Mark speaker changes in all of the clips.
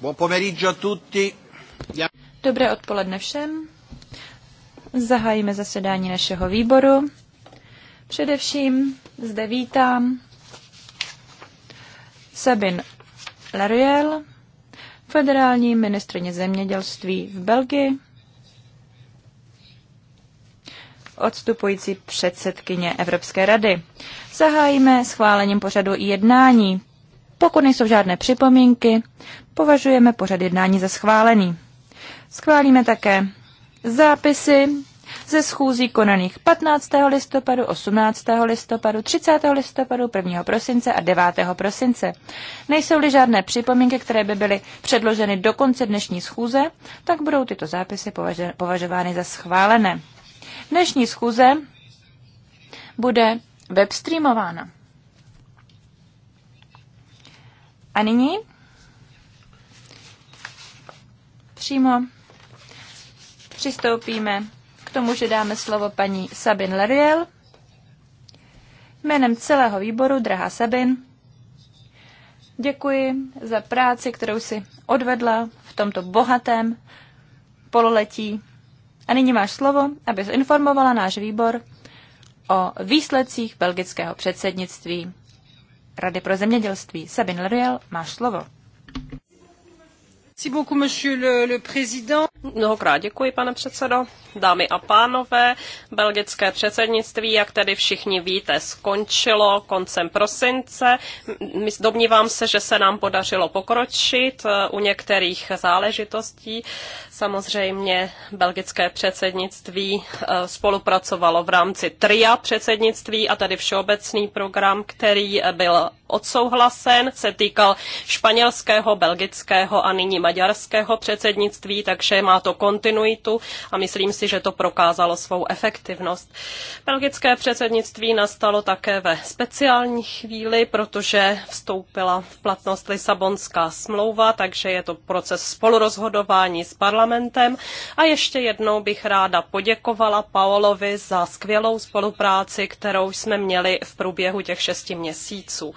Speaker 1: Buon pomeriggio a
Speaker 2: tutti. Dobré odpoledne všem. Zahájíme zasedání našeho výboru. Především zde vítám Sabin Laruel, federální ministrině zemědělství v Belgii, odstupující předsedkyně Evropské rady. Zahájíme schválením pořadu jednání. Pokud nejsou žádné připomínky, považujeme pořad jednání za schválený. Schválíme také zápisy ze schůzí konaných 15. listopadu, 18. listopadu, 30. listopadu, 1. prosince a 9. prosince. Nejsou-li žádné připomínky, které by byly předloženy do konce dnešní schůze, tak budou tyto zápisy považovány za schválené. Dnešní schůze bude webstreamována. A nyní přímo přistoupíme k tomu, že dáme slovo paní Sabin Leriel. Jménem celého výboru, drahá Sabin, děkuji za práci, kterou si odvedla v tomto bohatém pololetí. A nyní máš slovo, aby informovala náš výbor o výsledcích belgického předsednictví Rady pro zemědělství. Sabin Leriel, máš slovo.
Speaker 3: Mnohokrát děkuji, pane předsedo. Dámy a pánové, belgické předsednictví, jak tedy všichni víte, skončilo koncem prosince. Domnívám se, že se nám podařilo pokročit eh, u některých záležitostí. Samozřejmě belgické předsednictví eh, spolupracovalo v rámci tria předsednictví a tady všeobecný program, který eh, byl odsouhlasen, se týkal španělského, belgického a nyní maďarského předsednictví, takže má to kontinuitu a myslím si, že to prokázalo svou efektivnost. Belgické předsednictví nastalo také ve speciální chvíli, protože vstoupila v platnost Lisabonská smlouva, takže je to proces spolurozhodování s parlamentem. A ještě jednou bych ráda poděkovala Paolovi za skvělou spolupráci, kterou jsme měli v průběhu těch šesti měsíců.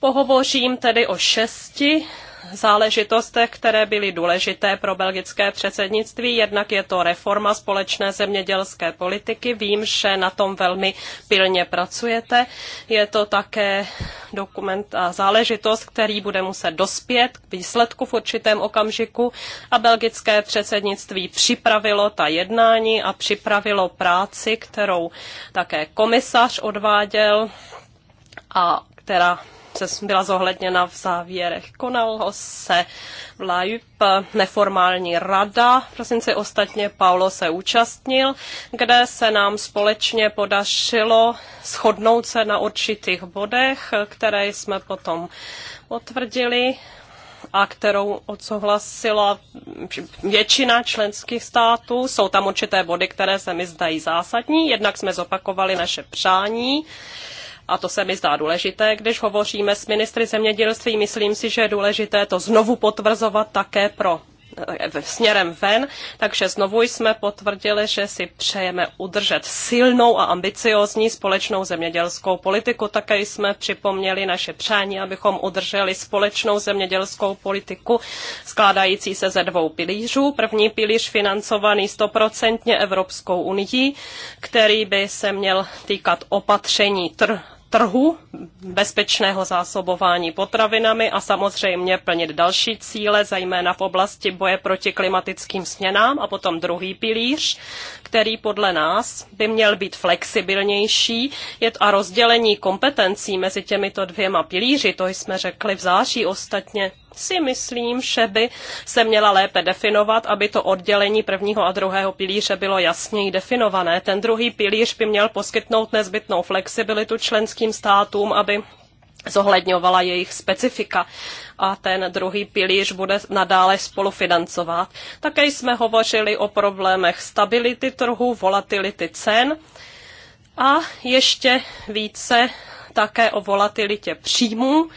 Speaker 3: Pohovořím tedy o šesti záležitostech, které byly důležité pro belgické předsednictví. Jednak je to reforma společné zemědělské politiky. Vím, že na tom velmi pilně pracujete. Je to také dokument a záležitost, který bude muset dospět k výsledku v určitém okamžiku. A belgické předsednictví připravilo ta jednání a připravilo práci, kterou také komisař odváděl a která byla zohledněna v závěrech. Konalo se v Lajup neformální rada, v prosinci ostatně Paulo se účastnil, kde se nám společně podařilo shodnout se na určitých bodech, které jsme potom potvrdili a kterou odsouhlasila většina členských států. Jsou tam určité body, které se mi zdají zásadní. Jednak jsme zopakovali naše přání, a to se mi zdá důležité, když hovoříme s ministry zemědělství, myslím si, že je důležité to znovu potvrzovat také pro eh, směrem ven, takže znovu jsme potvrdili, že si přejeme udržet silnou a ambiciózní společnou zemědělskou politiku. Také jsme připomněli naše přání, abychom udrželi společnou zemědělskou politiku skládající se ze dvou pilířů. První pilíř financovaný stoprocentně Evropskou unii, který by se měl týkat opatření tr trhu, bezpečného zásobování potravinami a samozřejmě plnit další cíle, zejména v oblasti boje proti klimatickým směnám a potom druhý pilíř, který podle nás by měl být flexibilnější je a rozdělení kompetencí mezi těmito dvěma pilíři, to jsme řekli v září ostatně, si myslím, že by se měla lépe definovat, aby to oddělení prvního a druhého pilíře bylo jasněji definované. Ten druhý pilíř by měl poskytnout nezbytnou flexibilitu členským státům, aby zohledňovala jejich specifika a ten druhý pilíř bude nadále spolufinancovat. Také jsme hovořili o problémech stability trhu, volatility cen a ještě více také o volatilitě příjmů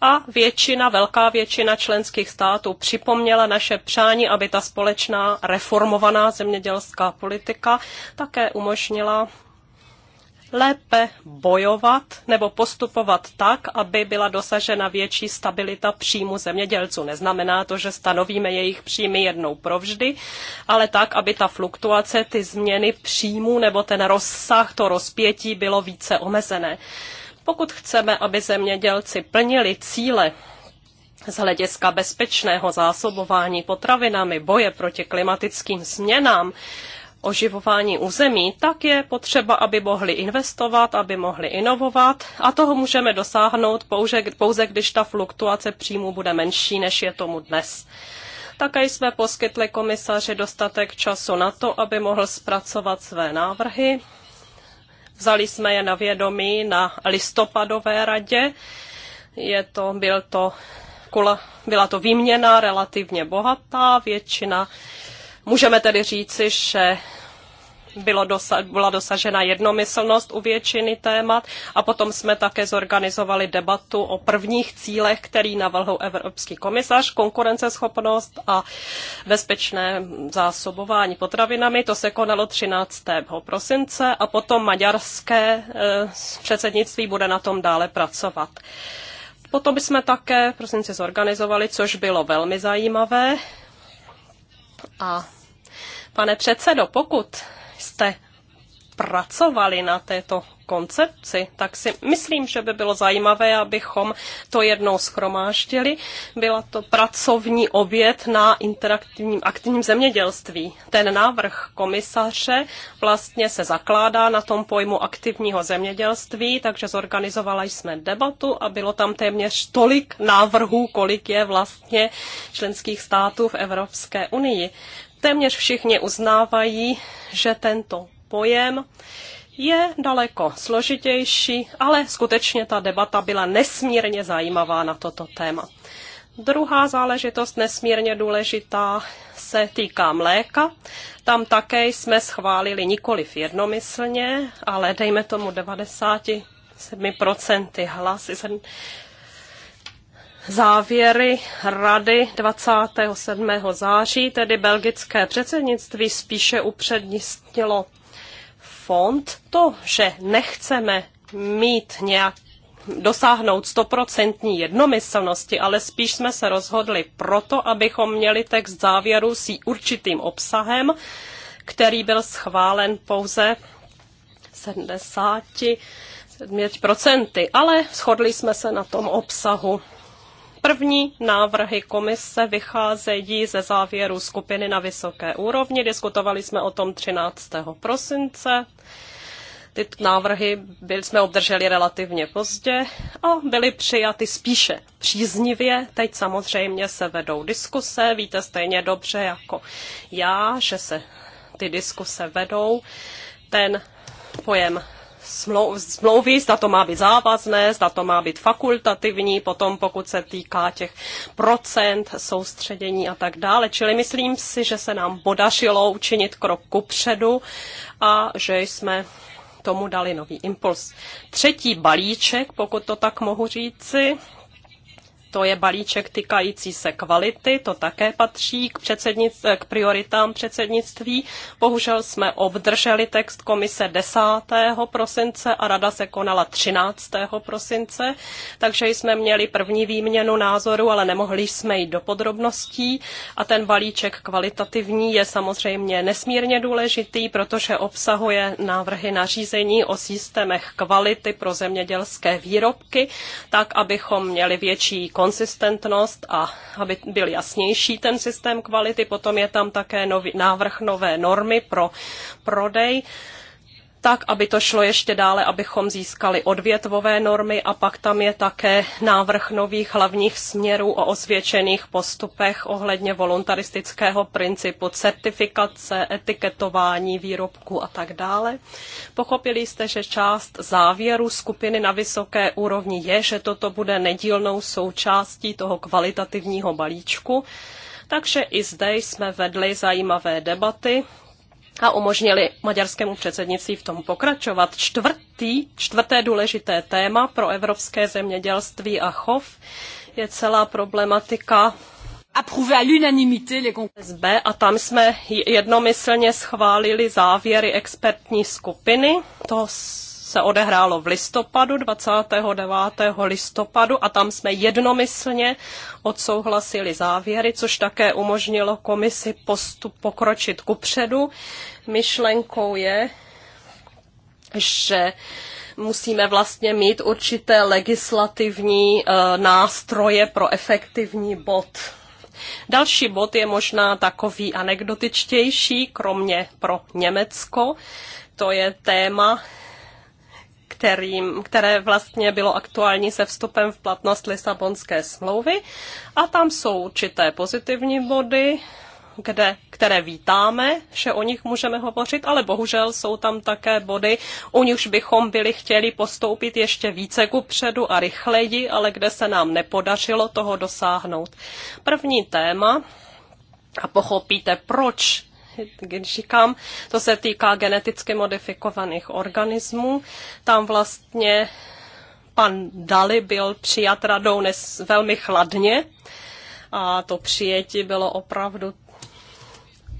Speaker 3: a většina, velká většina členských států připomněla naše přání, aby ta společná reformovaná zemědělská politika také umožnila lépe bojovat nebo postupovat tak, aby byla dosažena větší stabilita příjmu zemědělců. Neznamená to, že stanovíme jejich příjmy jednou provždy, ale tak, aby ta fluktuace, ty změny příjmu nebo ten rozsah, to rozpětí bylo více omezené. Pokud chceme, aby zemědělci plnili cíle z hlediska bezpečného zásobování potravinami, boje proti klimatickým změnám, oživování území, tak je potřeba, aby mohli investovat, aby mohli inovovat a toho můžeme dosáhnout pouze, pouze když ta fluktuace příjmu bude menší, než je tomu dnes. Také jsme poskytli komisaři dostatek času na to, aby mohl zpracovat své návrhy Vzali jsme je na vědomí na listopadové radě. Je to, byl to, byla to výměna relativně bohatá, většina Můžeme tedy říci, že bylo dosa- byla dosažena jednomyslnost u většiny témat a potom jsme také zorganizovali debatu o prvních cílech, který navrhl Evropský komisař, konkurenceschopnost a bezpečné zásobování potravinami. To se konalo 13. prosince a potom maďarské eh, předsednictví bude na tom dále pracovat. Potom bychom také v prosinci zorganizovali, což bylo velmi zajímavé. A pane předsedo, pokud jste pracovali na této koncepci, tak si myslím, že by bylo zajímavé, abychom to jednou schromáštili. Byla to pracovní oběd na interaktivním aktivním zemědělství. Ten návrh komisaře vlastně se zakládá na tom pojmu aktivního zemědělství, takže zorganizovala jsme debatu a bylo tam téměř tolik návrhů, kolik je vlastně členských států v Evropské unii. Téměř všichni uznávají, že tento pojem je daleko složitější, ale skutečně ta debata byla nesmírně zajímavá na toto téma. Druhá záležitost nesmírně důležitá se týká mléka. Tam také jsme schválili nikoli jednomyslně, ale dejme tomu 97% hlasy závěry Rady 27. září, tedy belgické předsednictví, spíše upřednistilo fond. To, že nechceme mít nějak dosáhnout stoprocentní jednomyslnosti, ale spíš jsme se rozhodli proto, abychom měli text závěru s určitým obsahem, který byl schválen pouze 70 procenty, ale shodli jsme se na tom obsahu. První návrhy komise vycházejí ze závěru skupiny na vysoké úrovni. Diskutovali jsme o tom 13. prosince. Ty návrhy byli, jsme obdrželi relativně pozdě a byly přijaty spíše příznivě. Teď samozřejmě se vedou diskuse, víte stejně dobře jako já, že se ty diskuse vedou. Ten pojem smlouvy, zda to má být závazné, zda to má být fakultativní, potom pokud se týká těch procent, soustředění a tak dále. Čili myslím si, že se nám podařilo učinit krok předu a že jsme tomu dali nový impuls. Třetí balíček, pokud to tak mohu říci, to je balíček týkající se kvality, to také patří k, předsednic, k prioritám předsednictví. Bohužel jsme obdrželi text komise 10. prosince a rada se konala 13. prosince, takže jsme měli první výměnu názoru, ale nemohli jsme jít do podrobností a ten balíček kvalitativní je samozřejmě nesmírně důležitý, protože obsahuje návrhy nařízení o systémech kvality pro zemědělské výrobky, tak abychom měli větší kontrolu konsistentnost a aby byl jasnější ten systém kvality. Potom je tam také nový, návrh nové normy pro prodej tak, aby to šlo ještě dále, abychom získali odvětvové normy a pak tam je také návrh nových hlavních směrů o osvědčených postupech ohledně voluntaristického principu certifikace, etiketování výrobků a tak dále. Pochopili jste, že část závěru skupiny na vysoké úrovni je, že toto bude nedílnou součástí toho kvalitativního balíčku. Takže i zde jsme vedli zajímavé debaty a umožnili maďarskému předsednictví v tom pokračovat. Čtvrtý, čtvrté důležité téma pro evropské zemědělství a chov je celá problematika SB a tam jsme jednomyslně schválili závěry expertní skupiny. To se odehrálo v listopadu, 29. listopadu, a tam jsme jednomyslně odsouhlasili závěry, což také umožnilo komisi postup pokročit kupředu. Myšlenkou je, že musíme vlastně mít určité legislativní eh, nástroje pro efektivní bod Další bod je možná takový anekdotičtější, kromě pro Německo. To je téma kterým, které vlastně bylo aktuální se vstupem v platnost Lisabonské smlouvy. A tam jsou určité pozitivní body, kde, které vítáme, že o nich můžeme hovořit, ale bohužel jsou tam také body, u nichž bychom byli chtěli postoupit ještě více ku předu a rychleji, ale kde se nám nepodařilo toho dosáhnout. První téma, a pochopíte, proč když říkám, to se týká geneticky modifikovaných organismů. Tam vlastně pan Dali byl přijat radou nes velmi chladně a to přijetí bylo opravdu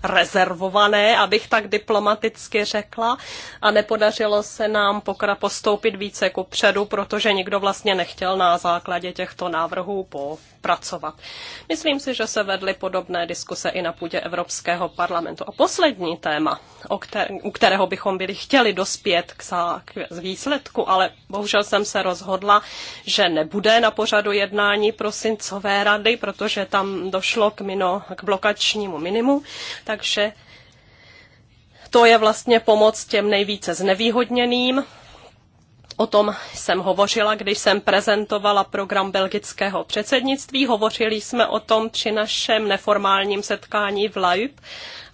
Speaker 3: rezervované, abych tak diplomaticky řekla, a nepodařilo se nám pokra postoupit více ku předu, protože nikdo vlastně nechtěl na základě těchto návrhů po pracovat. Myslím si, že se vedly podobné diskuse i na půdě Evropského parlamentu. A poslední téma, o kter- u kterého bychom byli chtěli dospět k, sa- k výsledku, ale bohužel jsem se rozhodla, že nebude na pořadu jednání prosincové rady, protože tam došlo k, mino- k blokačnímu minimu, takže to je vlastně pomoc těm nejvíce znevýhodněným O tom jsem hovořila, když jsem prezentovala program belgického předsednictví. Hovořili jsme o tom při našem neformálním setkání v Lajub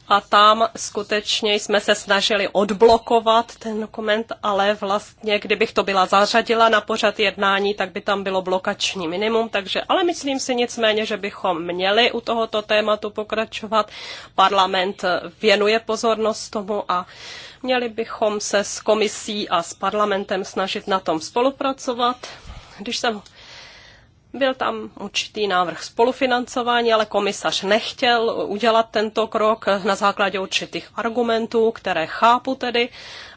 Speaker 3: a tam skutečně jsme se snažili odblokovat ten dokument, ale vlastně, kdybych to byla zařadila na pořad jednání, tak by tam bylo blokační minimum, takže, ale myslím si nicméně, že bychom měli u tohoto tématu pokračovat. Parlament věnuje pozornost tomu a uh, Měli bychom se s komisí a s parlamentem snažit na tom spolupracovat. Když jsem byl tam určitý návrh spolufinancování, ale komisař nechtěl udělat tento krok na základě určitých argumentů, které chápu tedy,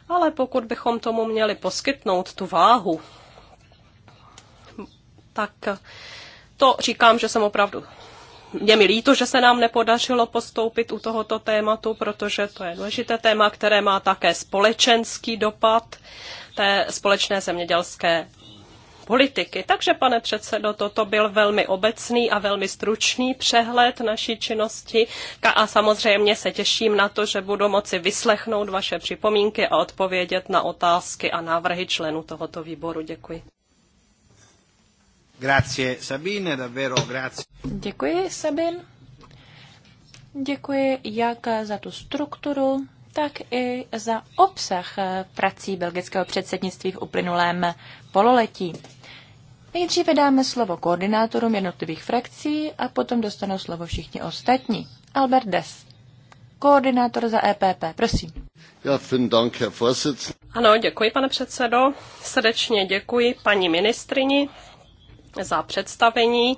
Speaker 3: ale pokud bychom tomu měli poskytnout tu váhu, tak to říkám, že jsem opravdu je mi líto, že se nám nepodařilo postoupit u tohoto tématu, protože to je důležité téma, které má také společenský dopad té společné zemědělské politiky. Takže, pane předsedo, toto byl velmi obecný a velmi stručný přehled naší činnosti a samozřejmě se těším na to, že budu moci vyslechnout vaše připomínky a odpovědět na otázky a návrhy členů tohoto výboru. Děkuji.
Speaker 2: Grazie Sabine, davvero grazie. Děkuji Sabin. Děkuji jak za tu strukturu, tak i za obsah prací belgického předsednictví v uplynulém pololetí. Nejdříve dáme slovo koordinátorům jednotlivých frakcí a potom dostanou slovo všichni ostatní. Albert Des, koordinátor za EPP, prosím.
Speaker 3: Ja, vielen Dank, Herr Ano, děkuji, pane předsedo. Srdečně děkuji paní ministrini za představení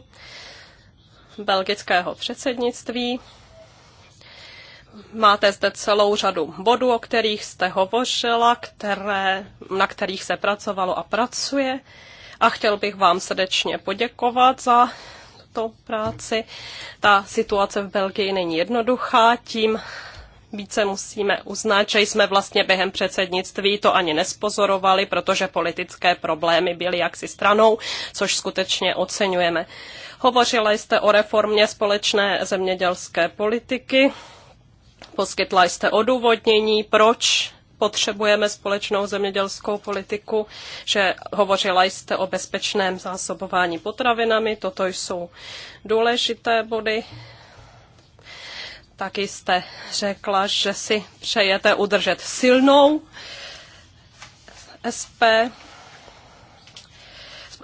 Speaker 3: belgického předsednictví. Máte zde celou řadu bodů, o kterých jste hovořila, které, na kterých se pracovalo a pracuje. A chtěl bych vám srdečně poděkovat za tuto práci. Ta situace v Belgii není jednoduchá, tím více musíme uznat, že jsme vlastně během předsednictví to ani nespozorovali, protože politické problémy byly jaksi stranou, což skutečně oceňujeme. Hovořila jste o reformě společné zemědělské politiky, poskytla jste odůvodnění, proč potřebujeme společnou zemědělskou politiku, že hovořila jste o bezpečném zásobování potravinami, toto jsou důležité body Taky jste řekla, že si přejete udržet silnou SP,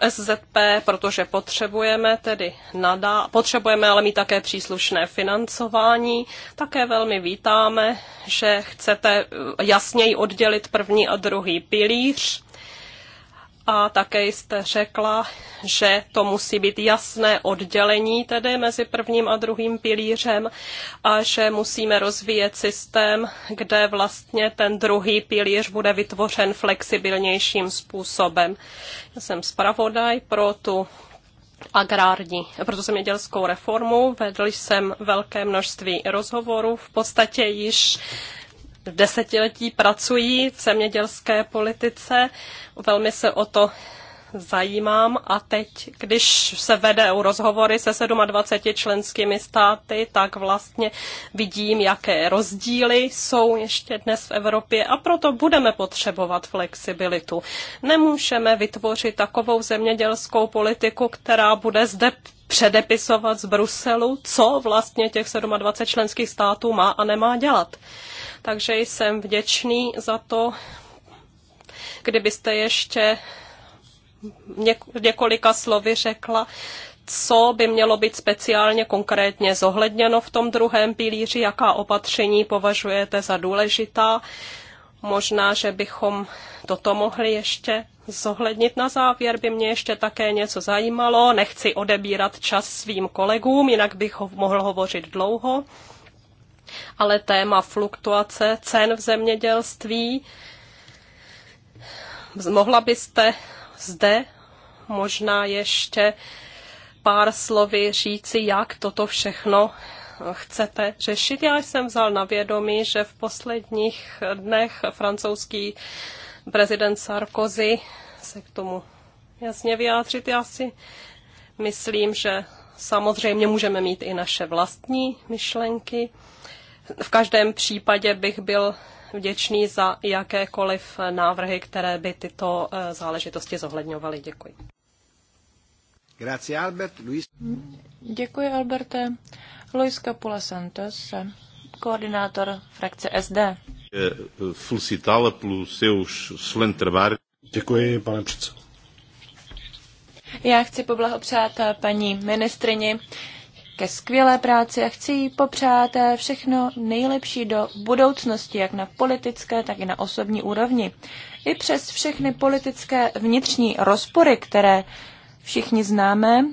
Speaker 3: SZP, protože potřebujeme tedy nadá, potřebujeme ale mít také příslušné financování. Také velmi vítáme, že chcete jasněji oddělit první a druhý pilíř a také jste řekla, že to musí být jasné oddělení tedy mezi prvním a druhým pilířem a že musíme rozvíjet systém, kde vlastně ten druhý pilíř bude vytvořen flexibilnějším způsobem. Já jsem zpravodaj pro tu agrární, proto zemědělskou reformu. Vedl jsem velké množství rozhovorů, v podstatě již desetiletí pracují v zemědělské politice. Velmi se o to zajímám a teď, když se vede rozhovory se 27 členskými státy, tak vlastně vidím, jaké rozdíly jsou ještě dnes v Evropě a proto budeme potřebovat flexibilitu. Nemůžeme vytvořit takovou zemědělskou politiku, která bude zde předepisovat z Bruselu, co vlastně těch 27 členských států má a nemá dělat. Takže jsem vděčný za to, kdybyste ještě několika slovy řekla, co by mělo být speciálně konkrétně zohledněno v tom druhém pilíři, jaká opatření považujete za důležitá. Možná, že bychom toto mohli ještě zohlednit na závěr, by mě ještě také něco zajímalo. Nechci odebírat čas svým kolegům, jinak bych ho mohl hovořit dlouho ale téma fluktuace cen v zemědělství. Mohla byste zde možná ještě pár slovy říci, jak toto všechno chcete řešit. Já jsem vzal na vědomí, že v posledních dnech francouzský prezident Sarkozy se k tomu jasně vyjádřit. Já si myslím, že samozřejmě můžeme mít i naše vlastní myšlenky. V každém případě bych byl vděčný za jakékoliv návrhy, které by tyto eh, záležitosti zohledňovaly. Děkuji.
Speaker 2: Grazie, Albert. Luis. Děkuji, Alberte. Luis Capula Santos, koordinátor frakce SD. Eh,
Speaker 1: felicitá pelo seu excelente trabalho. Děkuji, pane předsedo.
Speaker 2: Já chci poblahopřát eh, paní ministrině ke skvělé práci a chci jí popřát eh, všechno nejlepší do budoucnosti, jak na politické, tak i na osobní úrovni. I přes všechny politické vnitřní rozpory, které všichni známe,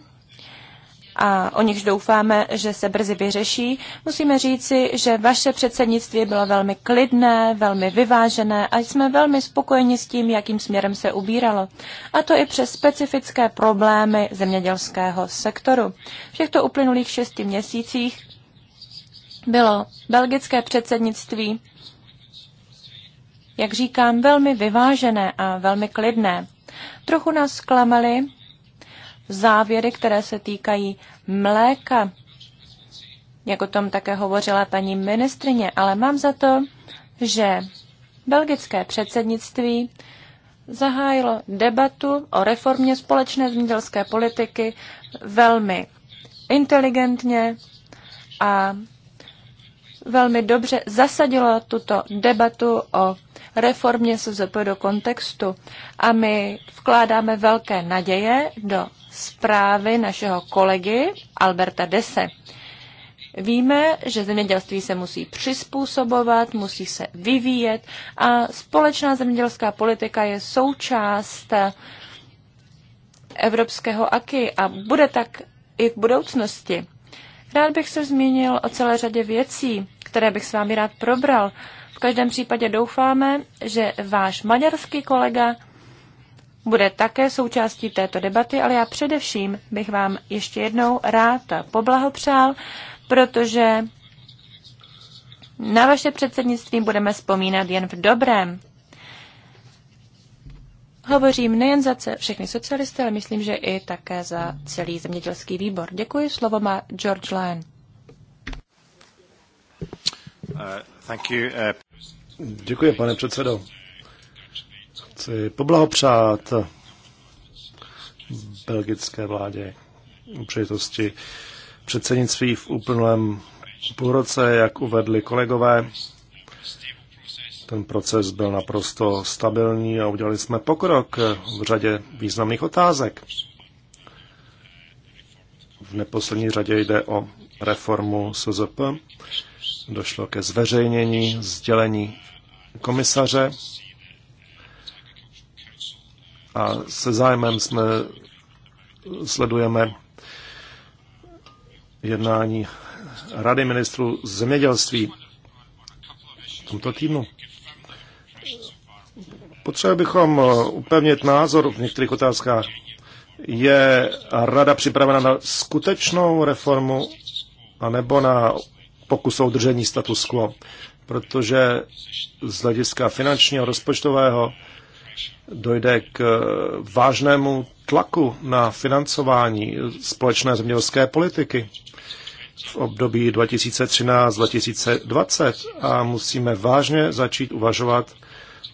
Speaker 2: a o nichž doufáme, že se brzy vyřeší, musíme říci, že vaše předsednictví bylo velmi klidné, velmi vyvážené a jsme velmi spokojeni s tím, jakým směrem se ubíralo. A to i přes specifické problémy zemědělského sektoru. V těchto uplynulých šesti měsících bylo belgické předsednictví, jak říkám, velmi vyvážené a velmi klidné. Trochu nás zklamaly závěry, které se týkají mléka, jak o tom také hovořila paní ministrině, ale mám za to, že belgické předsednictví zahájilo debatu o reformě společné zemědělské politiky velmi inteligentně a velmi dobře zasadilo tuto debatu o reformě SZP do kontextu. A my vkládáme velké naděje do zprávy našeho kolegy Alberta Dese. Víme, že zemědělství se musí přizpůsobovat, musí se vyvíjet a společná zemědělská politika je součást evropského AKI a bude tak i v budoucnosti. Rád bych se zmínil o celé řadě věcí, které bych s vámi rád probral, každém případě doufáme, že váš maďarský kolega bude také součástí této debaty, ale já především bych vám ještě jednou rád poblahopřál, protože na vaše předsednictví budeme vzpomínat jen v dobrém. Hovořím nejen za všechny socialisty, ale myslím, že i také za celý zemědělský výbor. Děkuji, slovo má George Lyon.
Speaker 1: Uh, Uh, Děkuji, pane předsedo. Chci poblahopřát belgické vládě u příležitosti předsednictví v úplném půlroce, jak uvedli kolegové. Ten proces byl naprosto stabilní a udělali jsme pokrok v řadě významných otázek. V neposlední řadě jde o reformu SZP došlo ke zveřejnění sdělení komisaře a se zájmem jsme sledujeme jednání Rady ministrů zemědělství v tomto týdnu. Potřeba bychom eh, upevnit názor v některých otázkách. Je rada připravena na skutečnou reformu anebo na pokus o udržení status quo, protože z hlediska finančního, rozpočtového dojde k vážnému tlaku na financování společné zemědělské politiky v období 2013-2020 a musíme vážně začít uvažovat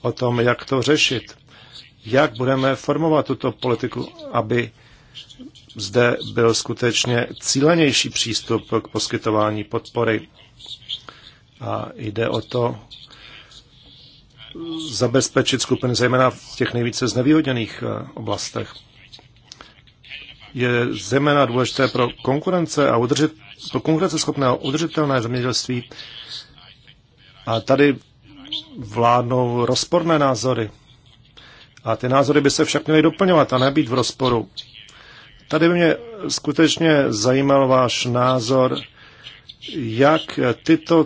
Speaker 1: o tom, jak to řešit. Jak budeme formovat tuto politiku, aby zde byl skutečně cílenější přístup k poskytování podpory. A jde o to zabezpečit skupiny, zejména v těch nejvíce znevýhodněných eh, oblastech. Je zejména důležité pro konkurence a udržit pro konkurenceschopné a udržitelné zemědělství. A tady vládnou rozporné názory. A ty názory by se však měly doplňovat a nebýt v rozporu. Tady by mě skutečně zajímal váš názor, jak tyto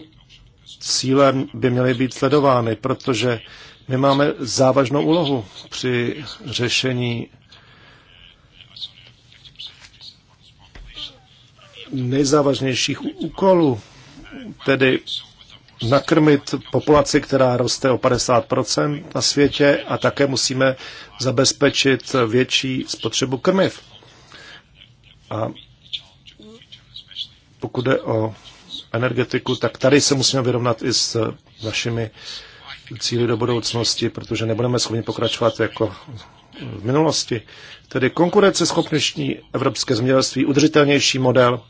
Speaker 1: cíle by měly být sledovány, protože my máme závažnou úlohu při řešení nejzávažnějších úkolů, tedy nakrmit populaci, která roste o 50% na světě a také musíme zabezpečit větší spotřebu krmiv. A pokud jde o energetiku, tak tady se musíme vyrovnat i s našimi cíly do budoucnosti, protože nebudeme schopni pokračovat jako v minulosti. Tedy konkurenceschopnější evropské zemědělství, udržitelnější model.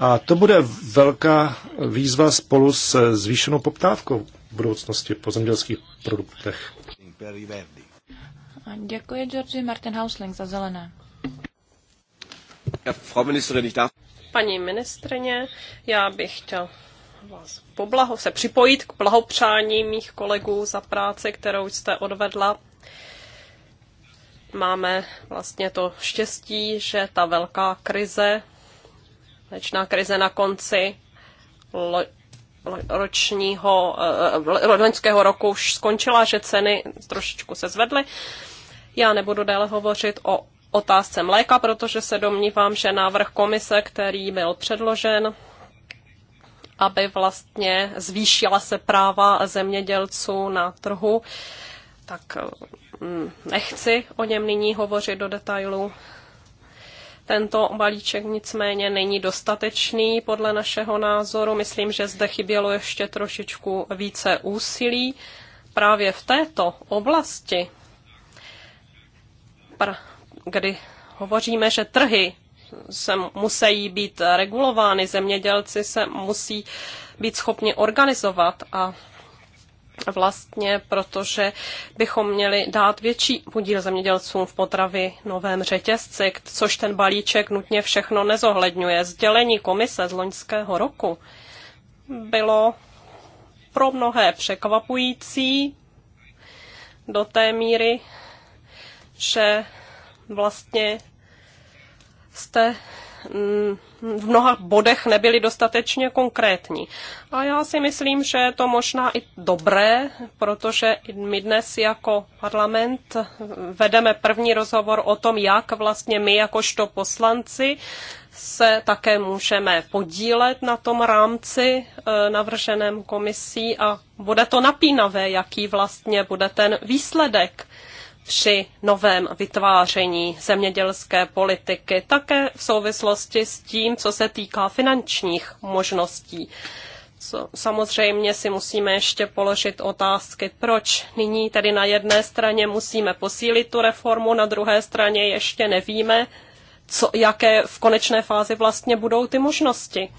Speaker 1: A to bude velká výzva spolu s zvýšenou poptávkou v budoucnosti po zemědělských produktech.
Speaker 3: Děkuji, Georgi Martin Hausling, za zelené. Paní ministrině, já bych chtěl vás poblaho, se připojit k blahopřání mých kolegů za práci, kterou jste odvedla. Máme vlastně to štěstí, že ta velká krize, lečná krize na konci lo, ročního, eh, eh, loňského roku už skončila, že ceny trošičku se zvedly. Já nebudu déle hovořit o otázce mléka, protože se domnívám, že návrh komise, který byl předložen, aby vlastně zvýšila se práva zemědělců na trhu, tak mm, nechci o něm nyní hovořit do detailu. Tento balíček nicméně není dostatečný podle našeho názoru. Myslím, že zde chybělo ještě trošičku více úsilí právě v této oblasti. Pra- kdy hovoříme, že trhy se musí být regulovány, zemědělci se musí být schopni organizovat a vlastně, protože bychom měli dát větší podíl zemědělcům v potravy novém řetězci, což ten balíček nutně všechno nezohledňuje. Sdělení komise z loňského roku bylo pro mnohé překvapující do té míry, že vlastně jste mm, v mnoha bodech nebyli dostatečně konkrétní. A já si myslím, že je to možná i dobré, protože my dnes jako parlament vedeme první rozhovor o tom, jak vlastně my jakožto poslanci se také můžeme podílet na tom rámci e, navrženém komisí a bude to napínavé, jaký vlastně bude ten výsledek při novém vytváření zemědělské politiky, také v souvislosti s tím, co se týká finančních možností. Co, samozřejmě si musíme ještě položit otázky, proč nyní tedy na jedné straně musíme posílit tu reformu, na druhé straně ještě nevíme, co, jaké v konečné fázi vlastně budou ty možnosti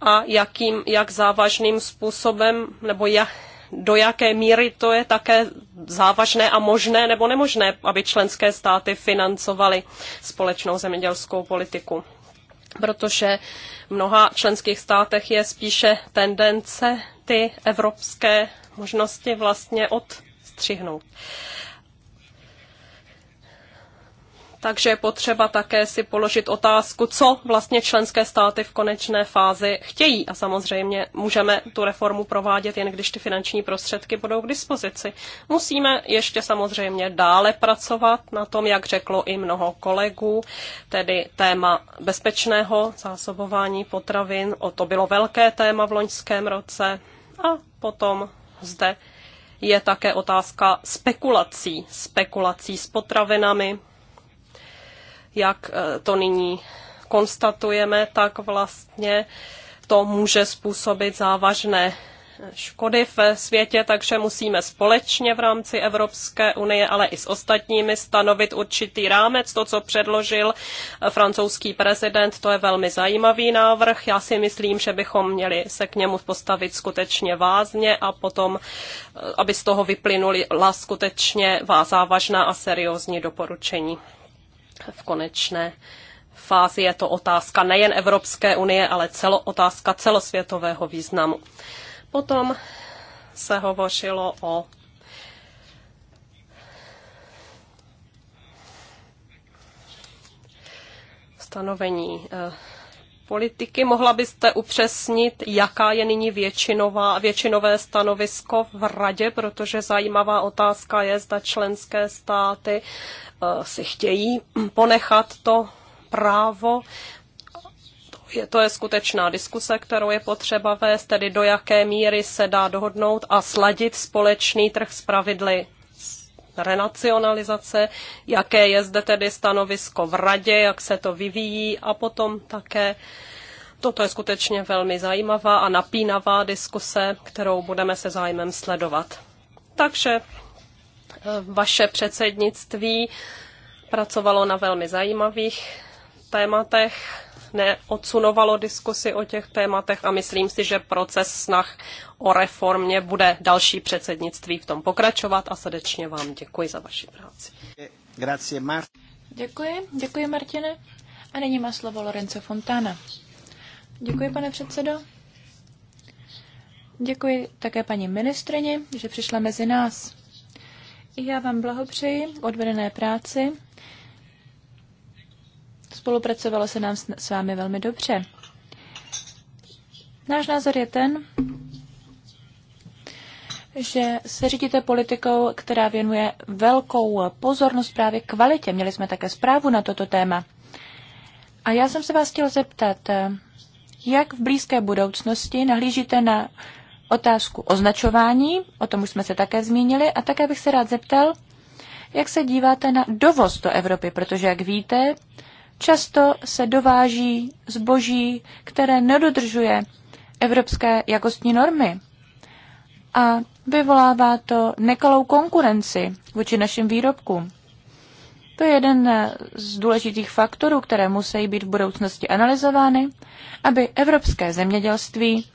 Speaker 3: a jakým, jak závažným způsobem nebo jak, do jaké míry to je také závažné a možné nebo nemožné, aby členské státy financovaly společnou zemědělskou politiku. Protože v mnoha členských státech je spíše tendence ty evropské možnosti vlastně odstřihnout takže je potřeba také si položit otázku, co vlastně členské státy v konečné fázi chtějí. A samozřejmě můžeme tu reformu provádět jen, když ty finanční prostředky budou k dispozici. Musíme ještě samozřejmě dále pracovat na tom, jak řeklo i mnoho kolegů, tedy téma bezpečného zásobování potravin. O to bylo velké téma v loňském roce. A potom zde je také otázka spekulací, spekulací s potravinami, jak eh, to nyní konstatujeme, tak vlastně to může způsobit závažné škody ve světě, takže musíme společně v rámci Evropské unie, ale i s ostatními stanovit určitý rámec. To, co předložil eh, francouzský prezident, to je velmi zajímavý návrh. Já si myslím, že bychom měli se k němu postavit skutečně vázně a potom, eh, aby z toho vyplynula skutečně závažná a seriózní doporučení. V konečné fázi je to otázka nejen Evropské unie, ale celo, otázka celosvětového významu. Potom se hovořilo o stanovení eh, politiky. Mohla byste upřesnit, jaká je nyní většinová, většinové stanovisko v radě, protože zajímavá otázka je, zda členské státy eh, si chtějí ponechat to právo je, to je skutečná diskuse, kterou je potřeba vést, tedy do jaké míry se dá dohodnout a sladit společný trh s pravidly renacionalizace, jaké je zde tedy stanovisko v radě, jak se to vyvíjí a potom také Toto je skutečně velmi zajímavá a napínavá diskuse, kterou budeme se zájmem sledovat. Takže eh, vaše předsednictví pracovalo na velmi zajímavých tématech neodsunovalo diskusy o těch tématech a myslím si, že proces snah o reformě bude další předsednictví v tom pokračovat a srdečně vám děkuji za vaši práci.
Speaker 2: děkuji, děkuji Martine. A nyní má slovo Lorenzo Fontana. Děkuji, pane předsedo. Děkuji také paní ministrině, že přišla mezi nás. I já vám blahopřeji odvedené práci Spolupracovalo se nám s, s vámi velmi dobře. Náš názor je ten, že se řídíte politikou, která věnuje velkou pozornost právě kvalitě. Měli jsme také zprávu na toto téma. A já jsem se vás chtěl zeptat, jak v blízké budoucnosti nahlížíte na otázku označování, o tom už jsme se také zmínili, a také bych se rád zeptal, jak se díváte na dovoz do Evropy, protože, jak víte, Často se dováží zboží, které nedodržuje evropské jakostní normy. A vyvolává to nekalou konkurenci vůči našim výrobkům. To je jeden z důležitých faktorů, které musí být v budoucnosti analyzovány, aby evropské zemědělství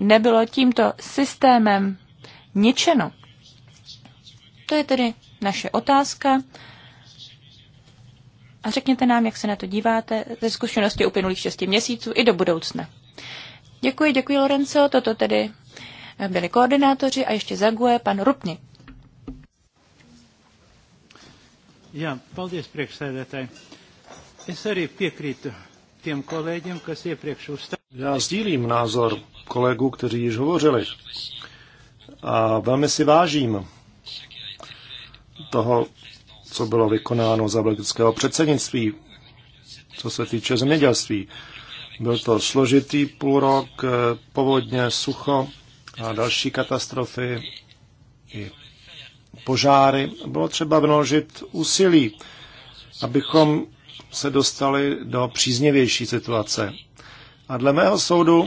Speaker 2: nebylo tímto systémem ničeno. To je tedy naše otázka a řekněte nám, jak se na to díváte ze zkušenosti uplynulých 6 měsíců i do budoucna. Děkuji, děkuji Lorenzo, toto tedy eh, byli koordinátoři a ještě zaguje pan Rupni.
Speaker 1: Jā, paldies priekšsēdētāji. Es arī piekrītu tiem kolēģiem, kas iepriekš uzstāv. Já sdílím názor kolegů, kteří již hovořili. A velmi si vážím toho, co bylo vykonáno za belgického předsednictví, co se týče zemědělství. Byl to složitý půlrok, eh, povodně, sucho a další katastrofy i požáry. Bylo třeba vynaložit úsilí, abychom se dostali do příznivější situace. A dle mého soudu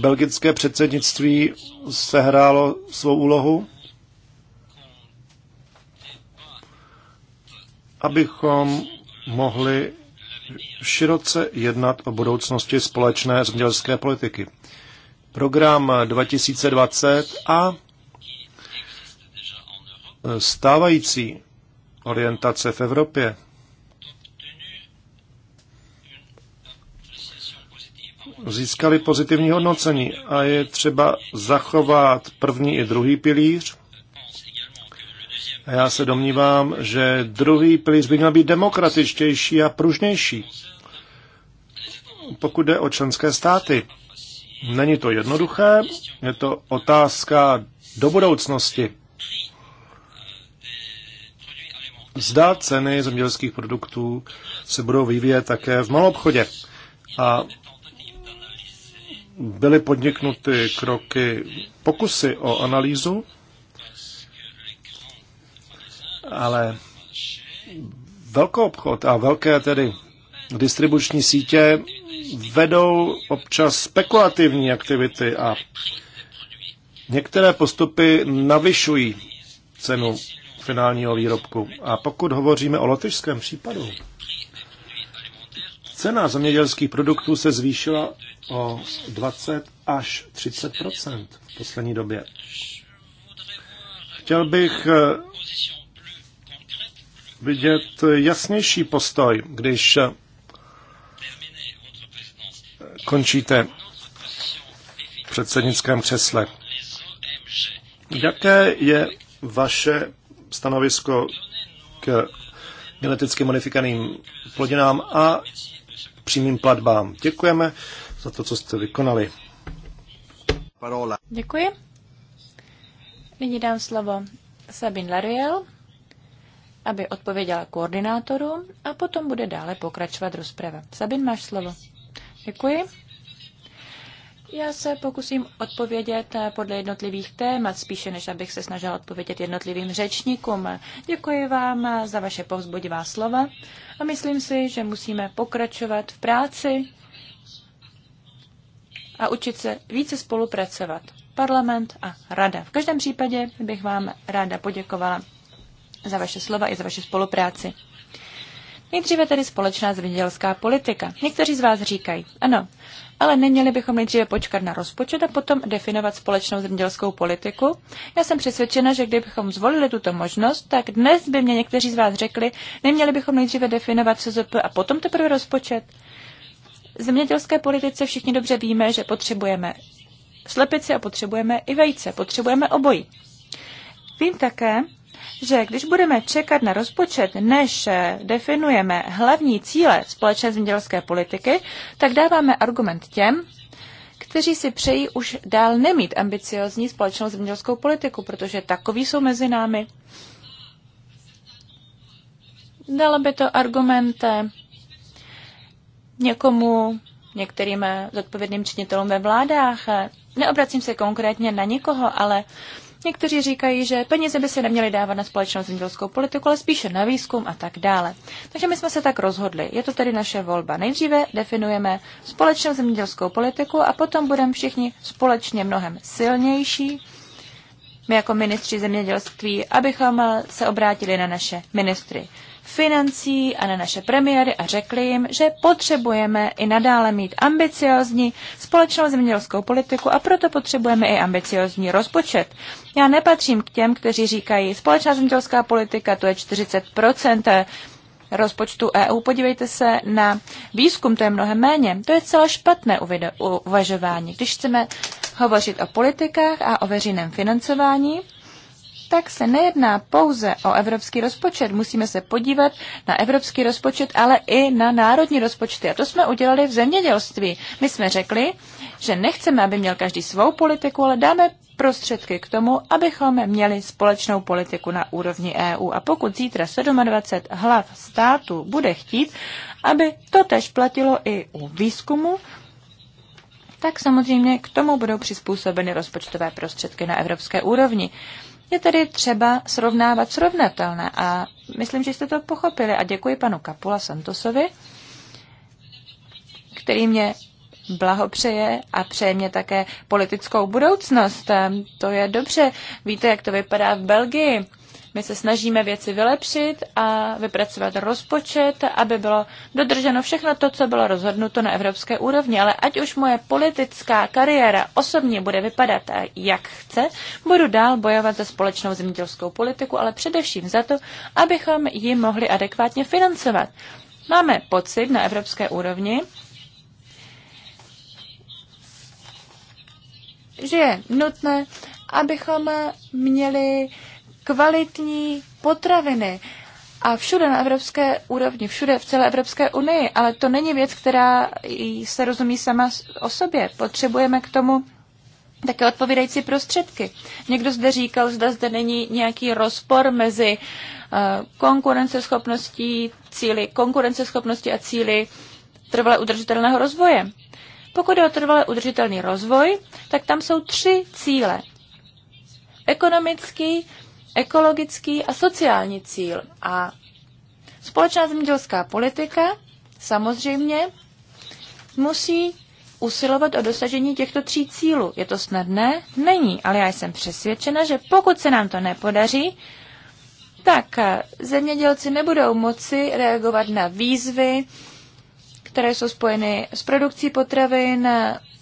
Speaker 1: belgické předsednictví sehrálo svou úlohu abychom mohli široce jednat o budoucnosti společné zemědělské politiky. Program 2020 a stávající orientace v Evropě získali pozitivní hodnocení a je třeba zachovat první i druhý pilíř a já se domnívám, že druhý pilíř by měl být demokratičtější a pružnější. Pokud jde o členské státy, není to jednoduché, je to otázka do budoucnosti. Zda ceny zemědělských produktů se budou vyvíjet také v malobchodě. A byly podniknuty kroky, pokusy o analýzu ale velkou obchod a velké tedy distribuční sítě vedou občas spekulativní aktivity a některé postupy navyšují cenu finálního výrobku. A pokud hovoříme o lotyšském případu, cena zemědělských produktů se zvýšila o 20 až 30 v poslední době. Chtěl bych vidět jasnější postoj, když končíte v předsednickém křesle. Jaké je vaše stanovisko k geneticky modifikovaným plodinám a přímým platbám? Děkujeme za to, co jste vykonali.
Speaker 2: Děkuji. Nyní dám slovo Sabine Lariel aby odpověděla koordinátorům a potom bude dále pokračovat rozprava. Sabin, máš slovo. Děkuji. Já se pokusím odpovědět eh, podle jednotlivých témat, spíše než abych se snažila odpovědět jednotlivým řečníkům. Děkuji vám eh, za vaše povzbudivá slova a myslím si, že musíme pokračovat v práci a učit se více spolupracovat. Parlament a rada. V každém případě bych vám ráda poděkovala za vaše slova i za vaši spolupráci. Nejdříve tedy společná zemědělská politika. Někteří z vás říkají, ano, ale neměli bychom nejdříve počkat na rozpočet a potom definovat společnou zemědělskou politiku? Já jsem přesvědčena, že kdybychom zvolili tuto možnost, tak dnes by mě někteří z vás řekli, neměli bychom nejdříve definovat SZP a potom teprve rozpočet. V zemědělské politice všichni dobře víme, že potřebujeme slepici a potřebujeme i vejce, potřebujeme obojí. Vím také, že když budeme čekat na rozpočet, než eh, definujeme hlavní cíle společné zemědělské politiky, tak dáváme argument těm, kteří si přejí už dál nemít ambiciozní společnou zemědělskou politiku, protože takový jsou mezi námi. Dalo by to argument eh, někomu, některým eh, zodpovědným činitelům ve vládách. Neobracím se konkrétně na nikoho, ale Někteří říkají, že peníze by se neměly dávat na společnou zemědělskou politiku, ale spíše na výzkum a tak dále. Takže my jsme se tak rozhodli. Je to tedy naše volba. Nejdříve definujeme společnou zemědělskou politiku a potom budeme všichni společně mnohem silnější, my jako ministři zemědělství, abychom se obrátili na naše ministry financí a na naše premiéry a řekli jim, že potřebujeme i nadále mít ambiciozní společnou zemědělskou politiku a proto potřebujeme i ambiciozní rozpočet. Já nepatřím k těm, kteří říkají, společná zemědělská politika to je 40 rozpočtu EU. Podívejte se na výzkum, to je mnohem méně. To je celé špatné uvažování. Když chceme hovořit o politikách a o veřejném financování, tak se nejedná pouze o evropský rozpočet. Musíme se podívat na evropský rozpočet, ale i na národní rozpočty. A to jsme udělali v zemědělství. My jsme řekli, že nechceme, aby měl každý svou politiku, ale dáme prostředky k tomu, abychom měli společnou politiku na úrovni EU. A pokud zítra 27 hlav států bude chtít, aby to tež platilo i u výzkumu, tak samozřejmě k tomu budou přizpůsobeny rozpočtové prostředky na evropské úrovni. Je tedy třeba srovnávat srovnatelné a myslím, že jste to pochopili a děkuji panu Kapula Santosovi, který mě blahopřeje a přeje mě také politickou budoucnost. To je dobře. Víte, jak to vypadá v Belgii. My se snažíme věci vylepšit a vypracovat rozpočet, aby bylo dodrženo všechno to, co bylo rozhodnuto na evropské úrovni. Ale ať už moje politická kariéra osobně bude vypadat jak chce, budu dál bojovat za společnou zemědělskou politiku, ale především za to, abychom ji mohli adekvátně financovat. Máme pocit na evropské úrovni, že je nutné, abychom měli kvalitní potraviny. A všude na evropské úrovni, všude v celé Evropské unii, ale to není věc, která se rozumí sama o sobě. Potřebujeme k tomu také odpovídající prostředky. Někdo zde říkal, zda zde není nějaký rozpor mezi eh, konkurenceschopností, cíly konkurenceschopnosti a cíly trvale udržitelného rozvoje. Pokud je o trvale udržitelný rozvoj, tak tam jsou tři cíle. Ekonomický, ekologický a sociální cíl. A společná zemědělská politika samozřejmě musí usilovat o dosažení těchto tří cílů. Je to snadné? Není, ale já jsem přesvědčena, že pokud se nám to nepodaří, tak zemědělci nebudou moci reagovat na výzvy, které jsou spojeny s produkcí potravin,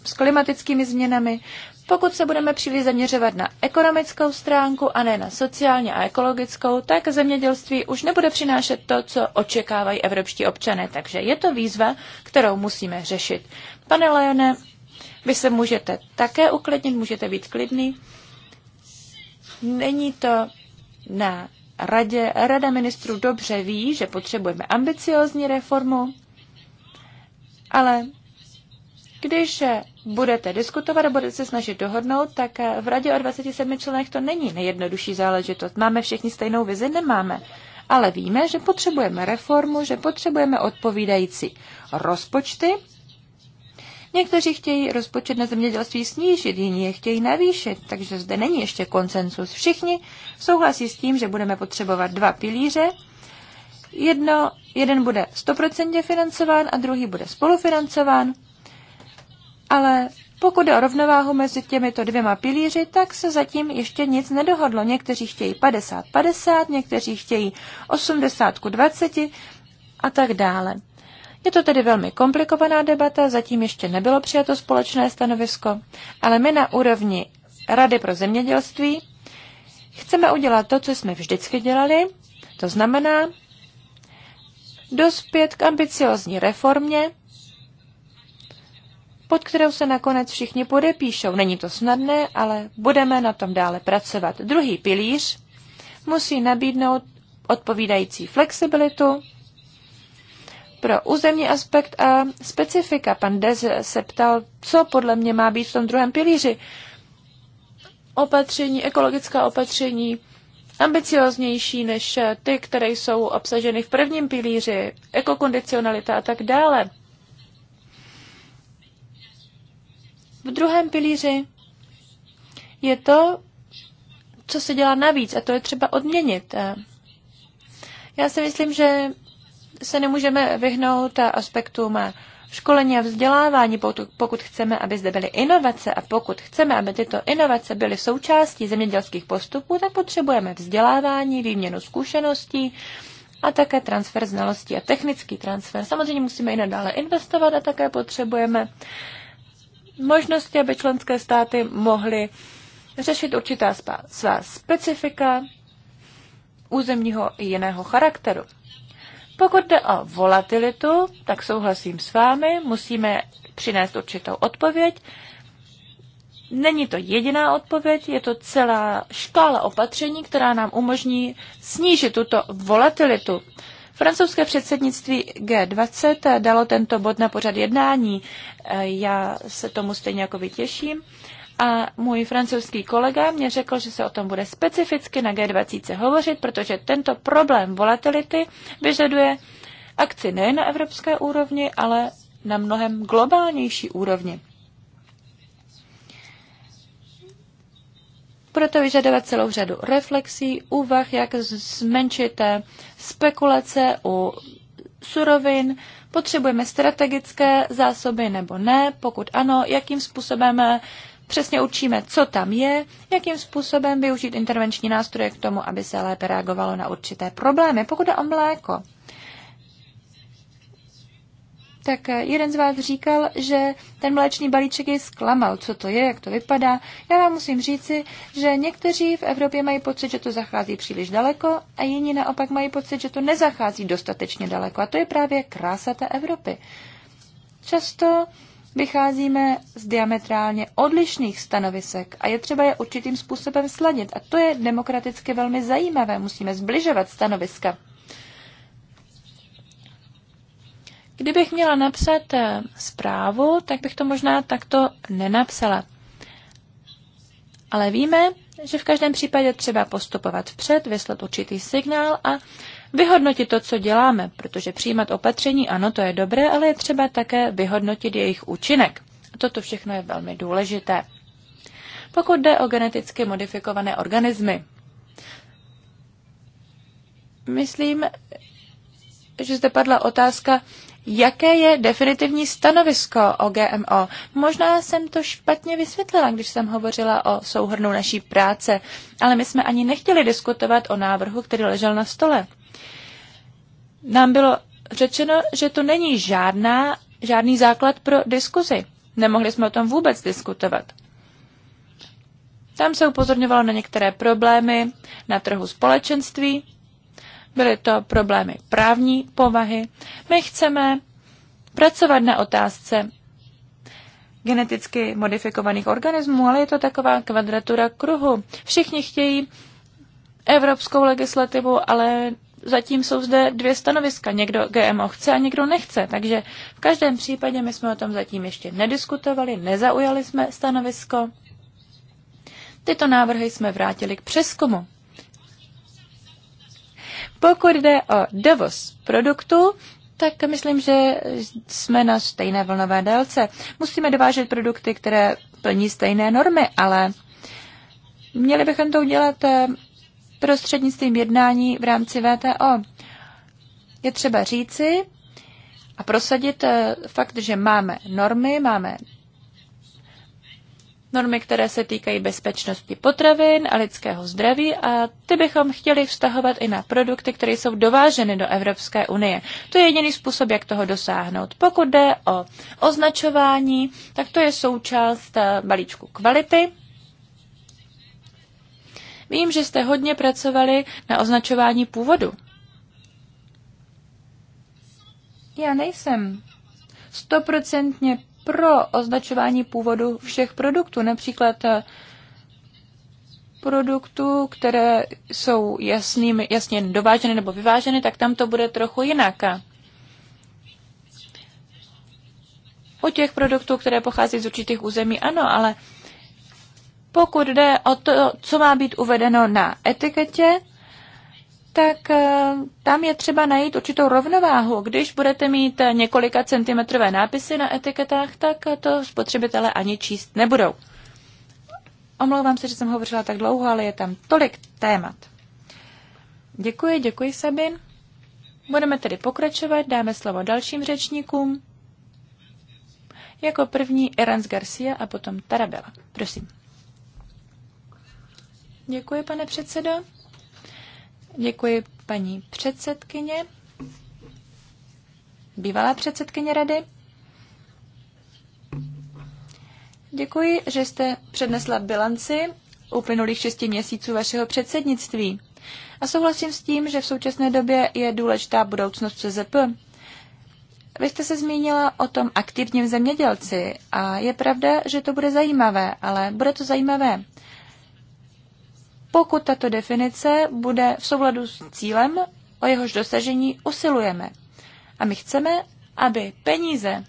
Speaker 2: s klimatickými změnami. Pokud se budeme příliš zaměřovat na ekonomickou stránku a ne na sociálně a ekologickou, tak zemědělství už nebude přinášet to, co očekávají evropští občané. Takže je to výzva, kterou musíme řešit. Pane Leone, vy se můžete také uklidnit, můžete být klidný. Není to na radě. Rada ministrů dobře ví, že potřebujeme ambiciozní reformu, ale když budete diskutovat a budete se snažit dohodnout, tak v radě o 27 členech to není nejjednodušší záležitost. Máme všichni stejnou vizi? Nemáme. Ale víme, že potřebujeme reformu, že potřebujeme odpovídající rozpočty. Někteří chtějí rozpočet na zemědělství snížit, jiní je chtějí navýšit, takže zde není ještě koncensus. Všichni souhlasí s tím, že budeme potřebovat dva pilíře, jedno, jeden bude 100% financován a druhý bude spolufinancován. Ale pokud jde o rovnováhu mezi těmito dvěma pilíři, tak se zatím ještě nic nedohodlo. Někteří chtějí 50-50, někteří chtějí 80 20 a tak dále. Je to tedy velmi komplikovaná debata, zatím ještě nebylo přijato společné stanovisko, ale my na úrovni Rady pro zemědělství chceme udělat to, co jsme vždycky dělali, to znamená dospět k ambiciozní reformě, pod kterou se nakonec všichni podepíšou. Není to snadné, ale budeme na tom dále pracovat. Druhý pilíř musí nabídnout odpovídající flexibilitu pro územní aspekt a specifika. Pan Dez se ptal, co podle mě má být v tom druhém pilíři. Opatření, ekologická opatření, ambicioznější než ty, které jsou obsaženy v prvním pilíři, ekokondicionalita a tak dále. v druhém pilíři je to, co se dělá navíc a to je třeba odměnit. Já si myslím, že se nemůžeme vyhnout aspektům školení a vzdělávání, pokud chceme, aby zde byly inovace a pokud chceme, aby tyto inovace byly součástí zemědělských postupů, tak potřebujeme vzdělávání, výměnu zkušeností a také transfer znalostí a technický transfer. Samozřejmě musíme i nadále investovat a také potřebujeme možnosti, aby členské státy mohly řešit určitá svá specifika územního i jiného charakteru. Pokud jde o volatilitu, tak souhlasím s vámi, musíme přinést určitou odpověď. Není to jediná odpověď, je to celá škála opatření, která nám umožní snížit tuto volatilitu. Francouzské předsednictví G20 dalo tento bod na pořad jednání. E, já se tomu stejně jako vy těším. A můj francouzský kolega mě řekl, že se o tom bude specificky na G20 hovořit, protože tento problém volatility vyžaduje akci nejen na evropské úrovni, ale na mnohem globálnější úrovni. Proto vyžadovat celou řadu reflexí, úvah, jak zmenšit eh, spekulace u surovin, potřebujeme strategické zásoby nebo ne, pokud ano, jakým způsobem eh, přesně určíme, co tam je, jakým způsobem využít intervenční nástroje k tomu, aby se lépe reagovalo na určité problémy. Pokud je o mléko, tak jeden z vás říkal, že ten mléčný balíček je zklamal. Co to je, jak to vypadá? Já vám musím říci, že někteří v Evropě mají pocit, že to zachází příliš daleko a jiní naopak mají pocit, že to nezachází dostatečně daleko. A to je právě krása té Evropy. Často vycházíme z diametrálně odlišných stanovisek a je třeba je určitým způsobem sladit. A to je demokraticky velmi zajímavé. Musíme zbližovat stanoviska. Kdybych měla napsat eh, zprávu, tak bych to možná takto nenapsala. Ale víme, že v každém případě třeba postupovat vpřed, vyslat určitý signál a vyhodnotit to, co děláme, protože přijímat opatření, ano, to je dobré, ale je třeba také vyhodnotit jejich účinek. A toto všechno je velmi důležité. Pokud jde o geneticky modifikované organismy, myslím, že zde padla otázka, jaké je definitivní stanovisko o GMO. Možná jsem to špatně vysvětlila, když jsem hovořila o souhrnu naší práce, ale my jsme ani nechtěli diskutovat o návrhu, který ležel na stole. Nám bylo řečeno, že to není žádná, žádný základ pro diskuzi. Nemohli jsme o tom vůbec diskutovat. Tam se upozorňovalo na některé problémy na trhu společenství, byly to problémy právní povahy. My chceme pracovat na otázce geneticky modifikovaných organismů, ale je to taková kvadratura kruhu. Všichni chtějí evropskou legislativu, ale zatím jsou zde dvě stanoviska. Někdo GMO chce a někdo nechce. Takže v každém případě my jsme o tom zatím ještě nediskutovali, nezaujali jsme stanovisko. Tyto návrhy jsme vrátili k přeskumu. Pokud jde o dovoz produktu, tak myslím, že jsme na stejné vlnové délce. Musíme dovážet produkty, které plní stejné normy, ale měli bychom to udělat eh, prostřednictvím jednání v rámci VTO. Je třeba říci a prosadit eh, fakt, že máme normy, máme normy, které se týkají bezpečnosti potravin a lidského zdraví a ty bychom chtěli vztahovat i na produkty, které jsou dováženy do Evropské unie. To je jediný způsob, jak toho dosáhnout. Pokud jde o označování, tak to je součást eh, balíčku kvality. Vím, že jste hodně pracovali na označování původu. Já nejsem stoprocentně pro označování původu všech produktů, například eh, produktů, které jsou jasnými, jasně dováženy nebo vyváženy, tak tam to bude trochu jinak. U těch produktů, které pochází z určitých území, ano, ale pokud jde o to, co má být uvedeno na etiketě, tak eh, tam je třeba najít určitou rovnováhu. Když budete mít několika centimetrové nápisy na etiketách, tak to spotřebitelé ani číst nebudou. Omlouvám se, že jsem hovořila tak dlouho, ale je tam tolik témat. Děkuji, děkuji Sabin. Budeme tedy pokračovat, dáme slovo dalším řečníkům. Jako první Erans Garcia a potom Tarabela. Prosím. Děkuji, pane předsedo. Děkuji paní předsedkyně, bývalá předsedkyně rady. Děkuji, že jste přednesla bilanci uplynulých šesti měsíců vašeho předsednictví. A souhlasím s tím, že v současné době je důležitá budoucnost CZP. Vy jste se zmínila o tom aktivním zemědělci a je pravda, že to bude zajímavé, ale bude to zajímavé pokud tato definice bude v souladu s cílem, o jehož dosažení usilujeme. A my chceme, aby peníze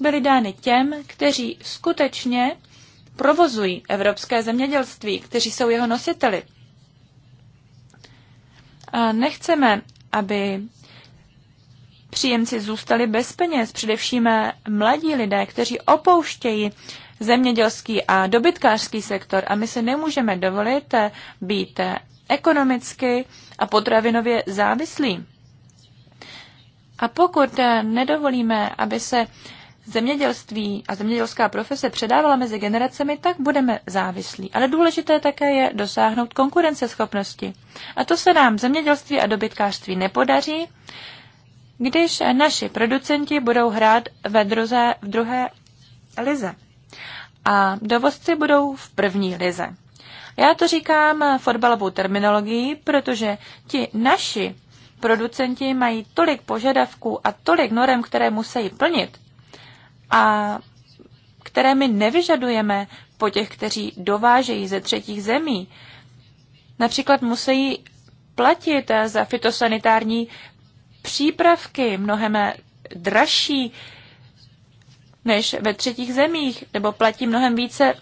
Speaker 2: byly dány těm, kteří skutečně provozují evropské zemědělství, kteří jsou jeho nositeli. A nechceme, aby příjemci zůstali bez peněz, především mladí lidé, kteří opouštějí zemědělský a dobytkářský sektor a my si nemůžeme dovolit eh, být eh, ekonomicky a potravinově závislí. A pokud eh, nedovolíme, aby se zemědělství a zemědělská profese předávala mezi generacemi, tak budeme závislí. Ale důležité také je dosáhnout konkurenceschopnosti. A to se nám zemědělství a dobytkářství nepodaří, když naši producenti budou hrát ve druze, v druhé lize a dovozci budou v první lize. Já to říkám fotbalovou terminologií, protože ti naši producenti mají tolik požadavků a tolik norem, které musí plnit a které my nevyžadujeme po těch, kteří dovážejí ze třetích zemí. Například musí platit za fitosanitární přípravky mnohem dražší než ve třetích zemích, nebo platí mnohem více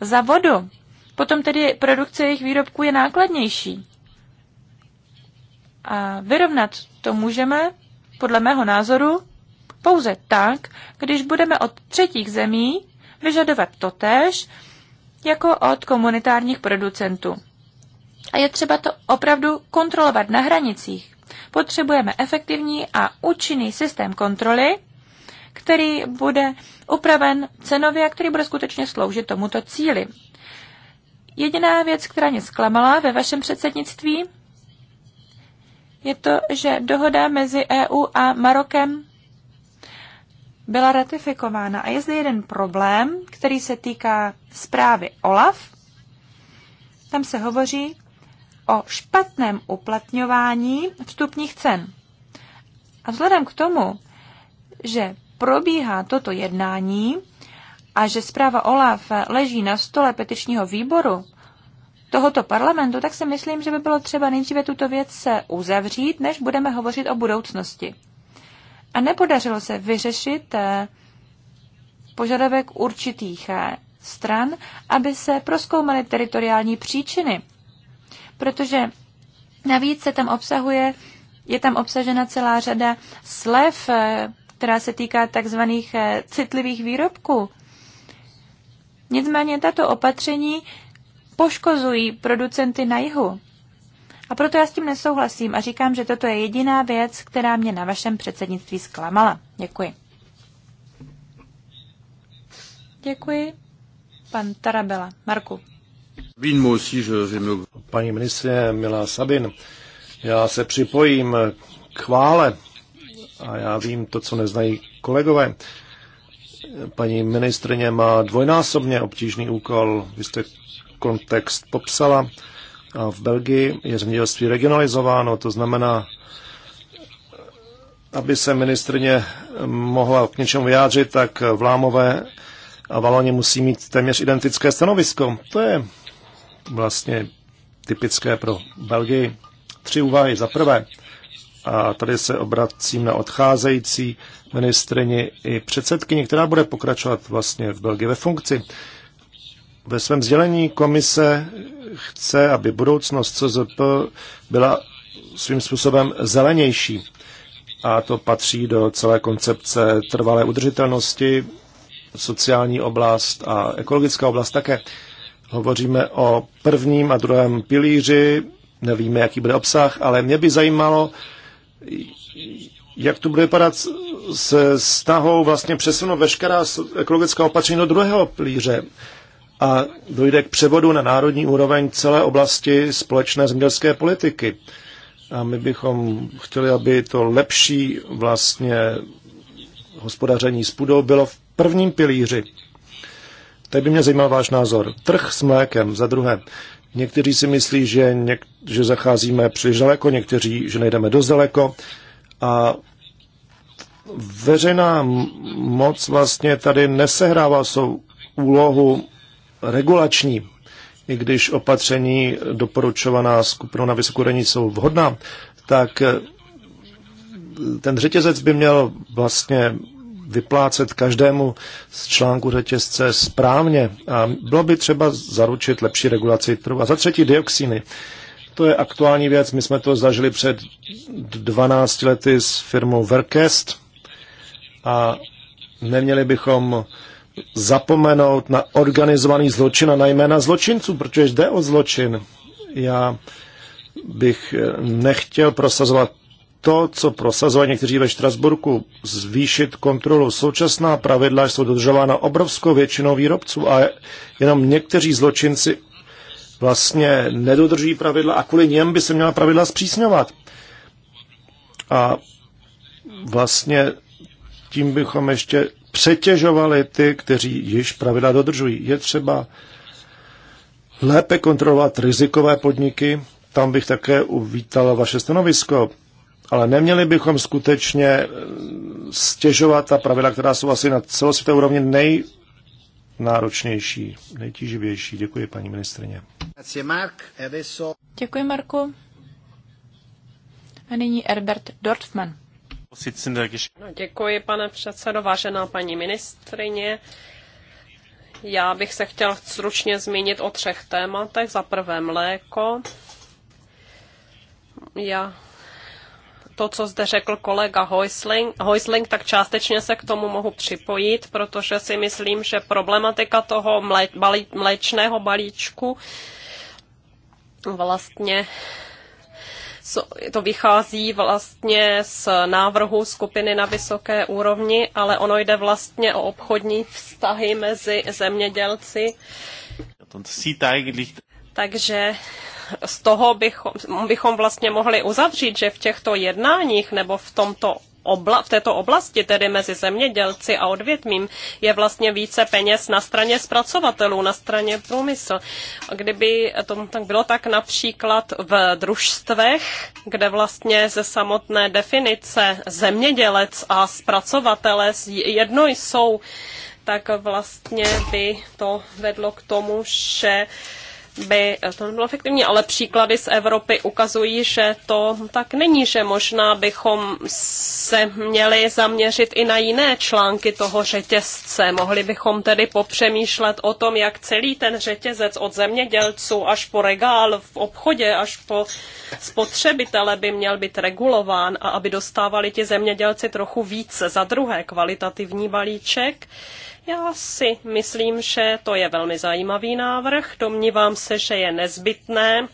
Speaker 2: za vodu. Potom tedy produkce jejich výrobků je nákladnější. A vyrovnat to můžeme, podle mého názoru, pouze tak, když budeme od třetích zemí vyžadovat totéž, jako od komunitárních producentů. A je třeba to opravdu kontrolovat na hranicích. Potřebujeme efektivní a účinný systém kontroly, který bude upraven cenově a který bude skutečně sloužit tomuto cíli. Jediná věc, která mě zklamala ve vašem předsednictví, je to, že dohoda mezi EU a Marokem byla ratifikována. A je zde jeden problém, který se týká zprávy OLAF. Tam se hovoří o špatném uplatňování vstupních cen. A vzhledem k tomu, že probíhá toto jednání a že zpráva OLAF leží na stole petičního výboru tohoto parlamentu, tak si myslím, že by bylo třeba nejdříve tuto věc se uzavřít, než budeme hovořit o budoucnosti. A nepodařilo se vyřešit eh, požadavek určitých eh, stran, aby se proskoumaly teritoriální příčiny. Protože navíc se tam obsahuje, je tam obsažena celá řada slev, eh, která se týká takzvaných eh, citlivých výrobků. Nicméně tato opatření poškozují producenty na jihu. A proto já s tím nesouhlasím a říkám, že toto je jediná věc, která mě na vašem předsednictví zklamala. Děkuji. Děkuji. Pan Tarabela. Marku.
Speaker 1: Paní ministrině Milá Sabin, já se připojím k chvále a já vím to, co neznají kolegové. Paní ministrně má dvojnásobně obtížný úkol, vy jste kontext popsala. A v Belgii je zemědělství regionalizováno, to znamená, aby se ministrně mohla k něčemu vyjádřit, tak vlámové a valoni musí mít téměř identické stanovisko. To je vlastně typické pro Belgii. Tři úvahy. Za prvé, a tady se obracím na odcházející ministrině i předsedkyni, která bude pokračovat vlastně v Belgii ve funkci. Ve svém sdělení komise chce, aby budoucnost CZP byla svým způsobem zelenější. A to patří do celé koncepce trvalé udržitelnosti, sociální oblast a ekologická oblast také. Hovoříme o prvním a druhém pilíři, nevíme, jaký bude obsah, ale mě by zajímalo, jak to bude vypadat se snahou vlastně přesunout veškerá ekologická opatření do druhého plíře a dojde k převodu na národní úroveň celé oblasti společné zemědělské politiky. A my bychom chtěli, aby to lepší vlastně hospodaření s půdou bylo v prvním pilíři. Teď by mě zajímal váš názor. Trh s mlékem, za druhé. Někteří si myslí, že, něk- že zacházíme příliš daleko, někteří, že nejdeme dost daleko. A veřejná moc vlastně tady nesehrává svou úlohu regulační, i když opatření doporučovaná skupinou na vysokou jsou vhodná, tak ten řetězec by měl vlastně vyplácet každému z článku řetězce správně a bylo by třeba zaručit lepší regulaci trhu. A za třetí dioxiny. To je aktuální věc. My jsme to zažili před 12 lety s firmou Verkest a neměli bychom zapomenout na organizovaný zločin a najména zločinců, protože jde o zločin. Já bych nechtěl prosazovat to, co prosazovali někteří ve Štrasburku, zvýšit kontrolu. Současná pravidla jsou dodržována obrovskou většinou výrobců a jenom někteří zločinci vlastně nedodržují pravidla a kvůli něm by se měla pravidla zpřísňovat. A vlastně tím bychom ještě přetěžovali ty, kteří již pravidla dodržují. Je třeba lépe kontrolovat rizikové podniky. Tam bych také uvítal vaše stanovisko ale neměli bychom skutečně eh, stěžovat ta pravidla, která jsou asi na celosvětové úrovni nejnáročnější, nejtíživější. Děkuji, paní ministrině.
Speaker 2: E děkuji, Marku. A nyní Herbert Dortmann.
Speaker 3: No, děkuji, pane předsedo, vážená paní ministrině. Já bych se chtěl stručně zmínit o třech tématech. Za prvé mléko. Já to, co zde řekl kolega Heusling, Heusling, tak částečně se k tomu mohu připojit, protože si myslím, že problematika toho mle, balí, mléčného balíčku vlastně to vychází vlastně z návrhu skupiny na vysoké úrovni, ale ono jde vlastně o obchodní vztahy mezi zemědělci. Takže z toho bychom, bychom vlastně mohli uzavřít, že v těchto jednáních nebo v tomto obla, v této oblasti, tedy mezi zemědělci a odvětmím, je vlastně více peněz na straně zpracovatelů, na straně průmysl. Kdyby to tak bylo tak například v družstvech, kde vlastně ze samotné definice zemědělec a zpracovatele jedno jsou, tak vlastně by to vedlo k tomu, že by eh, to bylo efektivní, ale příklady z Evropy ukazují, že to tak není, že možná bychom se měli zaměřit i na jiné články toho řetězce. Mohli bychom tedy popřemýšlet o tom, jak celý ten řetězec od zemědělců až po regál v obchodě, až po spotřebitele by měl být regulován a aby dostávali ti zemědělci trochu více. Za druhé kvalitativní balíček já si myslím, že to je velmi zajímavý návrh. Domnívám se, že je nezbytné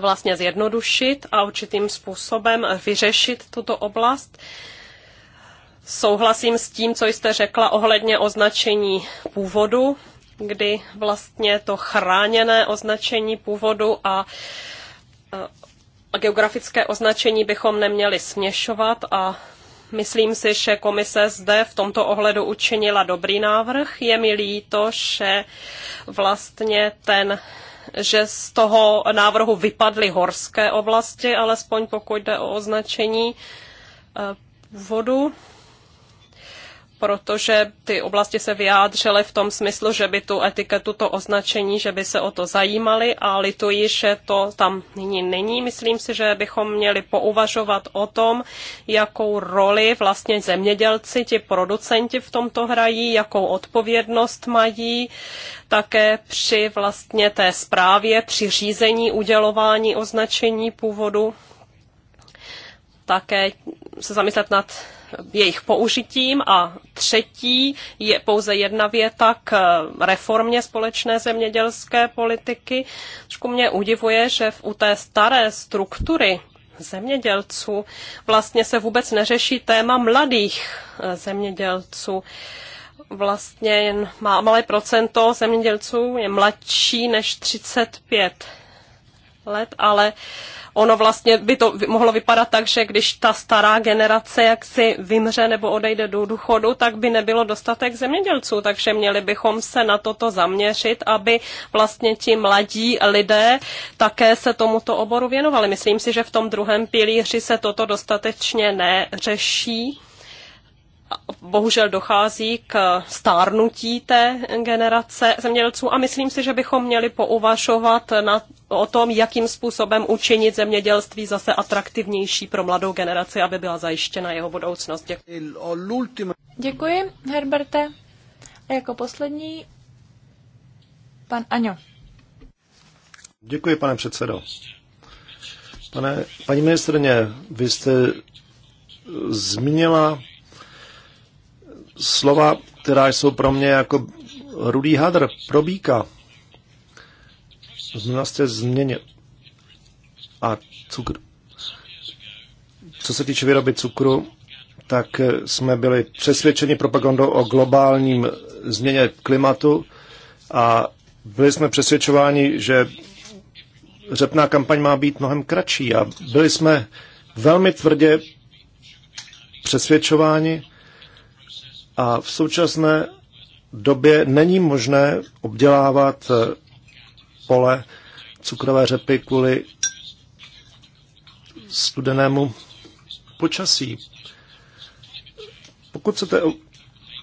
Speaker 3: vlastně zjednodušit a určitým způsobem vyřešit tuto oblast. Souhlasím s tím, co jste řekla ohledně označení původu, kdy vlastně to chráněné označení původu a geografické označení bychom neměli směšovat a Myslím si, že komise zde v tomto ohledu učinila dobrý návrh. Je mi líto, že vlastně ten že z toho návrhu vypadly horské oblasti, alespoň pokud jde o označení eh, vodu protože ty oblasti se vyjádřily v tom smyslu, že by tu etiketu, to označení, že by se o to zajímali a lituji, že to tam nyní není. Myslím si, že bychom měli pouvažovat o tom, jakou roli vlastně zemědělci, ti producenti v tomto hrají, jakou odpovědnost mají také při vlastně té zprávě, při řízení udělování označení původu také se zamyslet nad jejich použitím a třetí je pouze jedna věta k eh, reformě společné zemědělské politiky. Trošku mě udivuje, že v, u té staré struktury zemědělců vlastně se vůbec neřeší téma mladých eh, zemědělců. Vlastně jen má malé procento zemědělců je mladší než 35 let, ale uh, ono vlastně by to mohlo vypadat tak, že když ta stará generace jaksi vymře nebo odejde do důchodu, tak by nebylo dostatek zemědělců, takže měli bychom se na toto zaměřit, aby vlastně ti mladí lidé také se tomuto oboru věnovali. Myslím si, že v tom druhém pilíři se toto dostatečně neřeší bohužel dochází k stárnutí té generace zemědělců a myslím si, že bychom měli pouvažovat na, o tom, jakým způsobem učinit zemědělství zase atraktivnější pro mladou generaci, aby byla zajištěna jeho budoucnost. Děkuji. Děkuji,
Speaker 2: Herberte. A jako poslední pan Aňo.
Speaker 1: Děkuji, pane předsedo. Pane, paní ministrně, vy jste zmínila slova, která jsou pro mě jako rudý hadr, probíka. Změna se změnil. A cukr. Co se týče výroby cukru, tak jsme byli přesvědčeni propagandou o globálním změně klimatu a byli jsme přesvědčováni, že řepná kampaň má být mnohem kratší a byli jsme velmi tvrdě přesvědčováni, a v současné době není možné obdělávat eh, pole cukrové řepy kvůli studenému počasí. Pokud chcete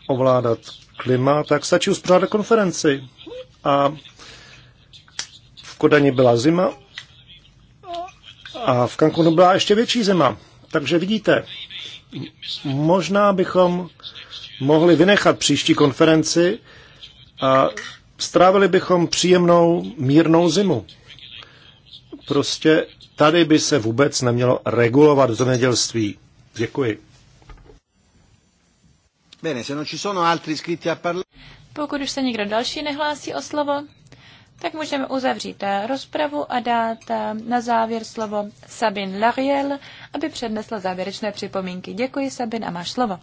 Speaker 1: ovládat klima, tak stačí uspořádat konferenci. A v Kodani byla zima a v Cancunu byla ještě větší zima. Takže vidíte, možná bychom mohli vynechat příští konferenci a strávili bychom příjemnou mírnou zimu. Prostě tady by se vůbec nemělo regulovat v zemědělství. Děkuji. Bene, se non ci sono altri a parlare.
Speaker 2: Pokud už se někdo další nehlásí o slovo, tak můžeme uzavřít eh, rozpravu a dát eh, na závěr slovo Sabin Lariel, aby přednesla závěrečné připomínky. Děkuji, Sabin, a máš slovo.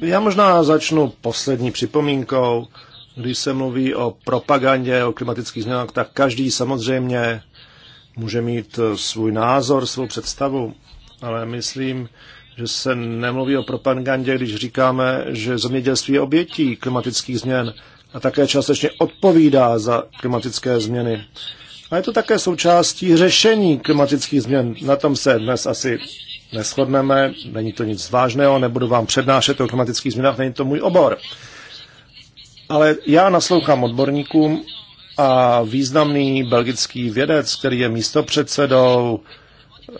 Speaker 1: Já možná začnu poslední připomínkou. Když se mluví o propagandě, o klimatických změnách, tak každý samozřejmě může mít eh, svůj názor, svou představu, ale myslím, že se nemluví o propagandě, když říkáme, že zemědělství je obětí klimatických změn a také částečně odpovídá za klimatické změny. A je to také součástí řešení klimatických změn. Na tom se dnes asi neschodneme, není to nic vážného, nebudu vám přednášet o klimatických změnách, není to můj obor. Ale já naslouchám odborníkům a významný belgický vědec, který je místopředsedou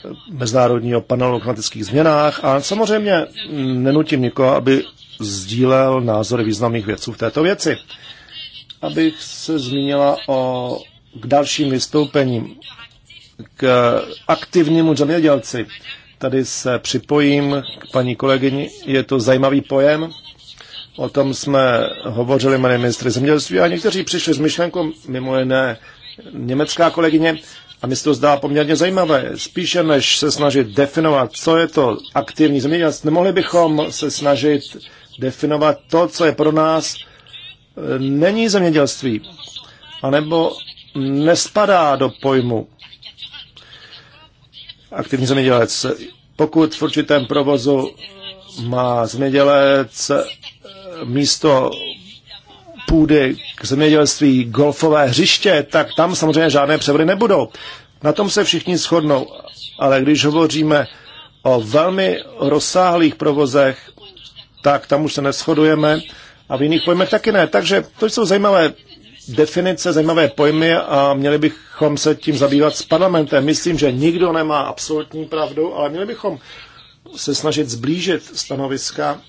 Speaker 1: eh, Mezinárodního panelu o klimatických změnách a samozřejmě nenutím nikoho, aby sdílel názory významných vědců v této věci. Abych se zmínila o k dalším vystoupením, k aktivnímu zemědělci. Tady se připojím k paní kolegyni. Je to zajímavý pojem. O tom jsme hovořili mané ministry zemědělství a někteří přišli s myšlenkou, mimo jiné německá kolegyně, a mi se to zdá poměrně zajímavé. Spíše než se snažit definovat, co je to aktivní zemědělství, nemohli bychom se snažit definovat to, co je pro nás e, není zemědělství, anebo nespadá do pojmu aktivní zemědělec. Pokud v určitém provozu má zemědělec eh, místo půdy k zemědělství golfové hřiště, tak tam samozřejmě žádné převody nebudou. Na tom se všichni shodnou. Ale když hovoříme o velmi rozsáhlých provozech, tak tam už se neschodujeme a v jiných pojmech taky ne. Takže to jsou zajímavé definice, zajímavé pojmy a měli bychom se tím zabývat s parlamentem. Myslím, že nikdo nemá absolutní pravdu, ale měli bychom se snažit zblížit stanoviska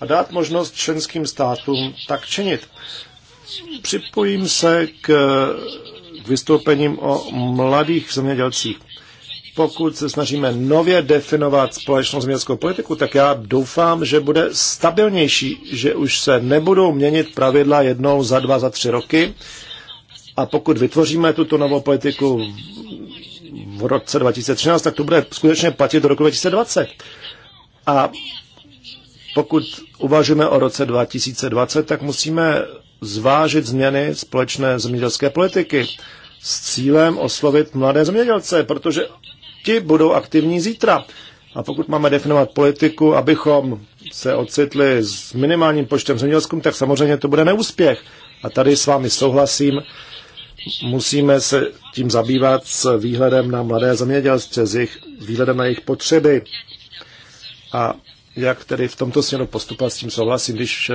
Speaker 1: a dát možnost členským státům tak činit. Připojím se k, k vystoupením o mladých zemědělcích pokud se snažíme nově definovat společnou zemědělskou politiku, tak já doufám, že bude stabilnější, že už se nebudou měnit pravidla jednou za dva, za tři roky. A pokud vytvoříme tuto novou politiku v roce 2013, tak to bude skutečně platit do roku 2020. A pokud uvažujeme o roce 2020, tak musíme zvážit změny společné zemědělské politiky s cílem oslovit mladé zemědělce, protože ti budou aktivní zítra. A pokud máme definovat politiku, abychom se ocitli s minimálním počtem zemědělců, tak samozřejmě to bude neúspěch. A tady s vámi souhlasím, musíme se tím zabývat s výhledem na mladé zemědělce, s jejich, výhledem na jejich potřeby. A jak tedy v tomto směru postupovat, s tím souhlasím, když eh,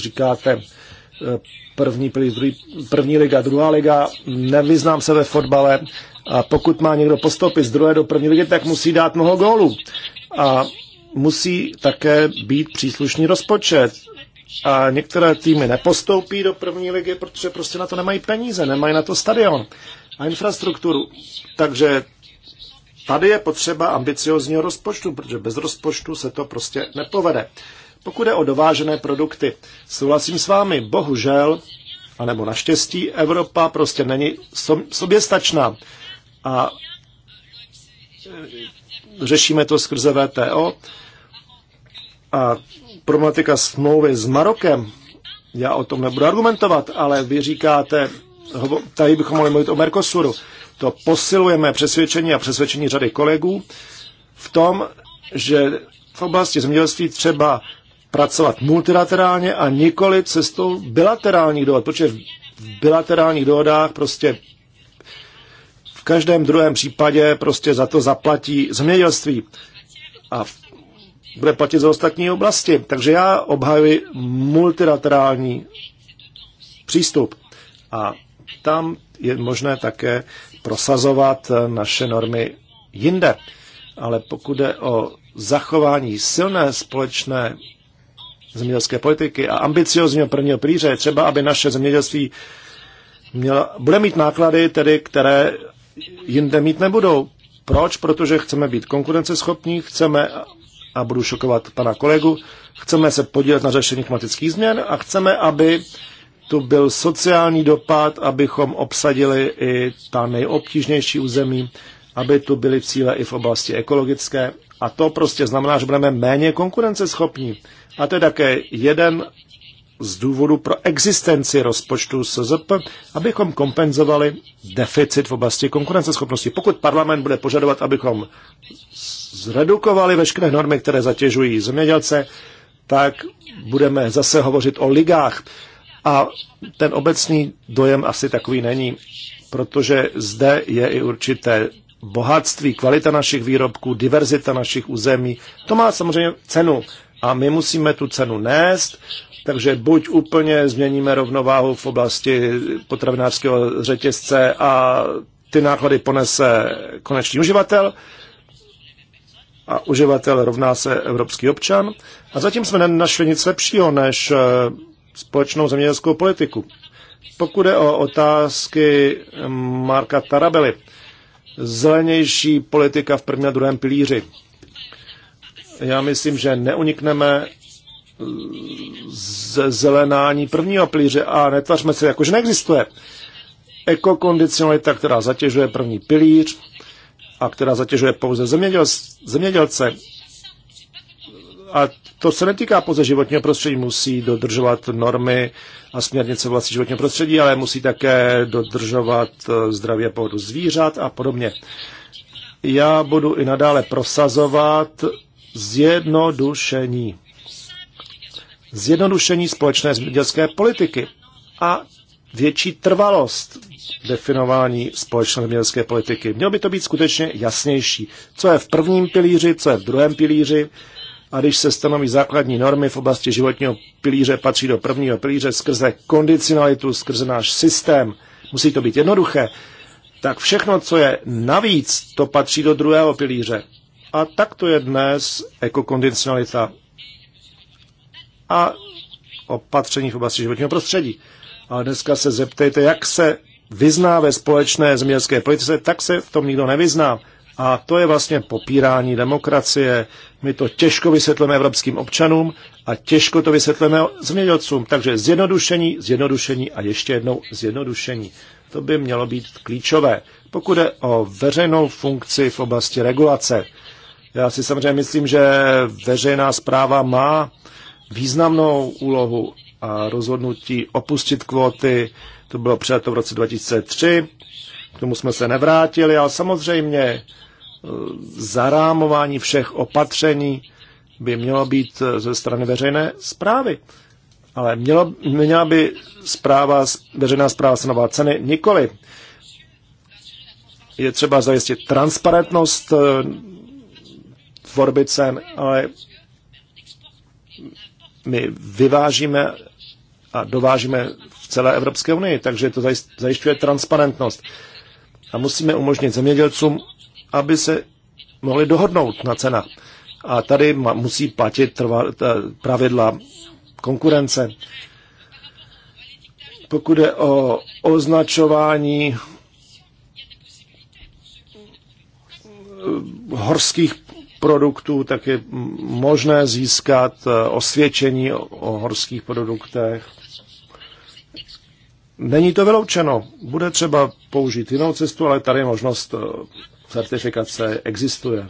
Speaker 1: říkáte eh, první, první, první liga, druhá liga, nevyznám se ve fotbale, a pokud má někdo postoupit z druhé do první ligy, tak musí dát mnoho gólů. A musí také být příslušný rozpočet. A některé týmy nepostoupí do první ligy, protože prostě na to nemají peníze, nemají na to stadion a infrastrukturu. Takže tady je potřeba ambiciozního rozpočtu, protože bez rozpočtu se to prostě nepovede. Pokud je o dovážené produkty, souhlasím s vámi, bohužel, anebo naštěstí, Evropa prostě není soběstačná a e, řešíme to skrze VTO. A problematika smlouvy s Marokem, já o tom nebudu argumentovat, ale vy říkáte, tady bychom mohli mluvit o Mercosuru. To posilujeme přesvědčení a přesvědčení řady kolegů v tom, že v oblasti zemědělství třeba pracovat multilaterálně a nikoli cestou bilaterálních dohod, protože v bilaterálních dohodách prostě každém druhém případě prostě za to zaplatí zemědělství a bude platit za ostatní oblasti. Takže já obhajuji multilaterální přístup a tam je možné také prosazovat naše normy jinde. Ale pokud je o zachování silné společné zemědělské politiky a ambiciozního prvního pilíře, třeba aby naše zemědělství měla, bude mít náklady, tedy, které jinde mít nebudou. Proč? Protože chceme být konkurenceschopní, chceme, a budu šokovat pana kolegu, chceme se podílet na řešení klimatických změn a chceme, aby tu byl sociální dopad, abychom obsadili i ta nejobtížnější území, aby tu byly cíle i v oblasti ekologické. A to prostě znamená, že budeme méně konkurenceschopní. A to je také jeden z důvodu pro existenci rozpočtu SZP, abychom kompenzovali deficit v oblasti konkurenceschopnosti. Pokud parlament bude požadovat, abychom zredukovali veškeré normy, které zatěžují zemědělce, tak budeme zase hovořit o ligách. A ten obecný dojem asi takový není, protože zde je i určité bohatství, kvalita našich výrobků, diverzita našich území. To má samozřejmě cenu a my musíme tu cenu nést takže buď úplně změníme rovnováhu v oblasti potravinářského řetězce a ty náklady ponese konečný uživatel, a uživatel rovná se evropský občan. A zatím jsme nenašli nic lepšího než eh, společnou zemědělskou politiku. Pokud je o otázky Marka Tarabely, zelenější politika v prvním a druhém pilíři. Já myslím, že neunikneme zelenání prvního pilíře a netvařme se jakože neexistuje. Ekokondicionalita, která zatěžuje první pilíř a která zatěžuje pouze zemědělce. A to se netýká pouze životního prostředí, musí dodržovat normy a směrnice vlastní životního prostředí, ale musí také dodržovat eh, zdraví pohodu zvířat a podobně. Já budu i nadále prosazovat zjednodušení zjednodušení společné zemědělské politiky a větší trvalost definování společné zemědělské politiky. Mělo by to být skutečně jasnější, co je v prvním pilíři, co je v druhém pilíři. A když se stanoví základní normy v oblasti životního pilíře, patří do prvního pilíře skrze kondicionalitu, skrze náš systém, musí to být jednoduché, tak všechno, co je navíc, to patří do druhého pilíře. A tak to je dnes ekokondicionalita a opatření v oblasti životního prostředí. Ale dneska se zeptejte, jak se vyzná ve společné zemědělské politice, tak se v tom nikdo nevyzná. A to je vlastně popírání demokracie. My to těžko vysvětlíme evropským občanům a těžko to vysvětlíme zemědělcům. Takže zjednodušení, zjednodušení a ještě jednou zjednodušení. To by mělo být klíčové. Pokud je o veřejnou funkci v oblasti regulace, já si samozřejmě myslím, že veřejná zpráva má významnou úlohu a rozhodnutí opustit kvóty, to bylo přijato v roce 2003, k tomu jsme se nevrátili, ale samozřejmě eh, zarámování všech opatření by mělo být eh, ze strany veřejné zprávy. Ale mělo, měla by zpráva, veřejná zpráva se ceny nikoli. Je třeba zajistit transparentnost eh, tvorby cen, ale my vyvážíme a dovážíme v celé Evropské unii, takže to zajišťuje transparentnost. A musíme umožnit zemědělcům, aby se mohli dohodnout na cena A tady musí platit trva, pravidla konkurence. Pokud je o označování eh, horských produktů, tak je možné získat eh, osvědčení o horských produktech. Není to vyloučeno. Bude třeba použít jinou cestu, ale tady možnost eh, certifikace existuje.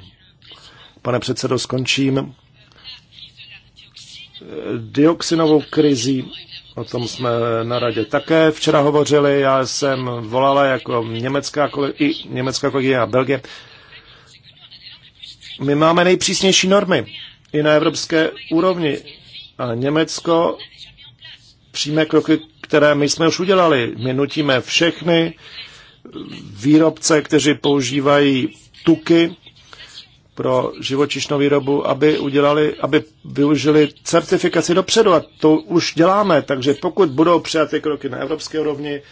Speaker 1: Pane předsedo, skončím. Eh, dioxinovou krizi o tom jsme na radě také včera hovořili, já jsem volala jako německá, i německá kolegyně a Belgie, my máme nejpřísnější normy i na evropské úrovni. A Německo přijme kroky, které my jsme už udělali. My nutíme všechny výrobce, kteří používají tuky pro živočišnou výrobu, aby, udělali, aby využili certifikaci dopředu. A to už děláme, takže pokud budou přijaty kroky na evropské úrovni,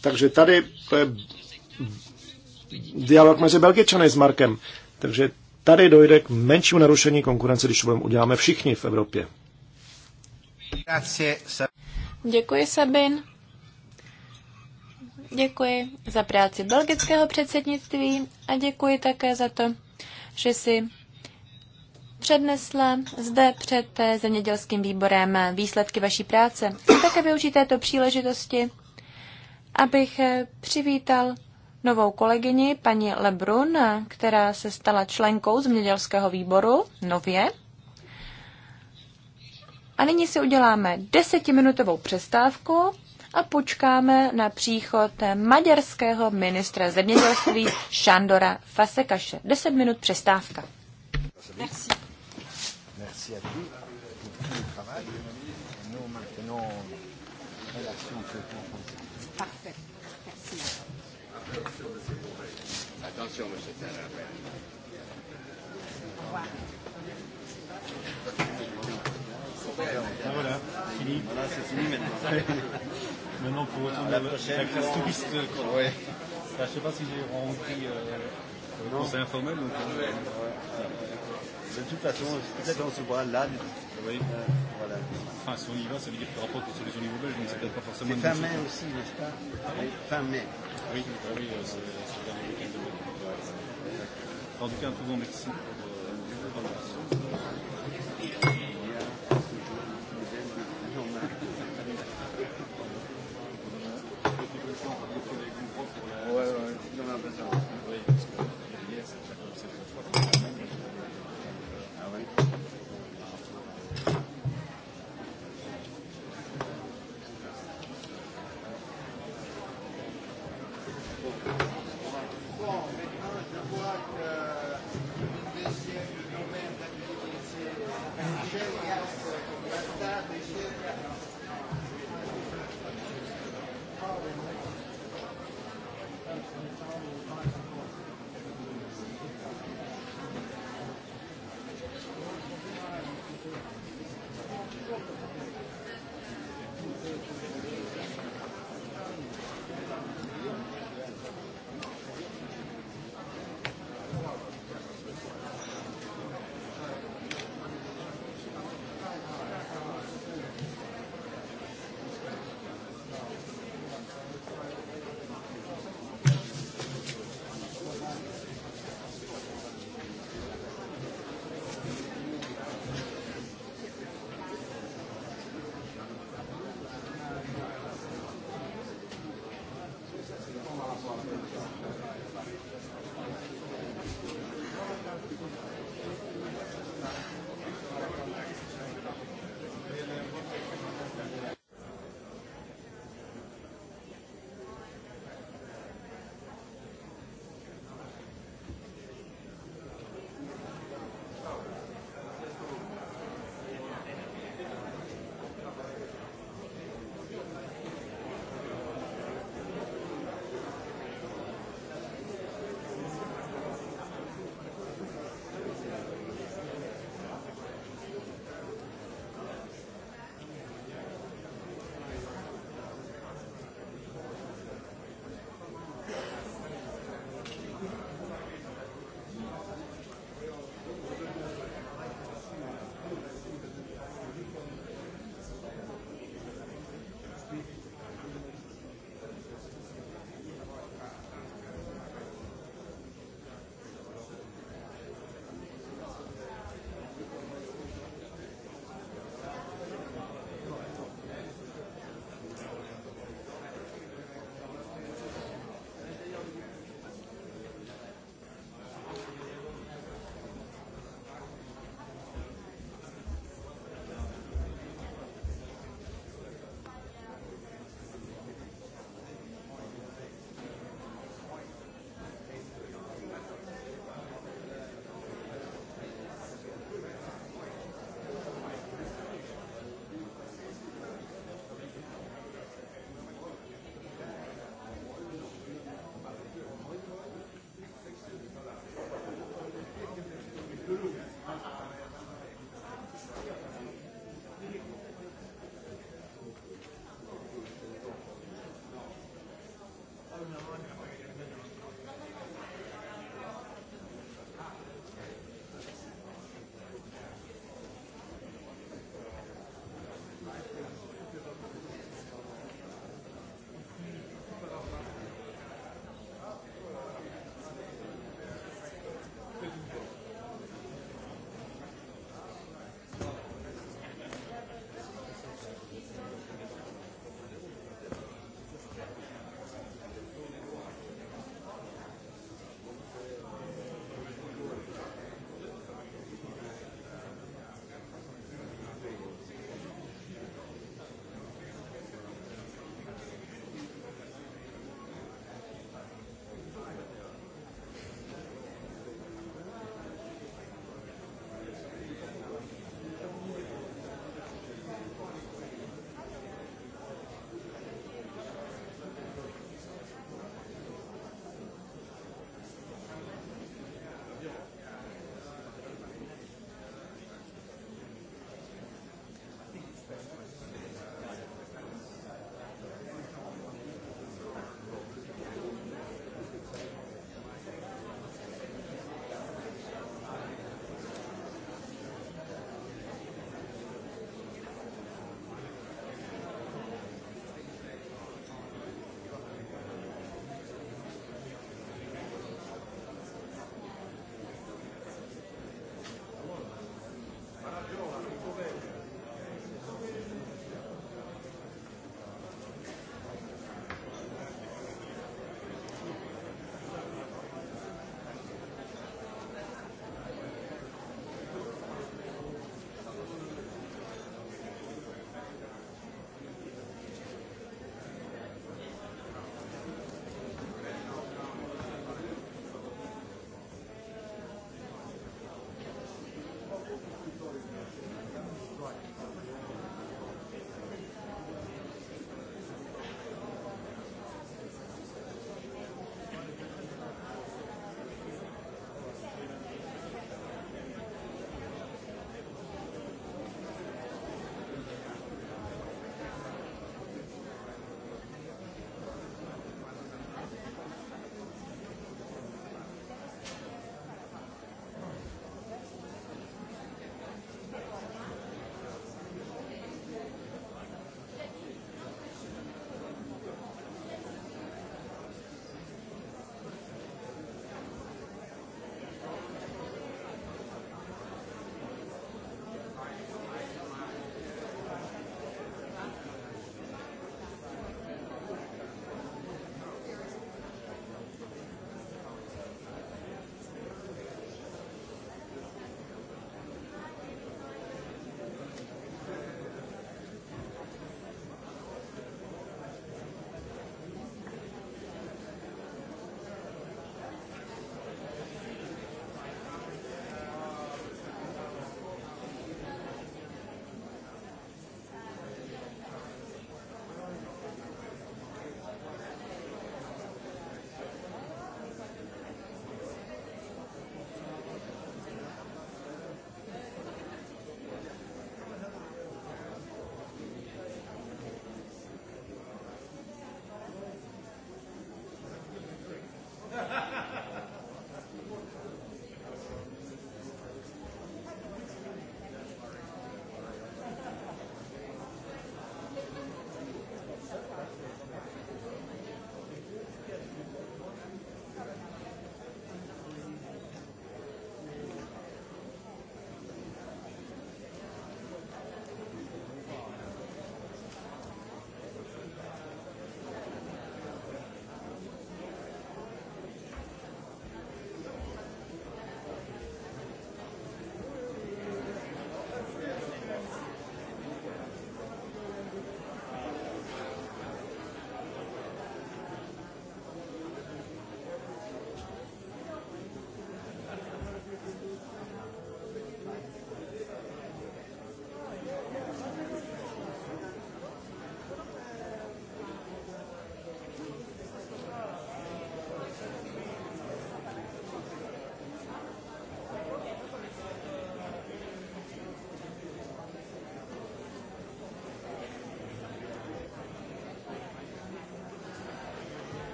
Speaker 1: takže tady to je dialog mezi Belgičany s Markem. Takže tady dojde k menšímu narušení konkurence, když to budeme uděláme všichni v Evropě.
Speaker 2: Děkuji, Sabin. Děkuji za práci belgického předsednictví a děkuji také za to, že si přednesla zde před zemědělským výborem výsledky vaší práce. Chci také využít této příležitosti, abych přivítal novou kolegyni, paní Lebrun, která se stala členkou zemědělského výboru nově. A nyní si uděláme desetiminutovou přestávku a počkáme na příchod maďarského ministra zemědělství Šandora Fasekaše. Deset minut přestávka. Merci. Merci à vous Parfait.
Speaker 3: Attention, monsieur
Speaker 1: Ah voilà, fini. Voilà, c'est fini maintenant. maintenant, pour retourner à la, la classe touriste. Ouais. Enfin, je ne sais pas si j'ai rencontré euh, le conseil informel. Donc, euh, ouais.
Speaker 2: De toute façon, peut-être on se voit là. Oui. Euh, voilà. Enfin, si on y va, ça veut dire qu'il n'y aura pas de solution au niveau belge, donc c'est peut-être pas forcément. C'est fin mai aussi,
Speaker 1: n'est-ce pas oui. Fin
Speaker 2: mai. Oui, oui. Euh, En tout cas, un tout grand merci pour euh,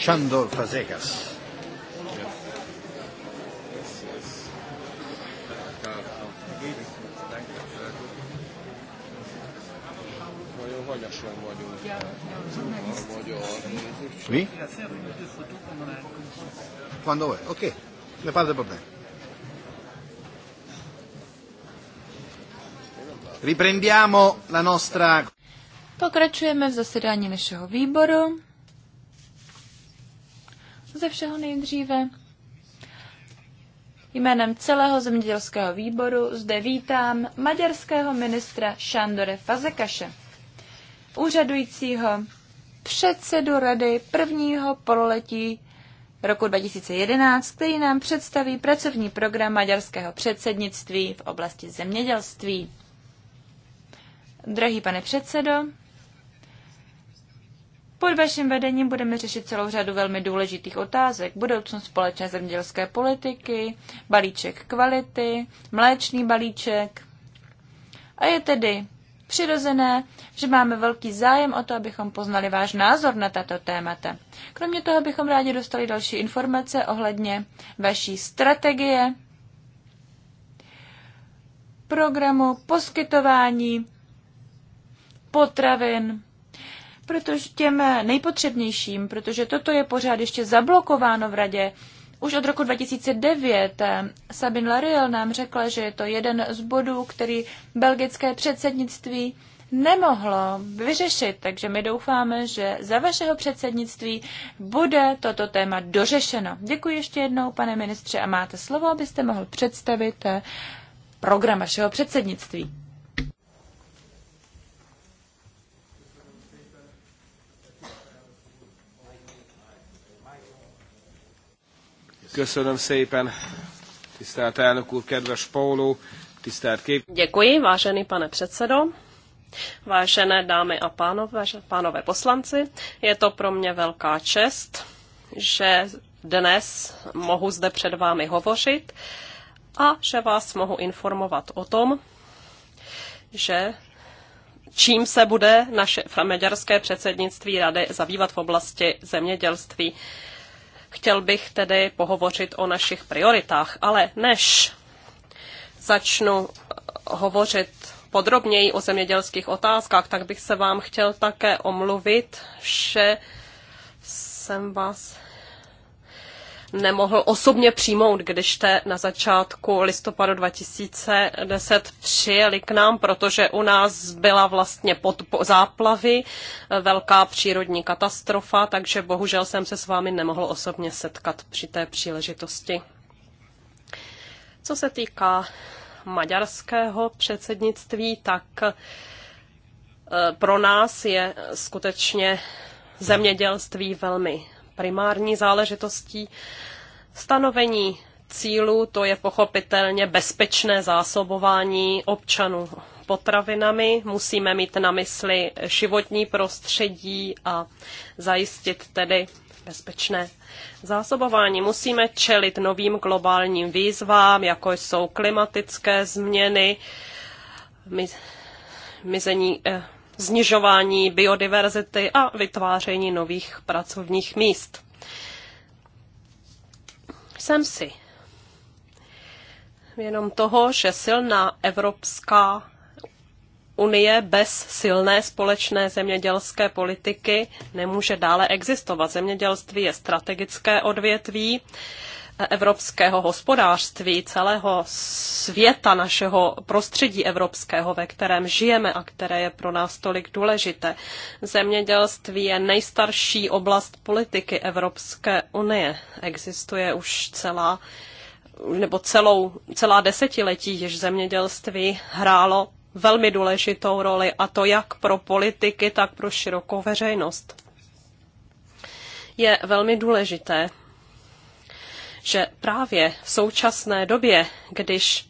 Speaker 1: Shandor Fazegas. Oui? Quando vuoi, ok, ne parlo per me. Riprendiamo la nostra
Speaker 2: Pokračujeme v zasedání našeho výboru. Ze všeho nejdříve jménem celého zemědělského výboru zde vítám maďarského ministra Šandore Fazekaše, úřadujícího předsedu rady prvního pololetí roku 2011, který nám představí pracovní program maďarského předsednictví v oblasti zemědělství. Drahý pane předsedo, pod vaším vedením budeme řešit celou řadu velmi důležitých otázek. Budoucnost společné zemědělské politiky, balíček kvality, mléčný balíček. A je tedy přirozené, že máme velký zájem o to, abychom poznali váš názor na tato témata. Kromě toho bychom rádi dostali další informace ohledně vaší strategie, programu poskytování potravin protože těm nejpotřebnějším, protože toto je pořád ještě zablokováno v radě. Už od roku 2009 eh, Sabine Lariel nám řekla, že je to jeden z bodů, který belgické předsednictví nemohlo vyřešit, takže my doufáme, že za vašeho předsednictví bude toto téma dořešeno. Děkuji ještě jednou, pane ministře, a máte slovo, abyste mohl představit eh, program vašeho předsednictví.
Speaker 3: Köszönöm szépen, tisztelt elnök úr, kedves tisztelt kép. Děkuji, vážený pane předsedo. Vážené dámy a pánové, pánové poslanci, je to pro mě velká čest, že dnes mohu zde před vámi hovořit a že vás mohu informovat o tom, že čím se bude naše maďarské předsednictví rady zabývat v oblasti zemědělství. Chtěl bych tedy pohovořit o našich prioritách, ale než začnu eh, hovořit podrobněji o zemědělských otázkách, tak bych se vám chtěl také omluvit, že jsem vás nemohl osobně přijmout, když jste na začátku listopadu 2010 přijeli k nám, protože u nás byla vlastně pod záplavy, eh, velká přírodní katastrofa, takže bohužel jsem se s vámi nemohl osobně setkat při té příležitosti. Co se týká maďarského předsednictví, tak eh, pro nás je skutečně zemědělství velmi primární záležitostí. Stanovení cílů to je pochopitelně bezpečné zásobování občanů potravinami. Musíme mít na mysli životní prostředí a zajistit tedy bezpečné zásobování. Musíme čelit novým globálním výzvám, jako jsou klimatické změny, mizení eh, snižování biodiverzity a vytváření nových pracovních míst. Jsem si jenom toho, že silná Evropská Unie bez silné společné zemědělské politiky nemůže dále existovat. Zemědělství je strategické odvětví evropského hospodářství, celého světa, našeho prostředí evropského, ve kterém žijeme a které je pro nás tolik důležité. Zemědělství je nejstarší oblast politiky Evropské unie. Existuje už celá nebo celou, celá desetiletí, jež zemědělství hrálo velmi důležitou roli, a to jak pro politiky, tak pro širokou veřejnost. Je velmi důležité, že právě v současné době, když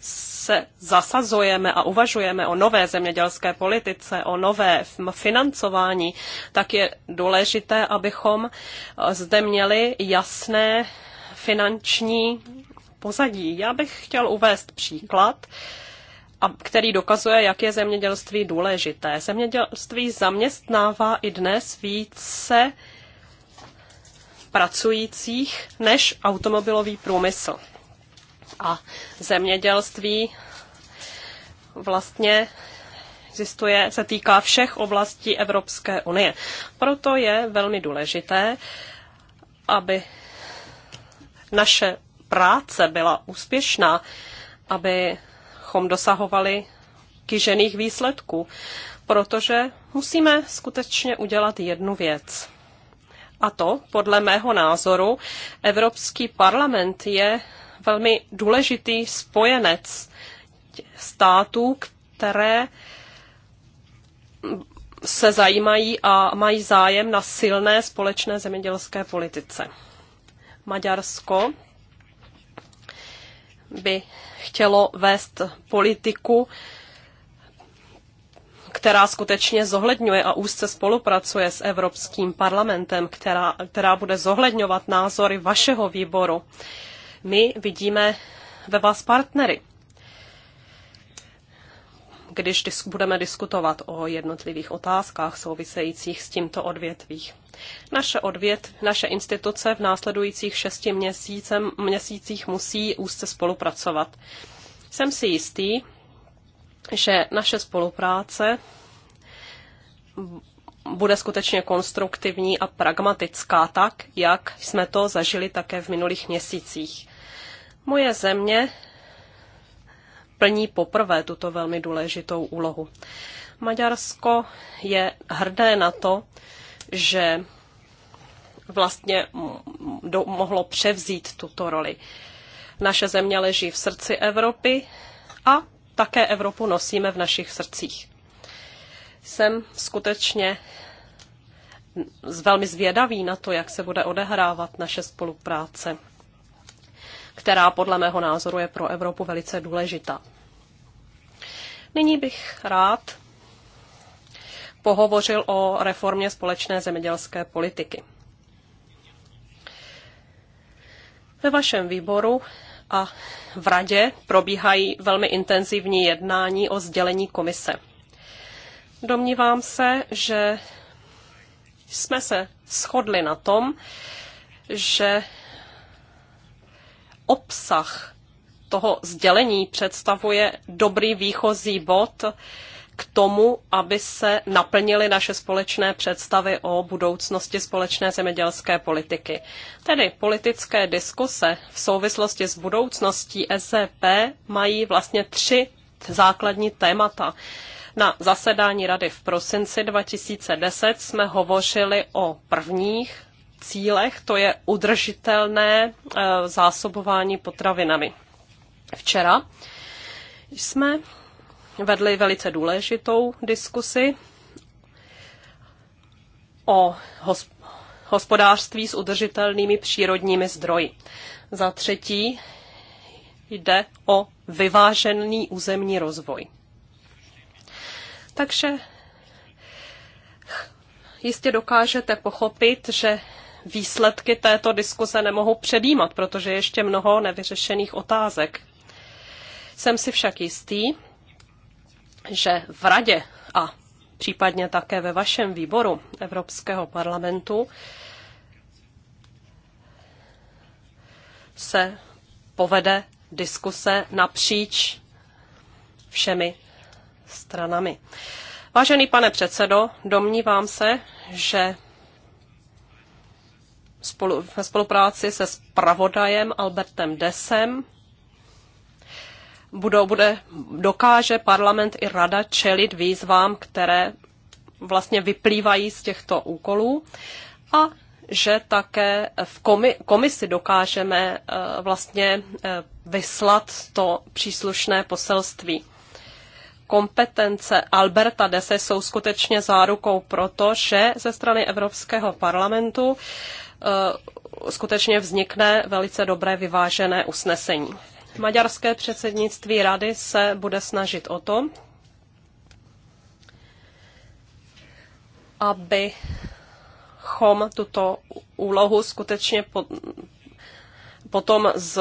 Speaker 3: se zasazujeme a uvažujeme o nové zemědělské politice, o nové financování, tak je důležité, abychom eh, zde měli jasné finanční pozadí. Já bych chtěl uvést příklad, který dokazuje, jak je zemědělství důležité. Zemědělství zaměstnává i dnes více pracujících než automobilový průmysl. A zemědělství vlastně existuje, se týká všech oblastí Evropské unie. Proto je velmi důležité, aby naše práce byla úspěšná, abychom dosahovali kýžených výsledků, protože musíme skutečně udělat jednu věc. A to, podle mého názoru, Evropský parlament je velmi důležitý spojenec států, které se zajímají a mají zájem na silné společné zemědělské politice. Maďarsko by chtělo vést politiku která skutečně zohledňuje a úzce spolupracuje s Evropským parlamentem, která, která bude zohledňovat názory vašeho výboru. My vidíme ve vás partnery, když dis- budeme diskutovat o jednotlivých otázkách souvisejících s tímto odvětvích. Naše odvět, naše instituce v následujících šesti měsícem, měsících musí úzce spolupracovat. Jsem si jistý, že naše spolupráce bude skutečně konstruktivní a pragmatická, tak jak jsme to zažili také v minulých měsících. Moje země plní poprvé tuto velmi důležitou úlohu. Maďarsko je hrdé na to, že vlastně mohlo převzít tuto roli. Naše země leží v srdci Evropy a také Evropu nosíme v našich srdcích. Jsem skutečně velmi zvědavý na to, jak se bude odehrávat naše spolupráce, která podle mého názoru je pro Evropu velice důležitá. Nyní bych rád pohovořil o reformě společné zemědělské politiky. Ve vašem výboru a v radě probíhají velmi intenzivní jednání o sdělení komise. Domnívám se, že jsme se shodli na tom, že obsah toho sdělení představuje dobrý výchozí bod, k tomu, aby se naplnily naše společné představy o budoucnosti společné zemědělské politiky. Tedy politické diskuse v souvislosti s budoucností SZP mají vlastně tři základní témata. Na zasedání rady v prosinci 2010 jsme hovořili o prvních cílech, to je udržitelné e, zásobování potravinami. Včera jsme vedli velice důležitou diskusi o hospodářství s udržitelnými přírodními zdroji. Za třetí jde o vyvážený územní rozvoj. Takže jistě dokážete pochopit, že výsledky této diskuse nemohu předjímat, protože ještě mnoho nevyřešených otázek. Jsem si však jistý, že v radě a případně také ve vašem výboru Evropského parlamentu se povede diskuse napříč všemi stranami. Vážený pane předsedo, domnívám se, že spolu, ve spolupráci se spravodajem Albertem Desem budou, bude, dokáže parlament i rada čelit výzvám, které vlastně vyplývají z těchto úkolů a že také v komi, komisi dokážeme eh, vlastně eh, vyslat to příslušné poselství kompetence Alberta Dese jsou skutečně zárukou proto, že ze strany Evropského parlamentu eh, skutečně vznikne velice dobré vyvážené usnesení. Maďarské předsednictví rady se bude snažit o to, abychom tuto úlohu skutečně potom z,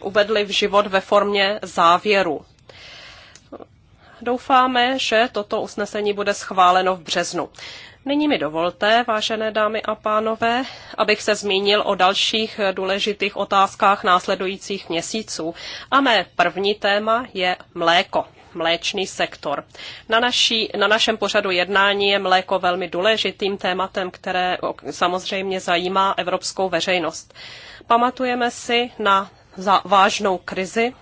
Speaker 3: uvedli v život ve formě závěru. Doufáme, že toto usnesení bude schváleno v březnu. Nyní mi dovolte, vážené dámy a pánové, abych se zmínil o dalších důležitých otázkách následujících měsíců. A mé první téma je mléko mléčný sektor. Na, naší, na našem pořadu jednání je mléko velmi důležitým tématem, které samozřejmě zajímá evropskou veřejnost. Pamatujeme si na vážnou krizi,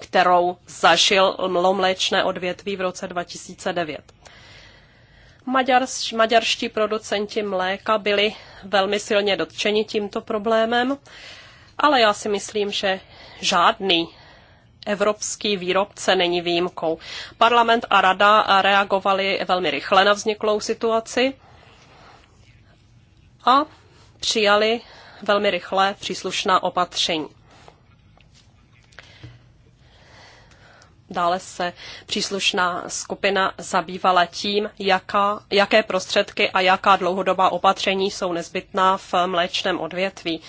Speaker 3: kterou zažil mlomléčné odvětví v roce 2009. Maďars, maďarští producenti mléka byli velmi silně dotčeni tímto problémem, ale já si myslím, že žádný evropský výrobce není výjimkou. Parlament a rada reagovali velmi rychle na vzniklou situaci a přijali velmi rychle příslušná opatření. Dále se příslušná skupina zabývala tím, jaká, jaké prostředky a jaká dlouhodobá opatření jsou nezbytná v mléčném odvětví.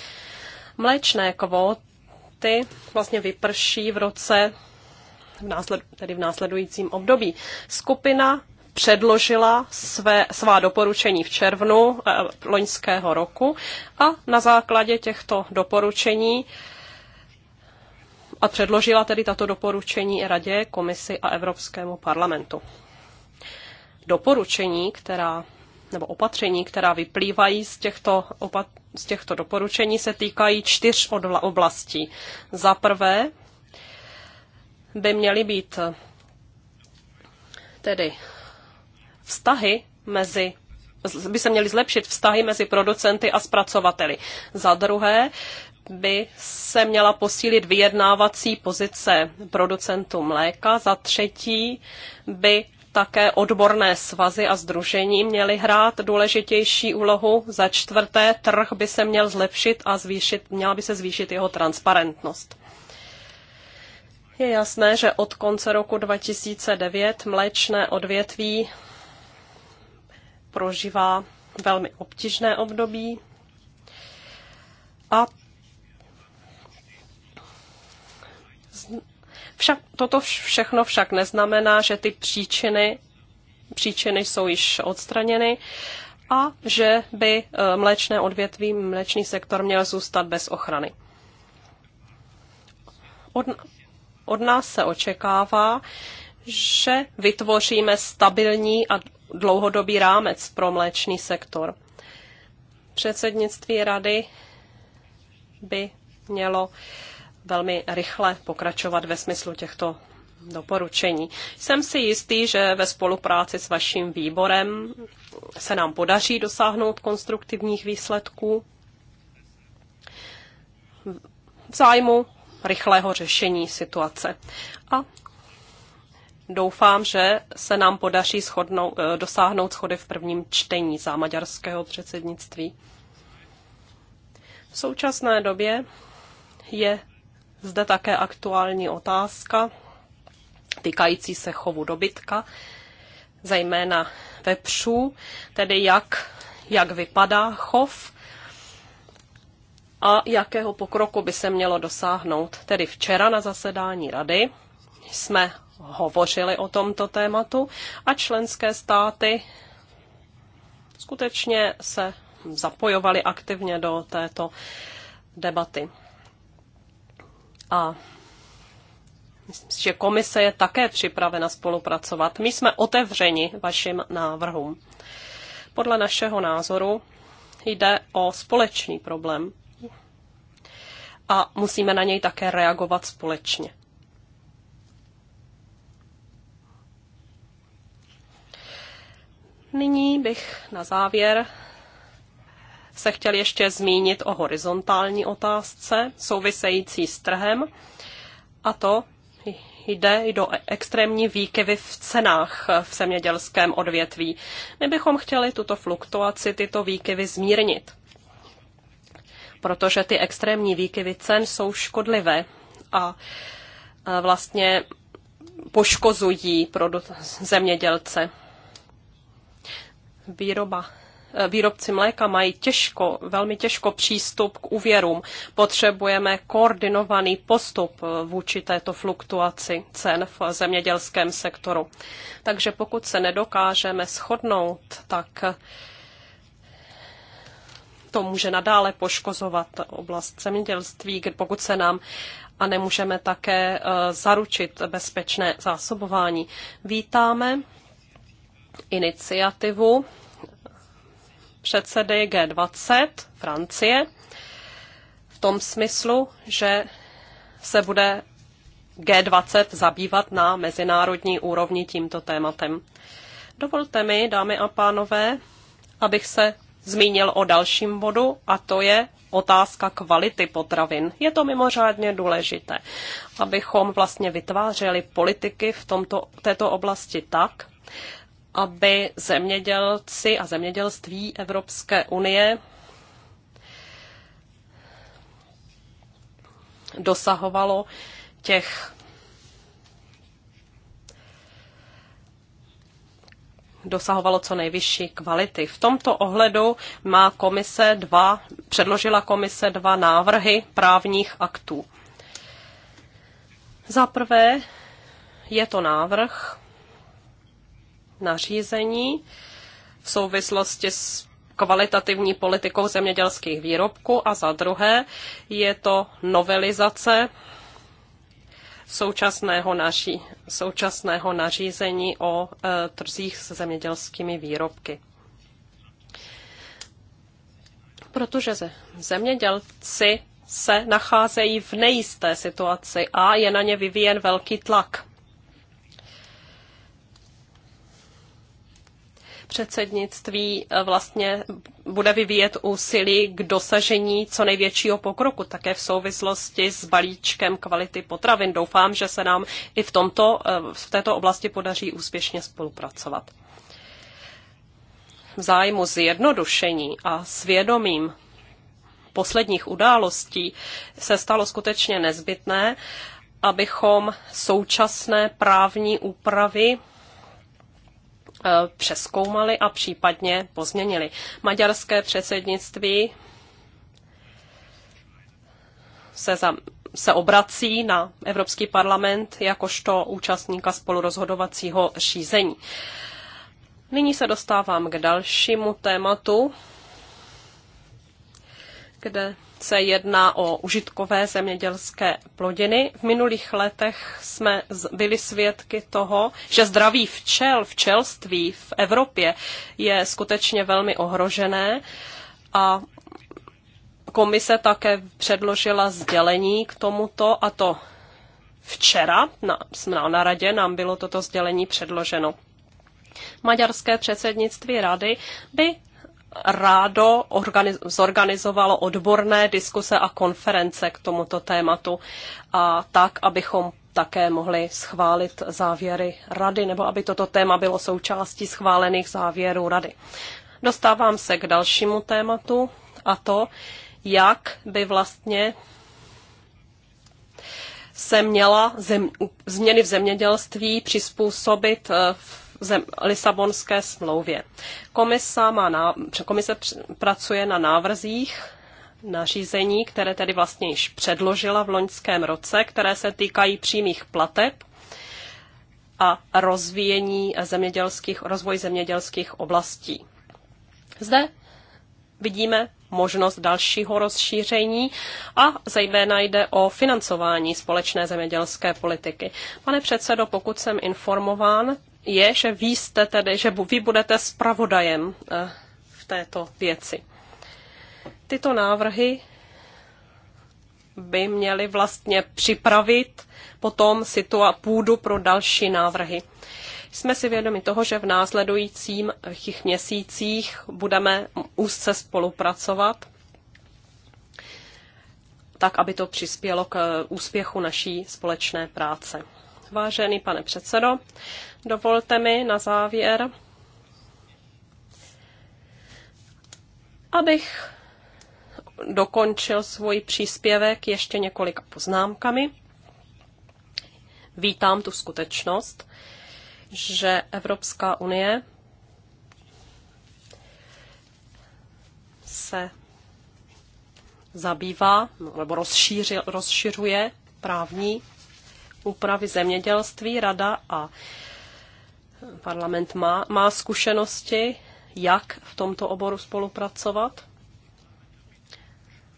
Speaker 3: Mléčné kvóty vlastně vyprší v roce, v násled, tedy v následujícím období. Skupina předložila své, svá doporučení v červnu eh, loňského roku a na základě těchto doporučení a předložila tedy tato doporučení Radě, Komisi a Evropskému parlamentu. Doporučení, která nebo opatření, která vyplývají z těchto, opat- z těchto doporučení, se týkají čtyř oblastí. Za prvé by měly být tedy vztahy mezi by se měly zlepšit vztahy mezi producenty a zpracovateli. Za druhé by se měla posílit vyjednávací pozice producentů mléka. Za třetí by také odborné svazy a združení měly hrát důležitější úlohu. Za čtvrté, trh by se měl zlepšit a zvýšit, měla by se zvýšit jeho transparentnost. Je jasné, že od konce roku 2009 mléčné odvětví prožívá velmi obtížné období a Však, toto všechno však neznamená, že ty příčiny, příčiny jsou již odstraněny a že by eh, mléčné odvětví, mléčný sektor měl zůstat bez ochrany. Od, od nás se očekává, že vytvoříme stabilní a dlouhodobý rámec pro mléčný sektor. Předsednictví rady by mělo velmi rychle pokračovat ve smyslu těchto doporučení. Jsem si jistý, že ve spolupráci s vaším výborem se nám podaří dosáhnout konstruktivních výsledků v zájmu rychlého řešení situace. A doufám, že se nám podaří shodnou, eh, dosáhnout schody v prvním čtení za maďarského předsednictví. V současné době je zde také aktuální otázka týkající se chovu dobytka, zejména vepřů, tedy jak, jak vypadá chov a jakého pokroku by se mělo dosáhnout. Tedy včera na zasedání rady jsme hovořili o tomto tématu a členské státy skutečně se zapojovali aktivně do této debaty. A myslím, že komise je také připravena spolupracovat. My jsme otevřeni vašim návrhům. Podle našeho názoru jde o společný problém a musíme na něj také reagovat společně. Nyní bych na závěr se chtěl ještě zmínit o horizontální otázce související s trhem a to jde i do extrémní výkyvy v cenách v zemědělském odvětví. My bychom chtěli tuto fluktuaci, tyto výkyvy zmírnit, protože ty extrémní výkyvy cen jsou škodlivé a e, vlastně poškozují pro zemědělce. Výroba výrobci mléka mají těžko, velmi těžko přístup k úvěrům. Potřebujeme koordinovaný postup eh, vůči této fluktuaci cen v zemědělském sektoru. Takže pokud se nedokážeme shodnout, tak eh, to může nadále poškozovat oblast zemědělství, pokud se nám a nemůžeme také eh, zaručit bezpečné zásobování. Vítáme iniciativu předsedy G20 Francie v tom smyslu, že se bude G20 zabývat na mezinárodní úrovni tímto tématem. Dovolte mi, dámy a pánové, abych se zmínil o dalším bodu, a to je otázka kvality potravin. Je to mimořádně důležité, abychom vlastně vytvářeli politiky v tomto, této oblasti tak, aby zemědělci a zemědělství Evropské unie dosahovalo těch dosahovalo co nejvyšší kvality. V tomto ohledu má komise dva, předložila komise dva návrhy právních aktů. Za prvé je to návrh, nařízení v souvislosti s kvalitativní politikou zemědělských výrobků a za druhé je to novelizace současného, naří, současného nařízení o e, trzích s zemědělskými výrobky. Protože zemědělci se nacházejí v nejisté situaci a je na ně vyvíjen velký tlak. předsednictví eh, vlastně bude vyvíjet úsilí k dosažení co největšího pokroku, také v souvislosti s balíčkem kvality potravin. Doufám, že se nám i v, tomto, eh, v této oblasti podaří úspěšně spolupracovat. V zájmu zjednodušení a svědomím posledních událostí se stalo skutečně nezbytné, abychom současné právní úpravy Eh, přeskoumali a případně pozměnili. Maďarské předsednictví se, za, se obrací na Evropský parlament jakožto účastníka spolurozhodovacího řízení. Nyní se dostávám k dalšímu tématu, kde se jedná o užitkové zemědělské plodiny. V minulých letech jsme byli svědky toho, že zdraví včel, včelství v Evropě je skutečně velmi ohrožené a komise také předložila sdělení k tomuto a to včera na, na, na radě nám bylo toto sdělení předloženo maďarské předsednictví rady by rádo zorganizovalo odborné diskuse a konference k tomuto tématu a tak, abychom také mohli schválit závěry rady, nebo aby toto téma bylo součástí schválených závěrů rady. Dostávám se k dalšímu tématu a to, jak by vlastně se měla zem, změny v zemědělství přizpůsobit eh, v zem, Lisabonské smlouvě. Komisa má na, komise pracuje na návrzích nařízení, které tedy vlastně již předložila v loňském roce, které se týkají přímých plateb a rozvíjení zemědělských, rozvoj zemědělských oblastí. Zde vidíme možnost dalšího rozšíření a zejména jde o financování společné zemědělské politiky. Pane předsedo, pokud jsem informován, je, že vy jste tedy, že vy budete spravodajem eh, v této věci. Tyto návrhy by měly vlastně připravit potom situa- půdu pro další návrhy. Jsme si vědomi toho, že v následujícím těch měsících budeme úzce spolupracovat, tak aby to přispělo k úspěchu naší společné práce. Vážený pane předsedo, dovolte mi na závěr, abych dokončil svůj příspěvek ještě několika poznámkami. Vítám tu skutečnost, že Evropská unie se zabývá nebo rozšiřuje právní úpravy zemědělství. Rada a parlament má, má zkušenosti, jak v tomto oboru spolupracovat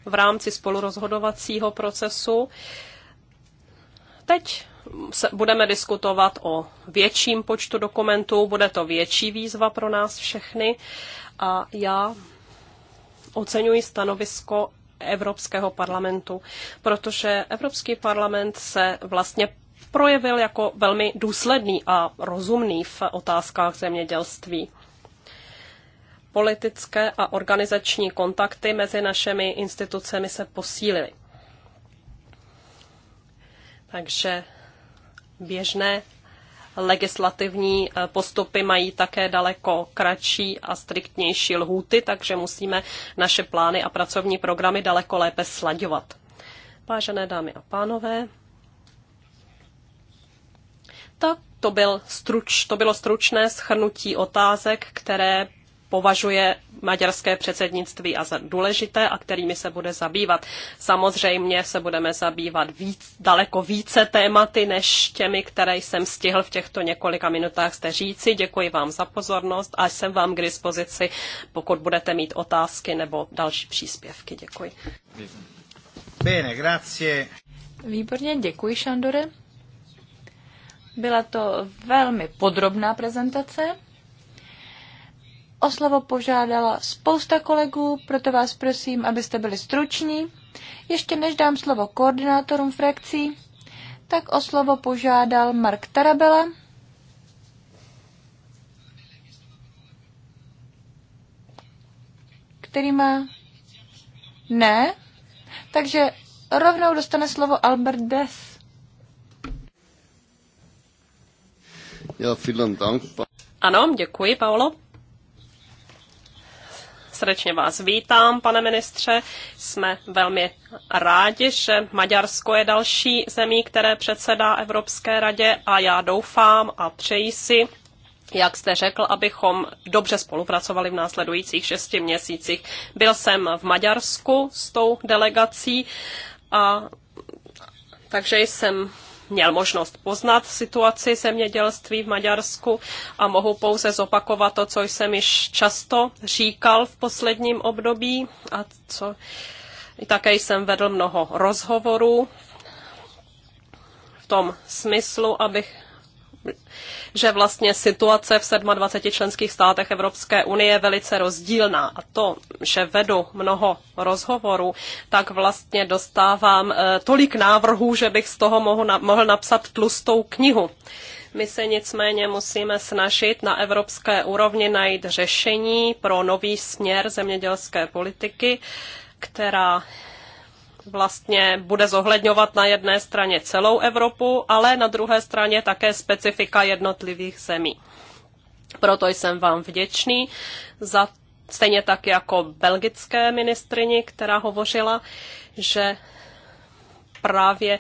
Speaker 3: v rámci spolurozhodovacího procesu. Teď se budeme diskutovat o větším počtu dokumentů, bude to větší výzva pro nás všechny a já oceňuji stanovisko Evropského parlamentu, protože Evropský parlament se vlastně projevil jako velmi důsledný a rozumný v otázkách zemědělství. Politické a organizační kontakty mezi našimi institucemi se posílily. Takže běžné legislativní eh, postupy mají také daleko kratší a striktnější lhůty, takže musíme naše plány a pracovní programy daleko lépe slaďovat. Vážené dámy a pánové, tak to, byl struč, to bylo stručné schrnutí otázek, které považuje maďarské předsednictví a za důležité a kterými se bude zabývat. Samozřejmě se budeme zabývat víc, daleko více tématy, než těmi, které jsem stihl v těchto několika minutách zde říci. Děkuji vám za pozornost a jsem vám k dispozici, pokud budete mít otázky nebo další příspěvky. Děkuji.
Speaker 2: Bene, grazie. Výborně, děkuji, Šandore. Byla to velmi podrobná prezentace. O slovo požádala spousta kolegů, proto vás prosím, abyste byli struční. Ještě než dám slovo koordinátorům frakcí, tak o slovo požádal Mark Tarabela. Který má... Ne? Takže rovnou dostane slovo Albert Death.
Speaker 3: Ja, vielen Dank. Ano, děkuji, Paolo. Srdečně vás vítám, pane ministře. Jsme velmi rádi, že Maďarsko je další zemí, které předsedá Evropské radě a já doufám a přeji si, jak jste řekl, abychom dobře spolupracovali v následujících šesti měsících. Byl jsem v Maďarsku s tou delegací a takže jsem měl možnost poznat situaci zemědělství v Maďarsku a mohu pouze zopakovat to, co jsem již často říkal v posledním období a co také jsem vedl mnoho rozhovorů v tom smyslu, abych že vlastně situace v 27 členských státech Evropské unie je velice rozdílná a to, že vedu mnoho rozhovorů, tak vlastně dostávám eh, tolik návrhů, že bych z toho mohl napsat tlustou knihu. My se nicméně musíme snažit na evropské úrovni najít řešení pro nový směr zemědělské politiky, která vlastně bude zohledňovat na jedné straně celou Evropu, ale na druhé straně také specifika jednotlivých zemí. Proto jsem vám vděčný za stejně tak jako belgické ministrini, která hovořila, že právě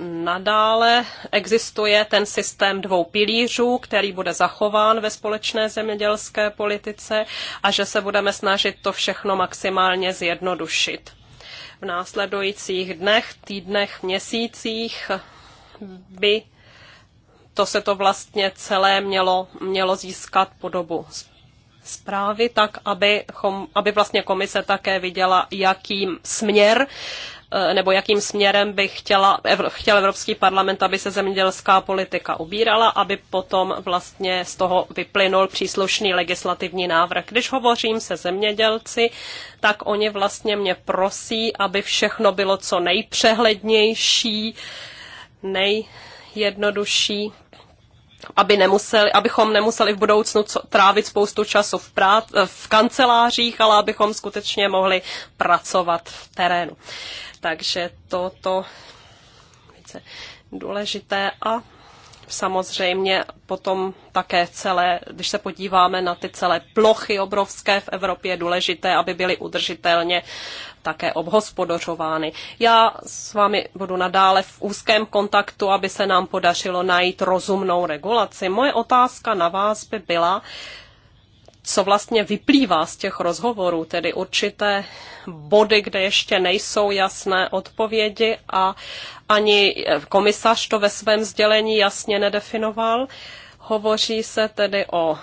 Speaker 3: nadále existuje ten systém dvou pilířů, který bude zachován ve společné zemědělské politice a že se budeme snažit to všechno maximálně zjednodušit v následujících dnech, týdnech, měsících by to se to vlastně celé mělo, mělo získat podobu zprávy, tak aby, aby vlastně komise také viděla, jaký směr Eh, nebo jakým směrem by chtěla, chtěl Evropský parlament, aby se zemědělská politika ubírala, aby potom vlastně z toho vyplynul příslušný legislativní návrh. Když hovořím se zemědělci, tak oni vlastně mě prosí, aby všechno bylo co nejpřehlednější, nejjednodušší, aby nemuseli, abychom nemuseli v budoucnu co, trávit spoustu času v, prát, v kancelářích, ale abychom skutečně mohli pracovat v terénu takže toto je důležité a samozřejmě potom také celé, když se podíváme na ty celé plochy obrovské v Evropě, je důležité, aby byly udržitelně také obhospodařovány. Já s vámi budu nadále v úzkém kontaktu, aby se nám podařilo najít rozumnou regulaci. Moje otázka na vás by byla, co vlastně vyplývá z těch rozhovorů, tedy určité body, kde ještě nejsou jasné odpovědi a ani komisař to ve svém sdělení jasně nedefinoval. Hovoří se tedy o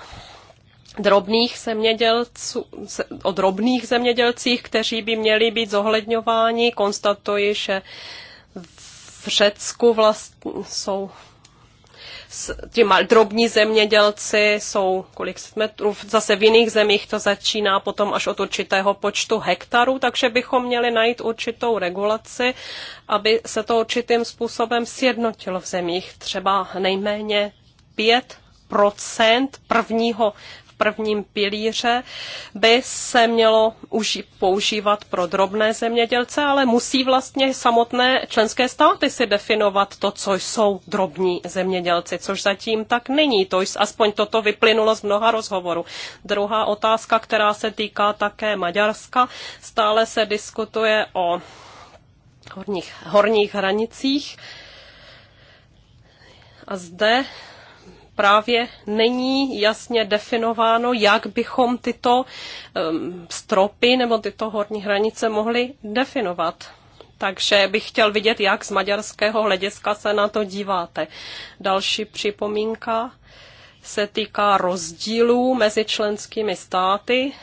Speaker 3: drobných zemědělců, o drobných zemědělcích, kteří by měli být zohledňováni. Konstatuji, že v Řecku vlastně jsou ti drobní zemědělci jsou kolik metrů, zase v jiných zemích to začíná potom až od určitého počtu hektarů, takže bychom měli najít určitou regulaci, aby se to určitým způsobem sjednotilo v zemích. Třeba nejméně 5 procent prvního prvním pilíře by se mělo uži- používat pro drobné zemědělce, ale musí vlastně samotné členské státy si definovat to, co jsou drobní zemědělci, což zatím tak není. To aspoň toto vyplynulo z mnoha rozhovorů. Druhá otázka, která se týká také Maďarska, stále se diskutuje o horních, horních hranicích. A zde zprávě není jasně definováno, jak bychom tyto stropy nebo tyto horní hranice mohli definovat. Takže bych chtěl vidět, jak z maďarského hlediska se na to díváte. Další připomínka se týká rozdílů mezi členskými státy.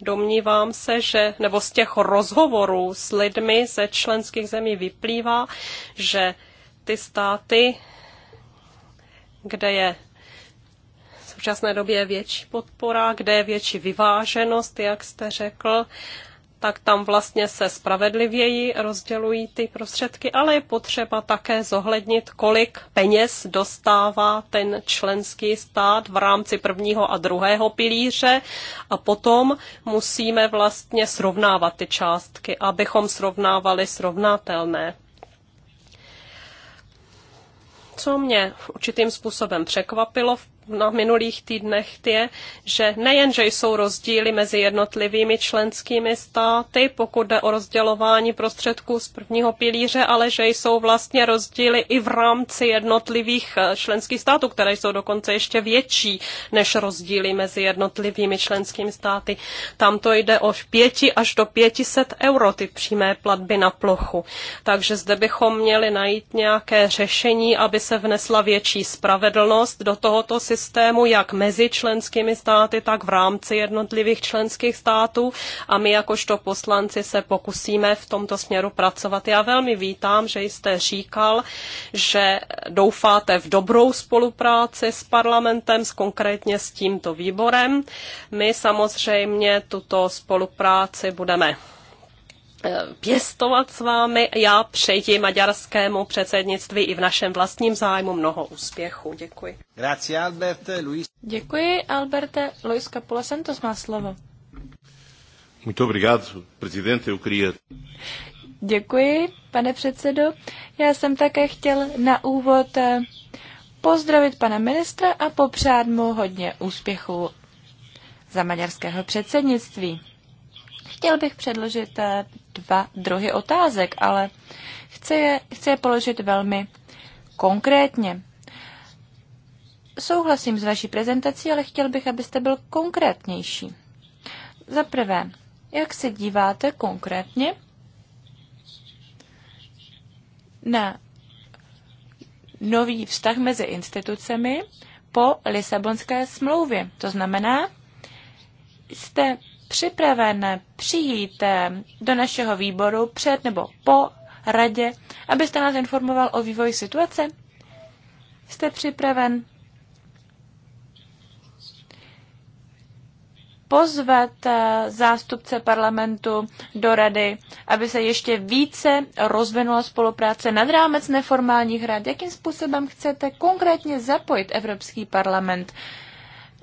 Speaker 3: Domnívám se, že nebo z těch rozhovorů s lidmi ze členských zemí vyplývá, že ty státy, kde je současné době je větší podpora, kde je větší vyváženost, jak jste řekl, tak tam vlastně se spravedlivěji rozdělují ty prostředky, ale je potřeba také zohlednit, kolik peněz dostává ten členský stát v rámci prvního a druhého pilíře a potom musíme vlastně srovnávat ty částky, abychom srovnávali srovnatelné co mě určitým způsobem překvapilo v na minulých týdnech je, že nejen, že jsou rozdíly mezi jednotlivými členskými státy, pokud jde o rozdělování prostředků z prvního pilíře, ale že jsou vlastně rozdíly i v rámci jednotlivých eh, členských států, které jsou dokonce ještě větší než rozdíly mezi jednotlivými členskými státy. Tam to jde o 5 až do 500 euro ty přímé platby na plochu. Takže zde bychom měli najít nějaké řešení, aby se vnesla větší spravedlnost do tohoto systému systému jak mezi členskými státy, tak v rámci jednotlivých členských států a my jakožto poslanci se pokusíme v tomto směru pracovat. Já velmi vítám, že jste říkal, že doufáte v dobrou spolupráci s parlamentem, s konkrétně s tímto výborem. My samozřejmě tuto spolupráci budeme Eh, pěstovat s vámi. Já přeji maďarskému předsednictví i v našem vlastním zájmu mnoho úspěchu. Děkuji.
Speaker 2: Grazie, Alberte, Luis.
Speaker 3: Děkuji, Alberte. Luis Capula
Speaker 2: Santos má slovo.
Speaker 1: Muito obrigado, presidente. Eu queria...
Speaker 2: Děkuji, pane předsedo. Já jsem také chtěl na úvod eh, pozdravit pana ministra a popřát mu hodně úspěchů za maďarského předsednictví. Chtěl bych předložit eh, dva druhy otázek, ale chci je, chci je položit velmi konkrétně. Souhlasím s vaší prezentací, ale chtěl bych, abyste byl konkrétnější. Za prvé, jak se díváte konkrétně na nový vztah mezi institucemi po Lisabonské smlouvě. To znamená, jste připraven přijít eh, do našeho výboru před nebo po radě, abyste nás informoval o vývoji situace? Jste připraven pozvat eh, zástupce parlamentu do rady, aby se ještě více rozvinula spolupráce nad rámec neformálních rad? Jakým způsobem chcete konkrétně zapojit Evropský parlament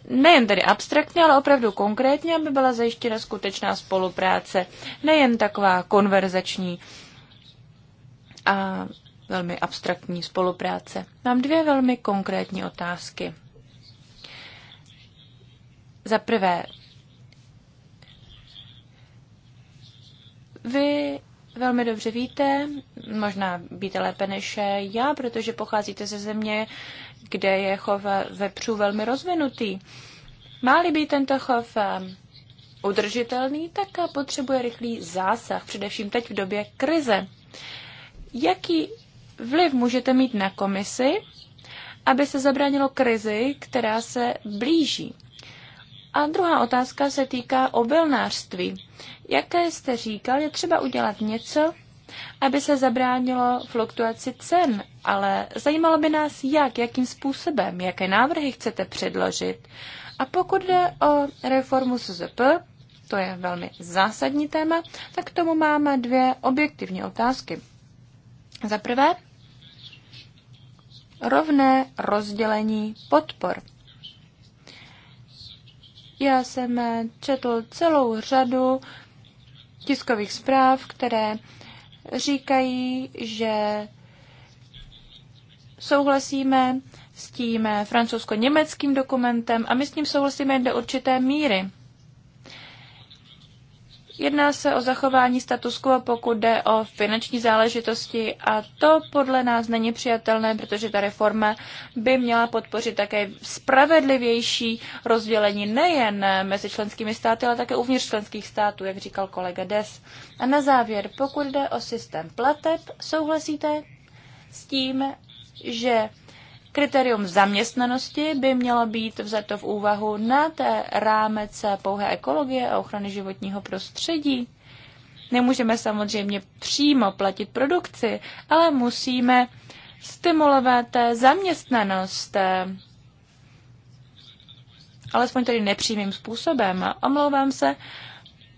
Speaker 2: nejen tedy abstraktně, ale opravdu konkrétně, aby byla zajištěna skutečná spolupráce, nejen taková konverzační a velmi abstraktní spolupráce. Mám dvě velmi konkrétní otázky. Za prvé, vy velmi dobře víte, možná víte lépe než já, protože pocházíte ze země, kde je chov vepřů velmi rozvinutý. má by být tento chov eh, udržitelný, tak eh, potřebuje rychlý zásah, především teď v době krize. Jaký vliv můžete mít na komisi, aby se zabránilo krizi, která se blíží? A druhá otázka se týká obilnářství. Jaké jste říkal, je třeba udělat něco, aby se zabránilo fluktuaci cen, ale zajímalo by nás jak, jakým způsobem, jaké návrhy chcete předložit. A pokud jde o reformu SZP, to je velmi zásadní téma, tak k tomu máme dvě objektivní otázky. Za prvé, rovné rozdělení podpor. Já jsem četl celou řadu tiskových zpráv, které říkají, že souhlasíme s tím francouzsko-německým dokumentem a my s ním souhlasíme jen do určité míry. Jedná se o zachování status quo, pokud jde o finanční záležitosti a to podle nás není přijatelné, protože ta reforma by měla podpořit také spravedlivější rozdělení nejen mezi členskými státy, ale také uvnitř členských států, jak říkal kolega Des. A na závěr, pokud jde o systém plateb, souhlasíte s tím, že Kritérium zaměstnanosti by mělo být vzato v úvahu na té rámec pouhé ekologie a ochrany životního prostředí. Nemůžeme samozřejmě přímo platit produkci, ale musíme stimulovat zaměstnanost, alespoň tedy nepřímým způsobem. Omlouvám se,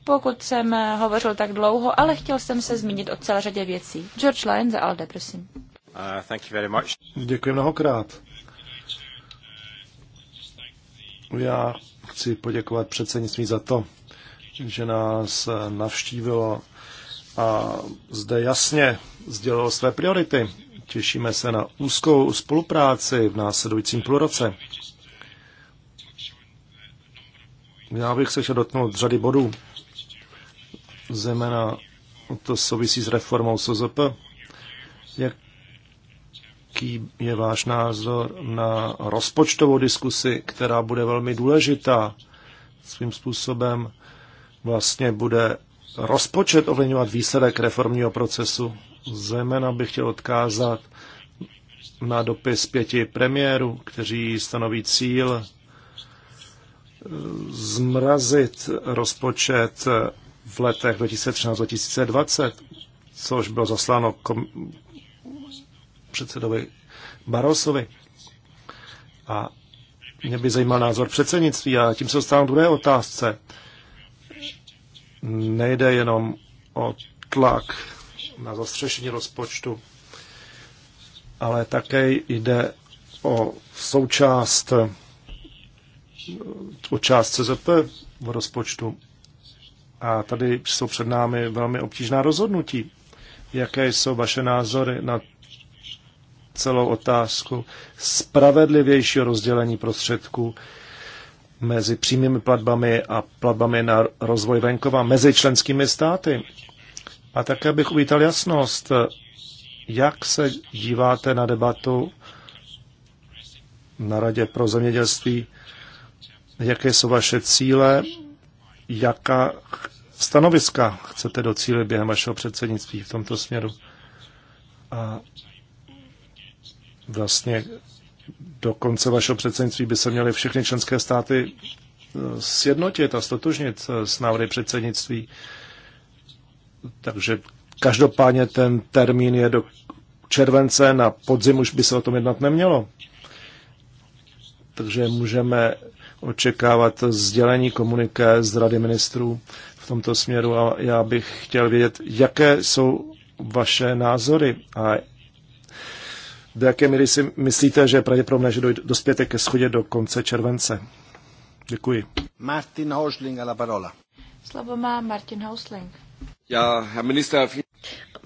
Speaker 2: pokud jsem hovořil tak dlouho, ale chtěl jsem se zmínit o celé řadě věcí. George Lyon za Alde, prosím.
Speaker 3: Uh,
Speaker 1: Děkuji mnohokrát. Já chci poděkovat předsednictví za to, že nás navštívilo a zde jasně sdělilo své priority. Těšíme se na úzkou spolupráci v následujícím půlroce. Já bych se chtěl dotknout řady bodů, zejména to souvisí s reformou SOZP. Jak jaký je váš názor na rozpočtovou diskusi, která bude velmi důležitá. Svým způsobem vlastně bude rozpočet ovlivňovat výsledek reformního procesu. Zejména bych chtěl odkázat na dopis pěti premiérů, kteří stanoví cíl eh, zmrazit rozpočet v letech 2013-2020, což bylo zasláno předsedovi Barosovi. A mě by zajímal názor předsednictví a tím se dostávám k druhé otázce. Nejde jenom o tlak na zastřešení rozpočtu, ale také jde o součást, o část CZP v rozpočtu. A tady jsou před námi velmi obtížná rozhodnutí. Jaké jsou vaše názory na celou otázku spravedlivějšího rozdělení prostředků mezi přímými platbami a platbami na rozvoj venkova mezi členskými státy. A také bych uvítal jasnost, jak se díváte na debatu na Radě pro zemědělství, jaké jsou vaše cíle, jaká stanoviska chcete docílit během vašeho předsednictví v tomto směru. A vlastně do konce vašeho předsednictví by se měly všechny členské státy eh, sjednotit a stotožnit eh, s návrhy předsednictví. Takže každopádně ten termín je do července, na podzim už by se o tom jednat nemělo. Takže můžeme očekávat sdělení komuniké z Rady ministrů v tomto směru a já bych chtěl vědět, jaké jsou vaše názory a do jaké míry si myslíte, že je pravděpodobné, že dojde, dospěte ke schodě do konce července? Děkuji. Martin Hausling a la parola.
Speaker 3: Slovo má Martin Hausling.
Speaker 1: Já, minister,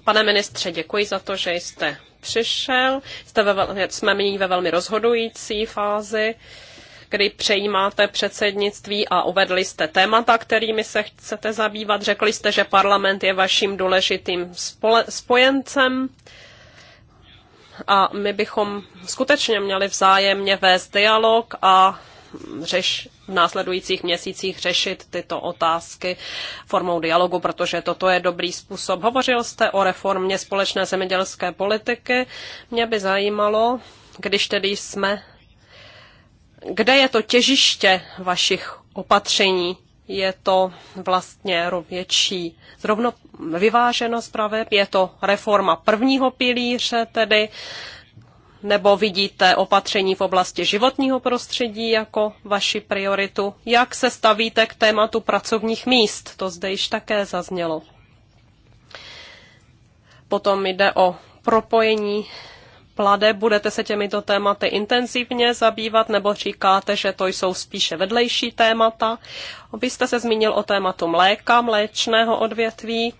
Speaker 3: Pane ministře, děkuji za to, že jste přišel. Jste ve, jsme nyní ve velmi rozhodující fázi, kdy přejímáte předsednictví a uvedli jste témata, kterými se chcete zabývat. Řekli jste, že parlament je vaším důležitým spole, spojencem a my bychom skutečně měli vzájemně vést dialog a řeš, v následujících měsících řešit tyto otázky formou dialogu, protože toto je dobrý způsob. Hovořil jste o reformě společné zemědělské politiky. Mě by zajímalo, když tedy jsme, kde je to těžiště vašich opatření, je to vlastně větší zrovno vyváženost praveb, je to reforma prvního pilíře tedy, nebo vidíte opatření v oblasti životního prostředí jako vaši prioritu? Jak se stavíte k tématu pracovních míst? To zde již také zaznělo. Potom jde o propojení plade, budete se těmito tématy intenzivně zabývat, nebo říkáte, že to jsou spíše vedlejší témata? Vy jste se zmínil o tématu mléka, mléčného odvětví.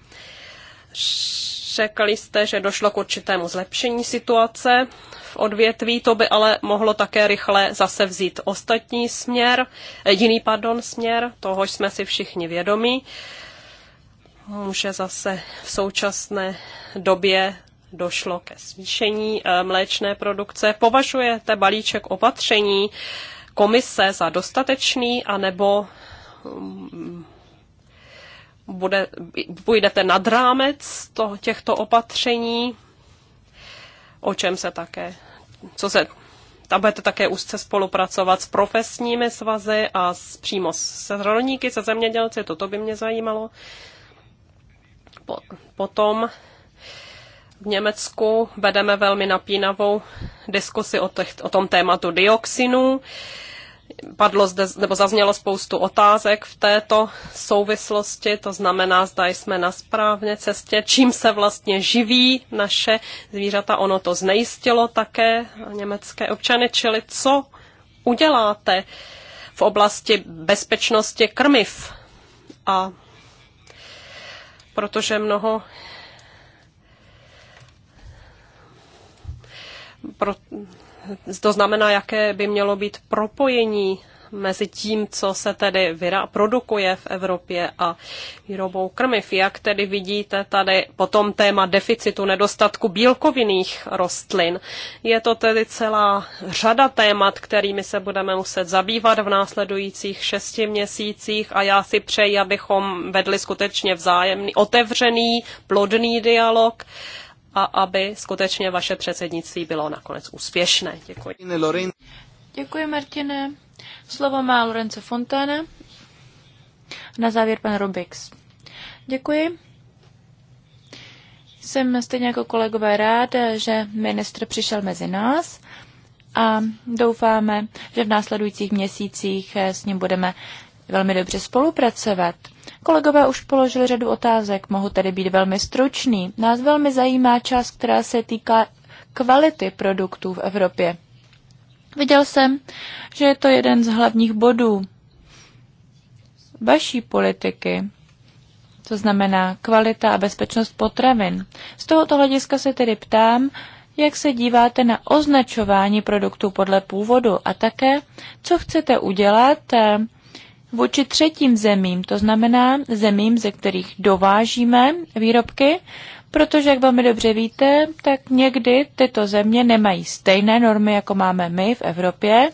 Speaker 3: Řekli jste, že došlo k určitému zlepšení situace v odvětví, to by ale mohlo také rychle zase vzít ostatní směr, eh, jiný pardon, směr, toho jsme si všichni vědomí může zase v současné době došlo ke zvýšení eh, mléčné produkce. Považujete balíček opatření komise za dostatečný, anebo mm, bude, půjdete nad rámec to, těchto opatření, o čem se také, co se a budete také úzce spolupracovat s profesními svazy a s, přímo se rolníky, se zemědělci, toto by mě zajímalo. Po, potom v Německu vedeme velmi napínavou diskusi o, těch, o tom tématu dioxinů. Padlo zde, nebo zaznělo spoustu otázek v této souvislosti, to znamená, zda jsme na správné cestě, čím se vlastně živí naše zvířata. Ono to znejistilo také německé občany, čili co uděláte v oblasti bezpečnosti krmiv. A protože mnoho Pro, to znamená, jaké by mělo být propojení mezi tím, co se tedy vyra- produkuje v Evropě a výrobou krmiv. Jak tedy vidíte tady potom téma deficitu, nedostatku bílkovinných rostlin? Je to tedy celá řada témat, kterými se budeme muset zabývat v následujících šesti měsících a já si přeji, abychom vedli skutečně vzájemný, otevřený, plodný dialog a aby skutečně vaše předsednictví bylo nakonec úspěšné. Děkuji.
Speaker 2: Děkuji, Martine. Slovo má Lorenzo Fontana. Na závěr pan Robix. Děkuji. Jsem stejně jako kolegové rád, že ministr přišel mezi nás a doufáme, že v následujících měsících s ním budeme velmi dobře spolupracovat. Kolegové už položili řadu otázek, mohu tedy být velmi stručný. Nás velmi zajímá část, která se týká kvality produktů v Evropě. Viděl jsem, že je to jeden z hlavních bodů vaší politiky, to znamená kvalita a bezpečnost potravin. Z tohoto hlediska se tedy ptám, jak se díváte na označování produktů podle původu a také, co chcete udělat eh, vůči třetím zemím, to znamená zemím, ze kterých dovážíme výrobky, protože, jak velmi dobře víte, tak někdy tyto země nemají stejné normy, jako máme my v Evropě,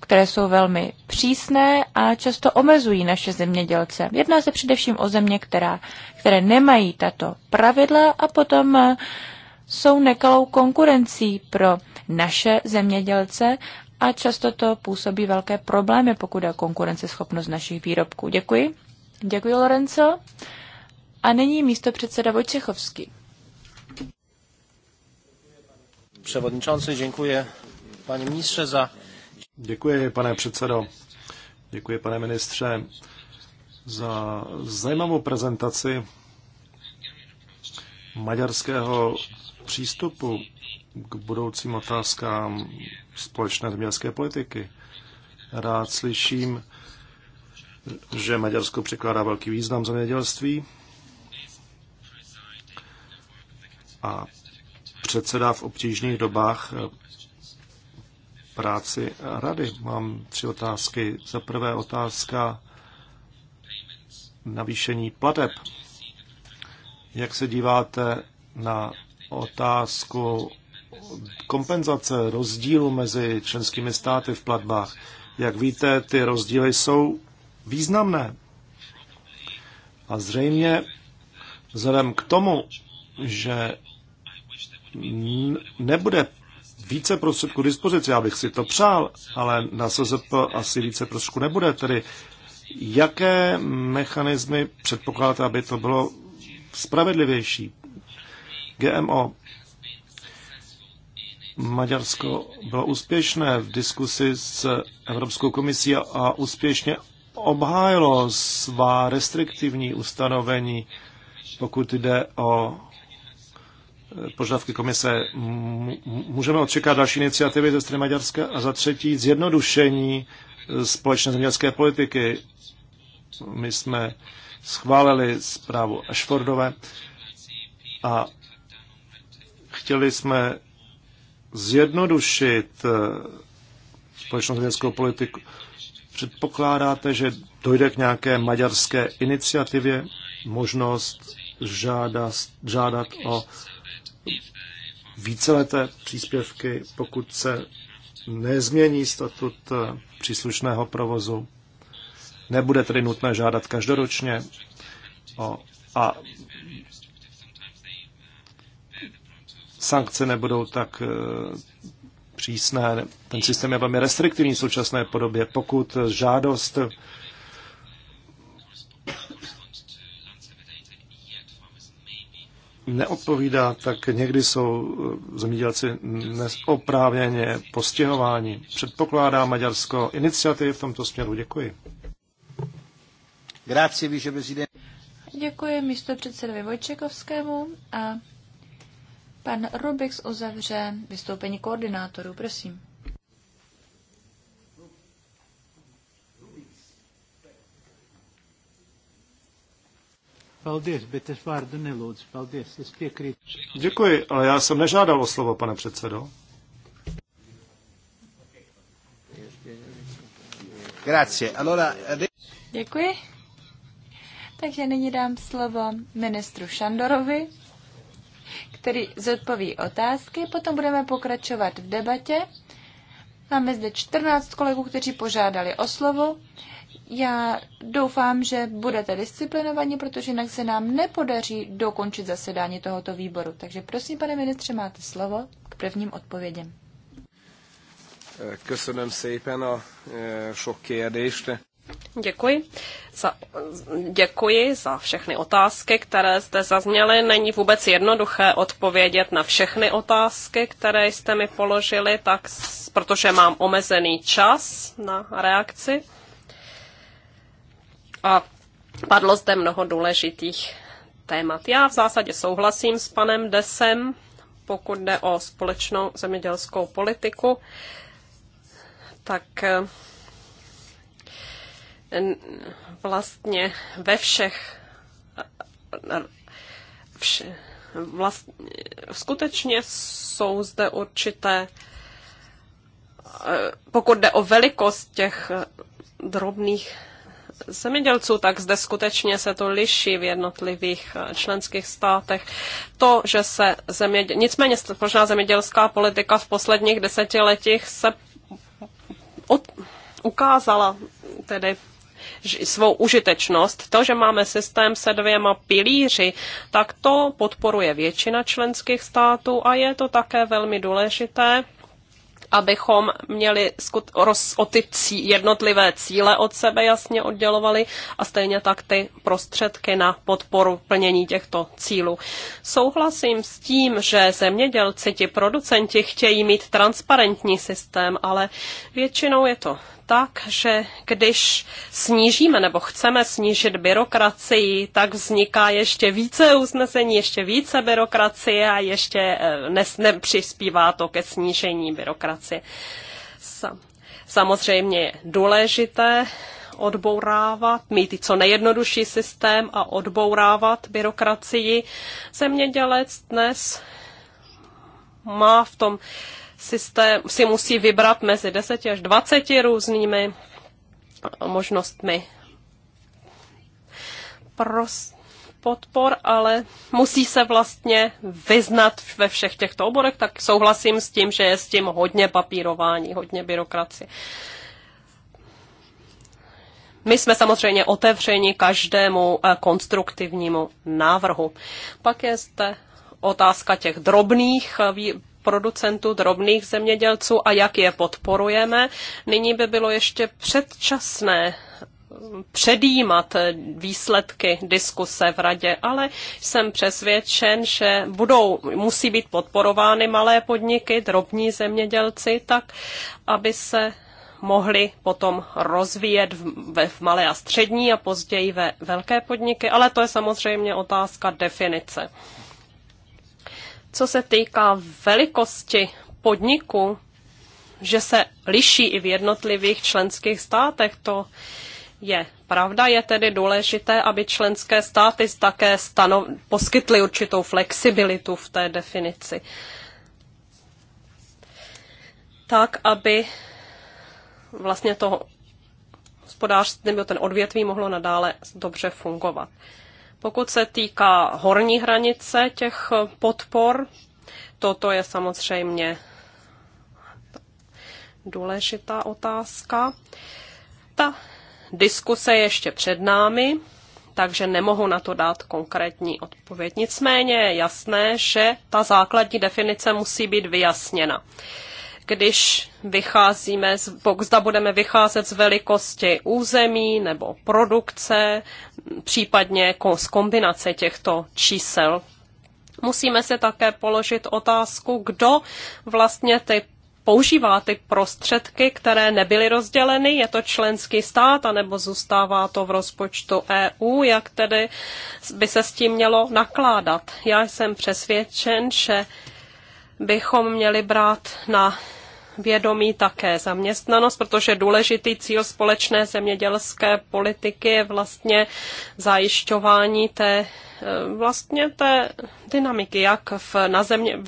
Speaker 2: které jsou velmi přísné a často omezují naše zemědělce. Jedná se především o země, která, které nemají tato pravidla a potom eh, jsou nekalou konkurencí pro naše zemědělce a často to působí velké problémy, pokud je konkurenceschopnost našich výrobků. Děkuji. Děkuji, Lorenzo. A nyní místo předseda Vojčechovský.
Speaker 1: Przewodniczący, děkuji, paní ministře za... Děkuji, pane předsedo. Děkuji, pane ministře, za zajímavou prezentaci maďarského přístupu k budoucím otázkám společné zemědělské politiky. Rád slyším, že Maďarsko překládá velký význam zemědělství a předsedá v obtížných dobách eh, práci rady. Mám tři otázky. Za prvé otázka navýšení plateb. Jak se díváte na otázku kompenzace rozdílu mezi členskými státy v platbách. Jak víte, ty rozdíly jsou významné. A zřejmě vzhledem k tomu, že nebude více prostředků k dispozici, já bych si to přál, ale na SZP asi více prostředků nebude, tedy jaké mechanismy předpokládáte, aby to bylo spravedlivější? GMO. Maďarsko bylo úspěšné v diskusi s Evropskou komisí a úspěšně obhájilo svá restriktivní ustanovení, pokud jde o eh, požadavky komise. Můžeme očekávat další iniciativy ze strany Maďarska a za třetí zjednodušení eh, společné zemědělské politiky. My jsme schválili zprávu Ashfordové a chtěli jsme zjednodušit eh, společnou zemědělskou politiku. Předpokládáte, že dojde k nějaké maďarské iniciativě možnost žádat, žádat o víceleté příspěvky, pokud se nezmění statut eh, příslušného provozu. Nebude tedy nutné žádat každoročně o, a sankce nebudou tak eh, přísné. Ten systém je velmi restriktivní v současné podobě. Pokud žádost neodpovídá, tak někdy jsou eh, zemědělci neoprávněně postihováni. Předpokládá Maďarsko iniciativy v tomto směru. Děkuji.
Speaker 2: Děkuji místo předsedovi Vojčekovskému a Pan Rubix uzavře vystoupení koordinátorů. Prosím.
Speaker 1: Děkuji, ale já jsem nežádal o slovo, pane předsedo.
Speaker 2: Grazie. Allora... Děkuji. Takže nyní dám slovo ministru Šandorovi, který zodpoví otázky, potom budeme pokračovat v debatě. Máme zde 14 kolegů, kteří požádali o slovo. Já doufám, že budete disciplinovaní, protože jinak se nám nepodaří dokončit zasedání tohoto výboru. Takže prosím, pane ministře, máte slovo k prvním odpovědím.
Speaker 1: Köszönöm szépen a e, sok kérdést.
Speaker 3: Děkuji. Za, děkuji za všechny otázky, které jste zazněly. Není vůbec jednoduché odpovědět na všechny otázky, které jste mi položili, tak, protože mám omezený čas na reakci. A padlo zde mnoho důležitých témat. Já v zásadě souhlasím s panem Desem, pokud jde o společnou zemědělskou politiku, tak eh, vlastně ve všech vše, vlastně, skutečně jsou zde určité, eh, pokud jde o velikost těch eh, drobných zemědělců, tak zde skutečně se to liší v jednotlivých eh, členských státech. To, že se zeměděl... Nicméně možná zemědělská politika v posledních desetiletích se od... ukázala tedy svou užitečnost. To, že máme systém se dvěma pilíři, tak to podporuje většina členských států a je to také velmi důležité abychom měli roz, o ty cí, jednotlivé cíle od sebe jasně oddělovali a stejně tak ty prostředky na podporu plnění těchto cílů. Souhlasím s tím, že zemědělci, ti producenti chtějí mít transparentní systém, ale většinou je to tak, že když snížíme nebo chceme snížit byrokracii, tak vzniká ještě více usnesení, ještě více byrokracie a ještě eh, nes, nepřispívá to ke snížení byrokracie. Samozřejmě je důležité odbourávat, mít i co nejjednodušší systém a odbourávat byrokracii. Zemědělec dnes má v tom systém si musí vybrat mezi 10 až 20 různými možnostmi pros, podpor, ale musí se vlastně vyznat ve všech těchto oborech, tak souhlasím s tím, že je s tím hodně papírování, hodně byrokracie. My jsme samozřejmě otevřeni každému eh, konstruktivnímu návrhu. Pak je zde otázka těch drobných eh, producentů, drobných zemědělců a jak je podporujeme. Nyní by bylo ještě předčasné předjímat výsledky diskuse v radě, ale jsem přesvědčen, že budou, musí být podporovány malé podniky, drobní zemědělci, tak aby se mohli potom rozvíjet v, v malé a střední a později ve velké podniky, ale to je samozřejmě otázka definice. Co se týká velikosti podniku, že se liší i v jednotlivých členských státech, to je pravda. Je tedy důležité, aby členské státy také stanov, poskytly určitou flexibilitu v té definici. Tak, aby vlastně to hospodářství nebo ten odvětví mohlo nadále dobře fungovat. Pokud se týká horní hranice těch podpor, toto je samozřejmě důležitá otázka. Ta diskuse je ještě před námi, takže nemohu na to dát konkrétní odpověď. Nicméně je jasné, že ta základní definice musí být vyjasněna když vycházíme, z, zda budeme vycházet z velikosti území nebo produkce, případně z kombinace těchto čísel. Musíme se také položit otázku, kdo vlastně ty používá ty prostředky, které nebyly rozděleny, je to členský stát, anebo zůstává to v rozpočtu EU, jak tedy by se s tím mělo nakládat. Já jsem přesvědčen, že bychom měli brát na vědomí také zaměstnanost, protože důležitý cíl společné zemědělské politiky je vlastně zajišťování té e, vlastně té dynamiky, jak v, na země,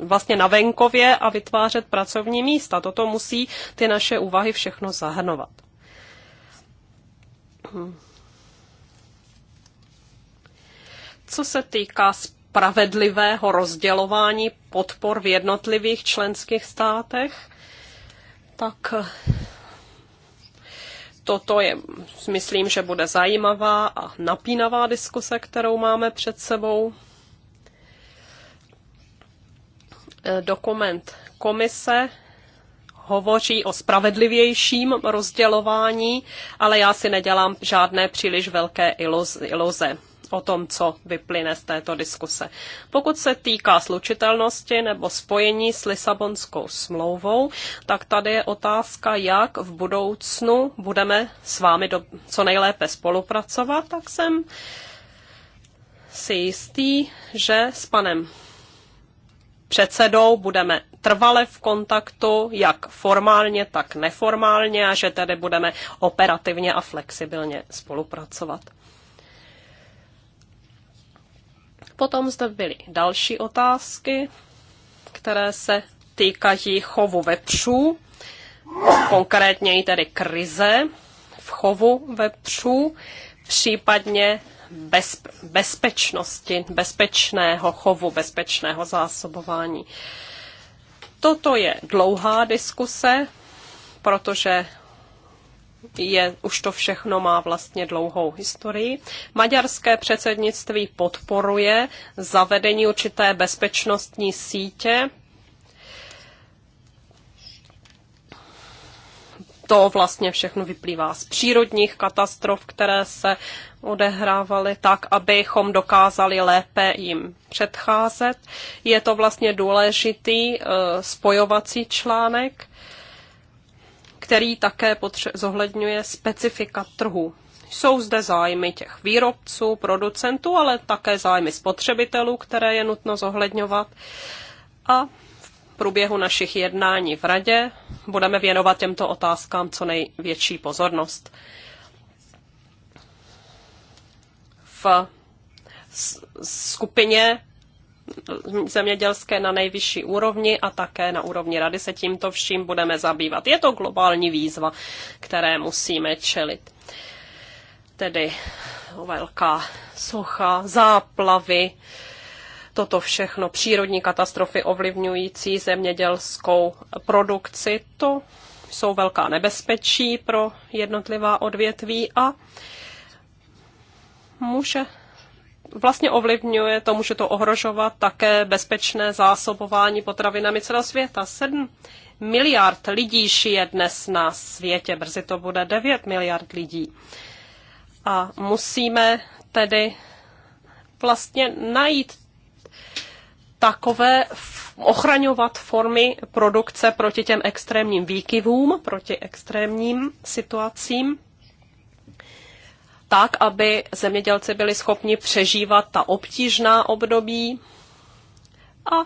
Speaker 3: vlastně na venkově a vytvářet pracovní místa. Toto musí ty naše úvahy všechno zahrnovat. Hm. Co se týká spravedlivého rozdělování podpor v jednotlivých členských státech, tak toto je, myslím, že bude zajímavá a napínavá diskuse, kterou máme před sebou. Dokument komise hovoří o spravedlivějším rozdělování, ale já si nedělám žádné příliš velké iluze o tom, co vyplyne z této diskuse. Pokud se týká slučitelnosti nebo spojení s Lisabonskou smlouvou, tak tady je otázka, jak v budoucnu budeme s vámi do, co nejlépe spolupracovat, tak jsem si jistý, že s panem předsedou budeme trvale v kontaktu, jak formálně, tak neformálně a že tedy budeme operativně a flexibilně spolupracovat. Potom zde byly další otázky, které se týkají chovu vepřů, konkrétně i tedy krize v chovu vepřů, případně bez, bezpečnosti, bezpečného chovu, bezpečného zásobování. Toto je dlouhá diskuse, protože je, už to všechno má vlastně dlouhou historii. Maďarské předsednictví podporuje zavedení určité bezpečnostní sítě. To vlastně všechno vyplývá z přírodních katastrof, které se odehrávaly tak, abychom dokázali lépe jim předcházet. Je to vlastně důležitý eh, spojovací článek který také zohledňuje specifika trhu. Jsou zde zájmy těch výrobců, producentů, ale také zájmy spotřebitelů, které je nutno zohledňovat. A v průběhu našich jednání v Radě budeme věnovat těmto otázkám co největší pozornost. V skupině zemědělské na nejvyšší úrovni a také na úrovni rady se tímto vším budeme zabývat. Je to globální výzva, které musíme čelit. Tedy velká sucha, záplavy, toto všechno, přírodní katastrofy ovlivňující zemědělskou produkci, to jsou velká nebezpečí pro jednotlivá odvětví a může vlastně ovlivňuje to, může to ohrožovat také bezpečné zásobování potravinami celého světa. 7 miliard lidí žije dnes na světě, brzy to bude 9 miliard lidí. A musíme tedy vlastně najít takové ochraňovat formy produkce proti těm extrémním výkyvům, proti extrémním situacím tak, aby zemědělci byli schopni přežívat ta obtížná období a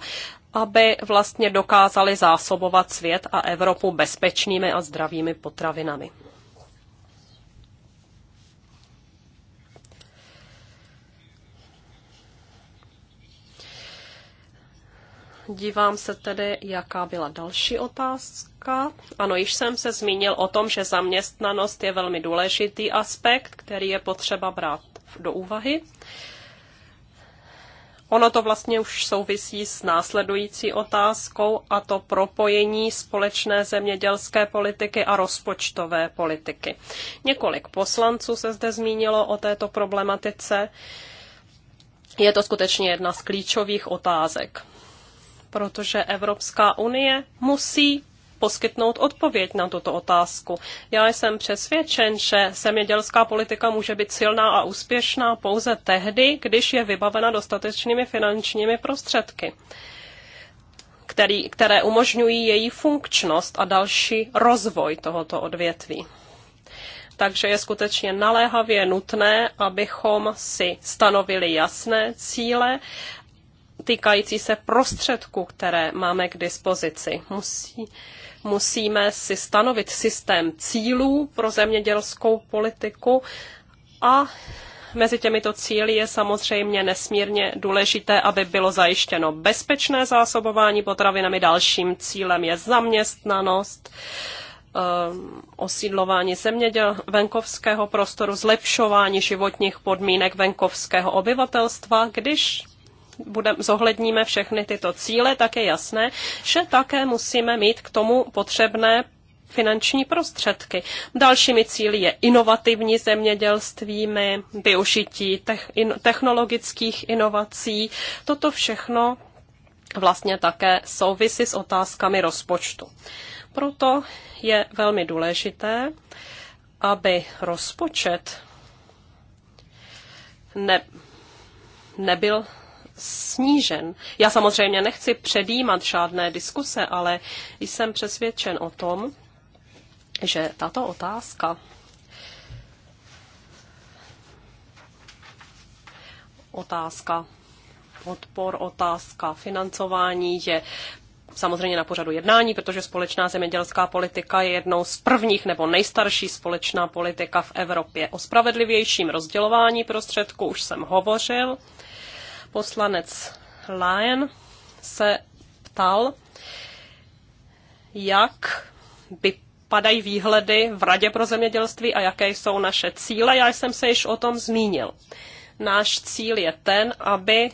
Speaker 3: aby vlastně dokázali zásobovat svět a Evropu bezpečnými a zdravými potravinami. Dívám se tedy, jaká byla další otázka. Ano, již jsem se zmínil o tom, že zaměstnanost je velmi důležitý aspekt, který je potřeba brát do úvahy. Ono to vlastně už souvisí s následující otázkou a to propojení společné zemědělské politiky a rozpočtové politiky. Několik poslanců se zde zmínilo o této problematice. Je to skutečně jedna z klíčových otázek protože Evropská unie musí poskytnout odpověď na tuto otázku. Já jsem přesvědčen, že zemědělská politika může být silná a úspěšná pouze tehdy, když je vybavena dostatečnými finančními prostředky, který, které umožňují její funkčnost a další rozvoj tohoto odvětví. Takže je skutečně naléhavě nutné, abychom si stanovili jasné cíle týkající se prostředků, které máme k dispozici. Musí, musíme si stanovit systém cílů pro zemědělskou politiku a mezi těmito cíly je samozřejmě nesmírně důležité, aby bylo zajištěno bezpečné zásobování potravinami. Dalším cílem je zaměstnanost, ehm, osídlování zeměděl venkovského prostoru, zlepšování životních podmínek venkovského obyvatelstva, když bude, zohledníme všechny tyto cíle, tak je jasné, že také musíme mít k tomu potřebné finanční prostředky. Dalšími cíly je inovativní zemědělství, využití technologických inovací. Toto všechno vlastně také souvisí s otázkami rozpočtu. Proto je velmi důležité, aby rozpočet ne, nebyl snížen. Já samozřejmě nechci předjímat žádné diskuse, ale jsem přesvědčen o tom, že tato otázka otázka podpor, otázka financování je samozřejmě na pořadu jednání, protože společná zemědělská politika je jednou z prvních nebo nejstarší společná politika v Evropě. O spravedlivějším rozdělování prostředků už jsem hovořil. Poslanec Lyon se ptal, jak by padají výhledy v Radě pro zemědělství a jaké jsou naše cíle. Já jsem se již o tom zmínil. Náš cíl je ten, aby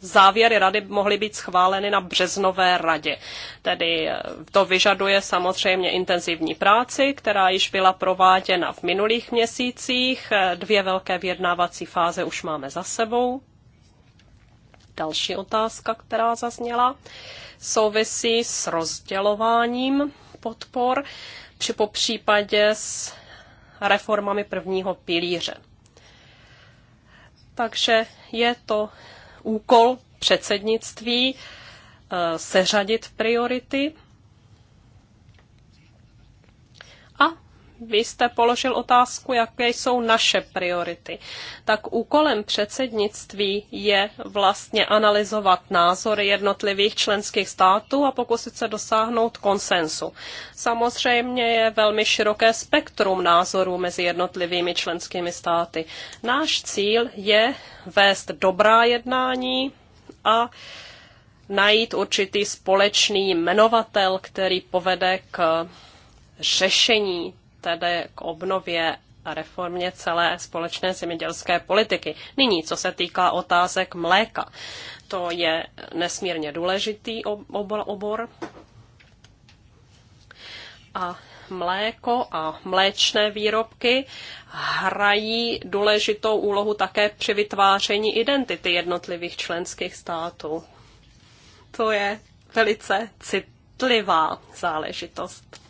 Speaker 3: závěry rady mohly být schváleny na březnové radě. Tedy eh, to vyžaduje samozřejmě intenzivní práci, která již byla prováděna v minulých měsících. Eh, Dvě velké vyjednávací fáze už máme za sebou. Další otázka, která zazněla, souvisí s rozdělováním podpor, při popřípadě s reformami prvního pilíře. Takže je to úkol předsednictví eh, seřadit priority Vy jste položil otázku, jaké jsou naše priority. Tak úkolem předsednictví je vlastně analyzovat názory jednotlivých členských států a pokusit se dosáhnout konsensu. Samozřejmě je velmi široké spektrum názorů mezi jednotlivými členskými státy. Náš cíl je vést dobrá jednání a najít určitý společný jmenovatel, který povede k řešení tedy k obnově a reformě celé společné zemědělské politiky. Nyní, co se týká otázek mléka, to je nesmírně důležitý obor. A mléko a mléčné výrobky hrají důležitou úlohu také při vytváření identity jednotlivých členských států. To je velice citlivá záležitost.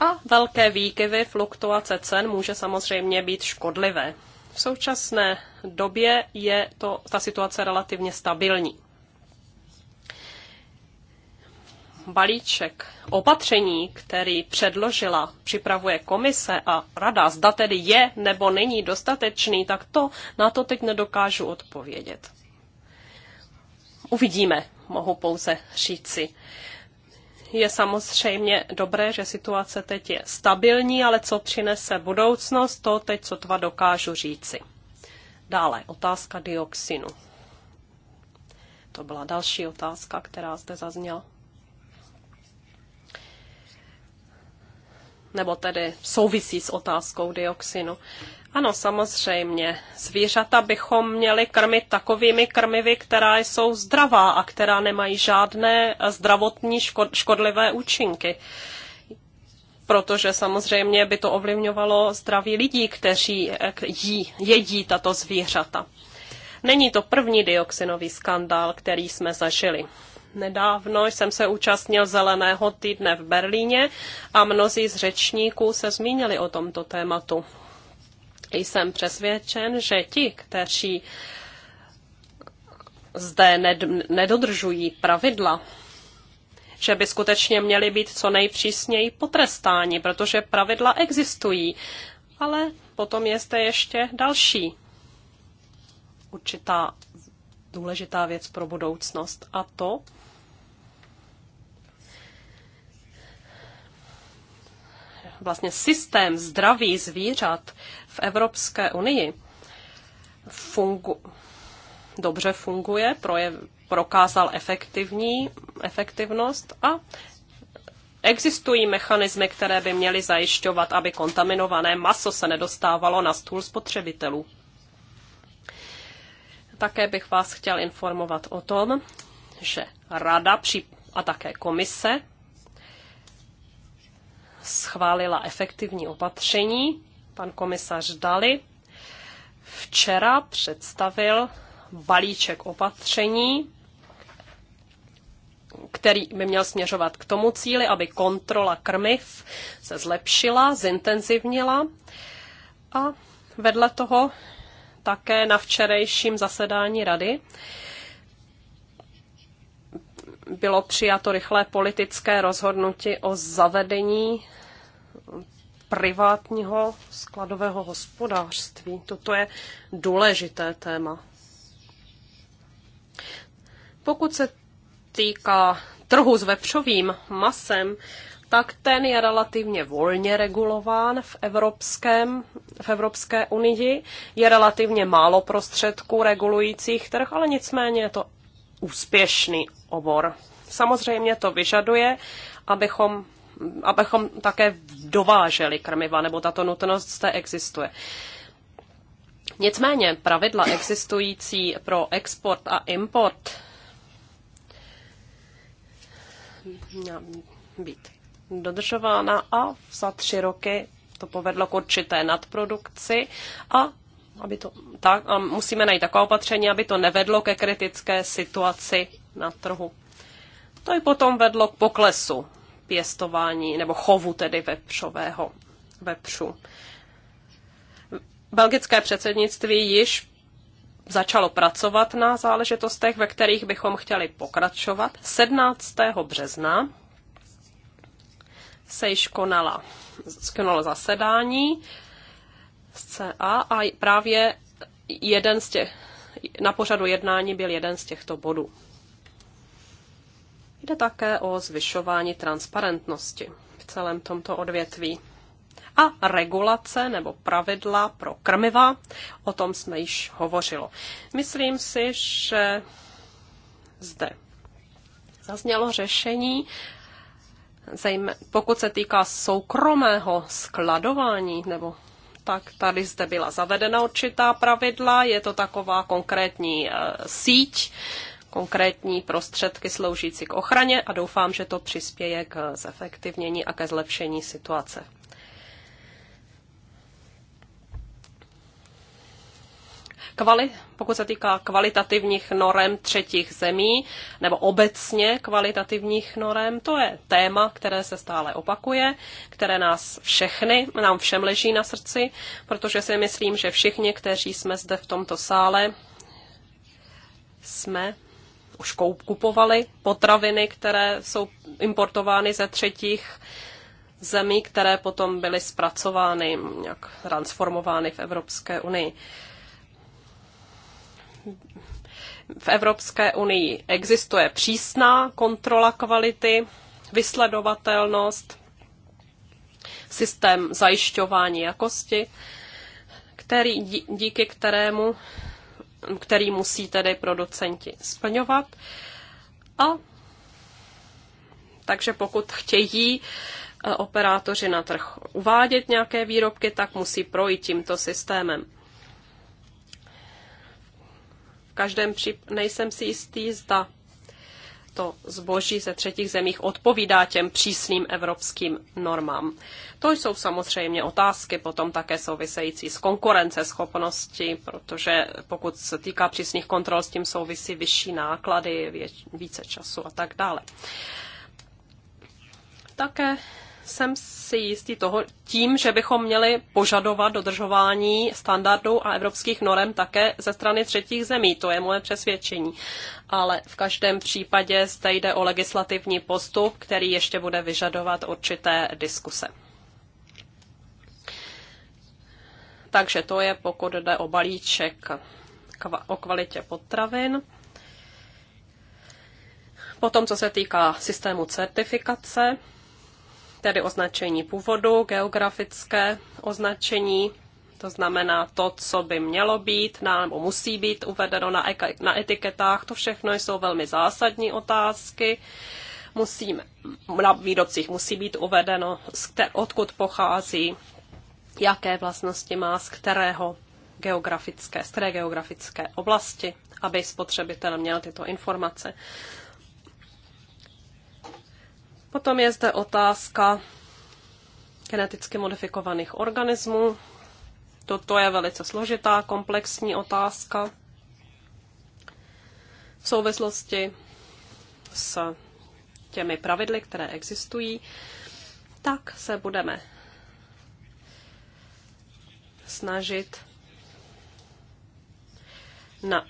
Speaker 3: A velké výkyvy fluktuace cen může samozřejmě být škodlivé. V současné době je to, ta situace relativně stabilní. balíček opatření, který předložila, připravuje komise a rada, zda tedy je nebo není dostatečný, tak to na to teď nedokážu odpovědět. Uvidíme, mohu pouze říci. Je samozřejmě dobré, že situace teď je stabilní, ale co přinese budoucnost, to teď tva dokážu říci. Dále otázka dioxinu. To byla další otázka, která zde zazněla. Nebo tedy souvisí s otázkou dioxinu. Ano, samozřejmě. Zvířata bychom měli krmit takovými krmivy, která jsou zdravá a která nemají žádné zdravotní škodlivé účinky. Protože samozřejmě by to ovlivňovalo zdraví lidí, kteří jí, jedí tato zvířata. Není to první dioxinový skandál, který jsme zažili. Nedávno jsem se účastnil Zeleného týdne v Berlíně a mnozí z řečníků se zmínili o tomto tématu. Jsem přesvědčen, že ti, kteří zde nedodržují pravidla, že by skutečně měli být co nejpřísněji potrestáni, protože pravidla existují. Ale potom je zde ještě další určitá důležitá věc pro budoucnost a to, vlastně systém zdraví zvířat v Evropské unii fungu, dobře funguje, projev, prokázal efektivní, efektivnost a Existují mechanismy, které by měly zajišťovat, aby kontaminované maso se nedostávalo na stůl spotřebitelů. Také bych vás chtěl informovat o tom, že Rada a také komise schválila efektivní opatření Pan komisař Dali včera představil balíček opatření, který by měl směřovat k tomu cíli, aby kontrola krmiv se zlepšila, zintenzivnila a vedle toho také na včerejším zasedání rady bylo přijato rychlé politické rozhodnutí o zavedení privátního skladového hospodářství. Toto je důležité téma. Pokud se týká trhu s vepřovým masem, tak ten je relativně volně regulován v, evropském, v Evropské unii. Je relativně málo prostředků regulujících trh, ale nicméně je to úspěšný obor. Samozřejmě to vyžaduje, abychom abychom také dováželi krmiva, nebo tato nutnost zde existuje. Nicméně pravidla existující pro export a import měla být dodržována a za tři roky to povedlo k určité nadprodukci a aby to, tak, a musíme najít taková opatření, aby to nevedlo ke kritické situaci na trhu. To i potom vedlo k poklesu pěstování nebo chovu tedy vepřového vepřu. Belgické předsednictví již začalo pracovat na záležitostech, ve kterých bychom chtěli pokračovat. 17. března se již konala, konalo zasedání z CA a právě jeden z těch, na pořadu jednání byl jeden z těchto bodů. Jde také o zvyšování transparentnosti v celém tomto odvětví. A regulace nebo pravidla pro krmiva, o tom jsme již hovořilo. Myslím si, že zde zaznělo řešení, pokud se týká soukromého skladování nebo tak tady zde byla zavedena určitá pravidla, je to taková konkrétní eh, síť konkrétní prostředky sloužící k ochraně a doufám, že to přispěje k zefektivnění a ke zlepšení situace. Kvali, pokud se týká kvalitativních norem třetích zemí, nebo obecně kvalitativních norem, to je téma, které se stále opakuje, které nás všechny, nám všem leží na srdci, protože si myslím, že všichni, kteří jsme zde v tomto sále, jsme už kupovali potraviny, které jsou importovány ze třetích zemí, které potom byly zpracovány, nějak transformovány v Evropské unii. V Evropské unii existuje přísná kontrola kvality, vysledovatelnost, systém zajišťování jakosti, který, díky kterému který musí tedy producenti splňovat. A takže pokud chtějí e, operátoři na trh uvádět nějaké výrobky, tak musí projít tímto systémem. V každém případě nejsem si jistý, zda to zboží ze třetích zemích odpovídá těm přísným evropským normám. To jsou samozřejmě otázky potom také související s konkurenceschopností, protože pokud se týká přísných kontrol, s tím souvisí vyšší náklady, více času a tak dále. Také jsem si jistý toho, tím, že bychom měli požadovat dodržování standardů a evropských norem také ze strany třetích zemí. To je moje přesvědčení. Ale v každém případě zde jde o legislativní postup, který ještě bude vyžadovat určité diskuse. Takže to je, pokud jde o balíček o kvalitě potravin. Potom, co se týká systému certifikace, tedy označení původu, geografické označení, to znamená to, co by mělo být na, nebo musí být uvedeno na, na etiketách. To všechno jsou velmi zásadní otázky. Musíme, na výrobcích musí být uvedeno, odkud pochází, jaké vlastnosti má, z kterého geografické, z které geografické oblasti, aby spotřebitel měl tyto informace. Potom je zde otázka geneticky modifikovaných organismů. Toto je velice složitá, komplexní otázka v souvislosti s těmi pravidly, které existují, tak se budeme snažit na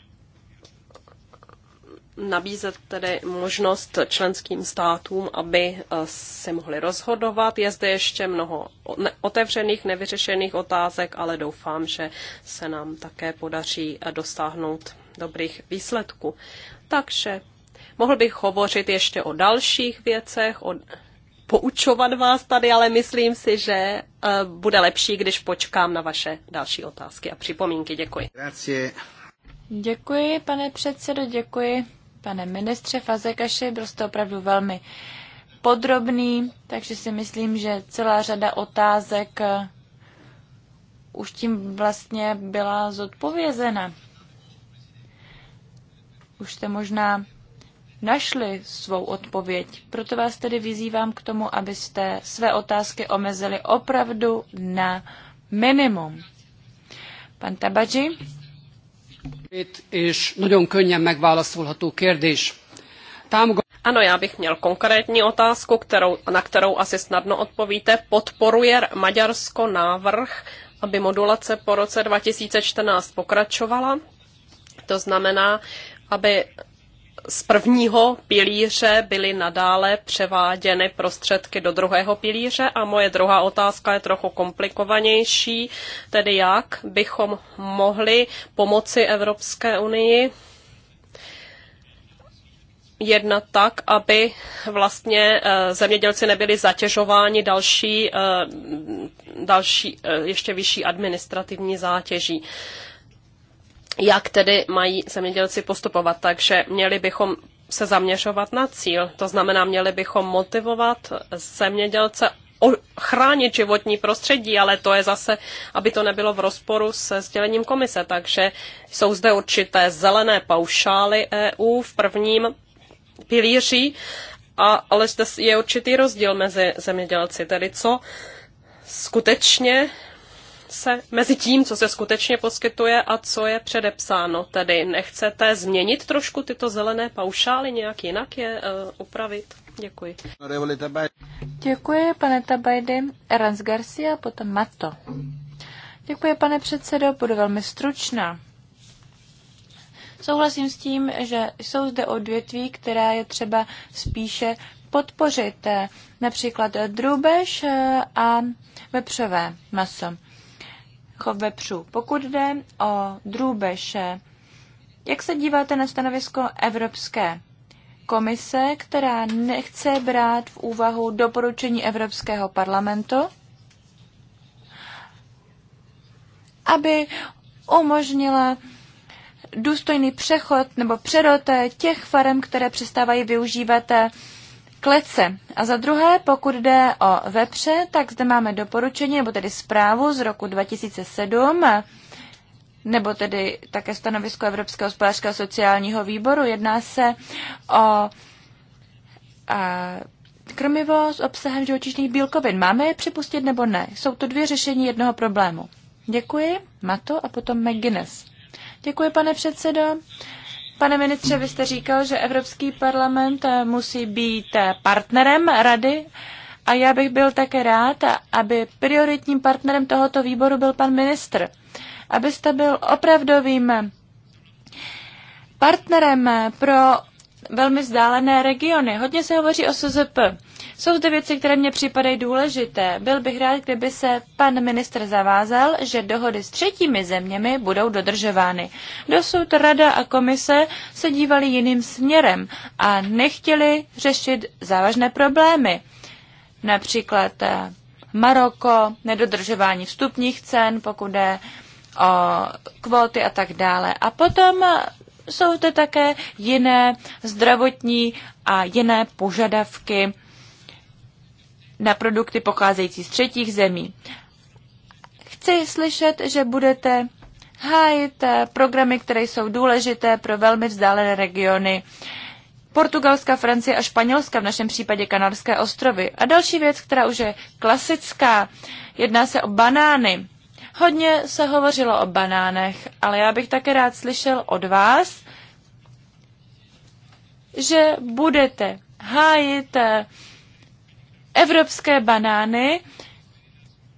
Speaker 3: nabízet tedy možnost členským státům, aby eh, se mohli rozhodovat. Je zde ještě mnoho otevřených, nevyřešených otázek, ale doufám, že se nám také podaří eh, dosáhnout dobrých výsledků. Takže mohl bych hovořit ještě o dalších věcech, o poučovat vás tady, ale myslím si, že eh, bude lepší, když počkám na vaše další otázky a připomínky. Děkuji. Děkuji,
Speaker 2: pane předsedo, děkuji pane ministře Fazekaši, byl jste opravdu velmi podrobný, takže si myslím, že celá řada otázek eh, už tím vlastně byla zodpovězena. Už jste možná našli svou odpověď. Proto vás tedy vyzývám k tomu, abyste své otázky omezili opravdu na minimum. Pan
Speaker 3: Tabaji, ano, já bych měl konkrétní otázku, kterou, na kterou asi snadno odpovíte. Podporuje Maďarsko návrh, aby modulace po roce 2014 pokračovala? To znamená, aby z prvního pilíře byly nadále převáděny prostředky do druhého pilíře a moje druhá otázka je trochu komplikovanější, tedy jak bychom mohli pomoci Evropské unii jednat tak, aby vlastně eh, zemědělci nebyli zatěžováni další, eh, další eh, ještě vyšší administrativní zátěží jak tedy mají zemědělci postupovat. Takže měli bychom se zaměřovat na cíl. To znamená, měli bychom motivovat zemědělce chránit životní prostředí, ale to je zase, aby to nebylo v rozporu se sdělením komise. Takže jsou zde určité zelené paušály EU v prvním pilíři, a, ale zde je určitý rozdíl mezi zemědělci, tedy co skutečně se mezi tím, co se skutečně poskytuje a co je předepsáno. Tedy nechcete změnit trošku tyto zelené paušály, nějak jinak je uh, upravit? Děkuji.
Speaker 2: Děkuji, pane Tabajdy. Erans Garcia, potom Mato. Děkuji, pane předsedo, budu velmi stručná. Souhlasím s tím, že jsou zde odvětví, která je třeba spíše podpořit, eh, například drůbež eh, a vepřové maso chov jako vepřů. Pokud jde o drůbež, jak se díváte na stanovisko Evropské komise, která nechce brát v úvahu doporučení Evropského parlamentu, aby umožnila důstojný přechod nebo přerote těch farem, které přestávají využívat eh, klece. A za druhé, pokud jde o vepře, tak zde máme doporučení, nebo tedy zprávu z roku 2007, nebo tedy také stanovisko Evropského hospodářského sociálního výboru. Jedná se o a, krmivo s obsahem živočišných bílkovin. Máme je připustit nebo ne? Jsou to dvě řešení jednoho problému. Děkuji, Mato a potom McGuinness. Děkuji, pane předsedo. Pane ministře, vy jste říkal, že Evropský parlament eh, musí být eh, partnerem rady a já bych byl také rád, aby prioritním partnerem tohoto výboru byl pan ministr. Abyste byl opravdovým eh, partnerem pro velmi vzdálené regiony. Hodně se hovoří o SZP. Jsou zde věci, které mě připadají důležité. Byl bych rád, kdyby se pan ministr zavázal, že dohody s třetími zeměmi budou dodržovány. Dosud rada a komise se dívali jiným směrem a nechtěli řešit závažné problémy. Například eh, Maroko, nedodržování vstupních cen, pokud jde o kvóty a tak dále. A potom eh, jsou to také jiné zdravotní a jiné požadavky na produkty pocházející z třetích zemí. Chci slyšet, že budete hájit eh, programy, které jsou důležité pro velmi vzdálené regiony Portugalska, Francie a Španělska, v našem případě Kanarské ostrovy. A další věc, která už je klasická, jedná se o banány. Hodně se hovořilo o banánech, ale já bych také rád slyšel od vás, že budete hájit eh, evropské banány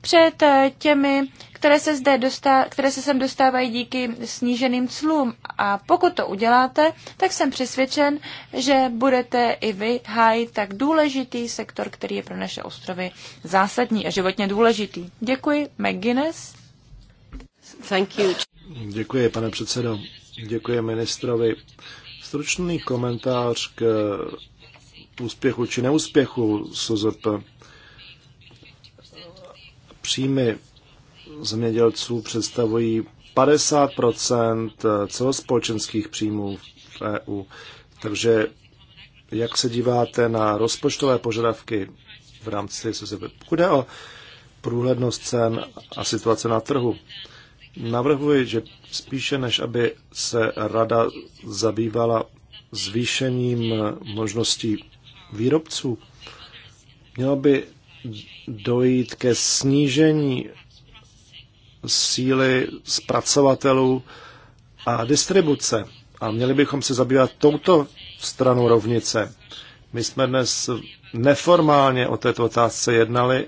Speaker 2: před eh, těmi, které se, zde dostá, které se sem dostávají díky sníženým clům. A pokud to uděláte, tak jsem přesvědčen, že budete i vy hájit tak důležitý sektor, který je pro naše ostrovy zásadní a životně důležitý. Děkuji, McGuinness.
Speaker 3: Thank you.
Speaker 1: Děkuji, pane předsedo. Děkuji ministrovi. Stručný komentář k úspěchu či neúspěchu SZP. Příjmy zemědělců představují 50 celospolečenských příjmů v EU. Takže jak se díváte na rozpočtové požadavky v rámci SZP? Pokud je o průhlednost cen a situace na trhu, navrhuji, že spíše než aby se rada zabývala zvýšením možností výrobců. Mělo by dojít ke snížení síly zpracovatelů a distribuce. A měli bychom se zabývat touto stranou rovnice. My jsme dnes neformálně o této otázce jednali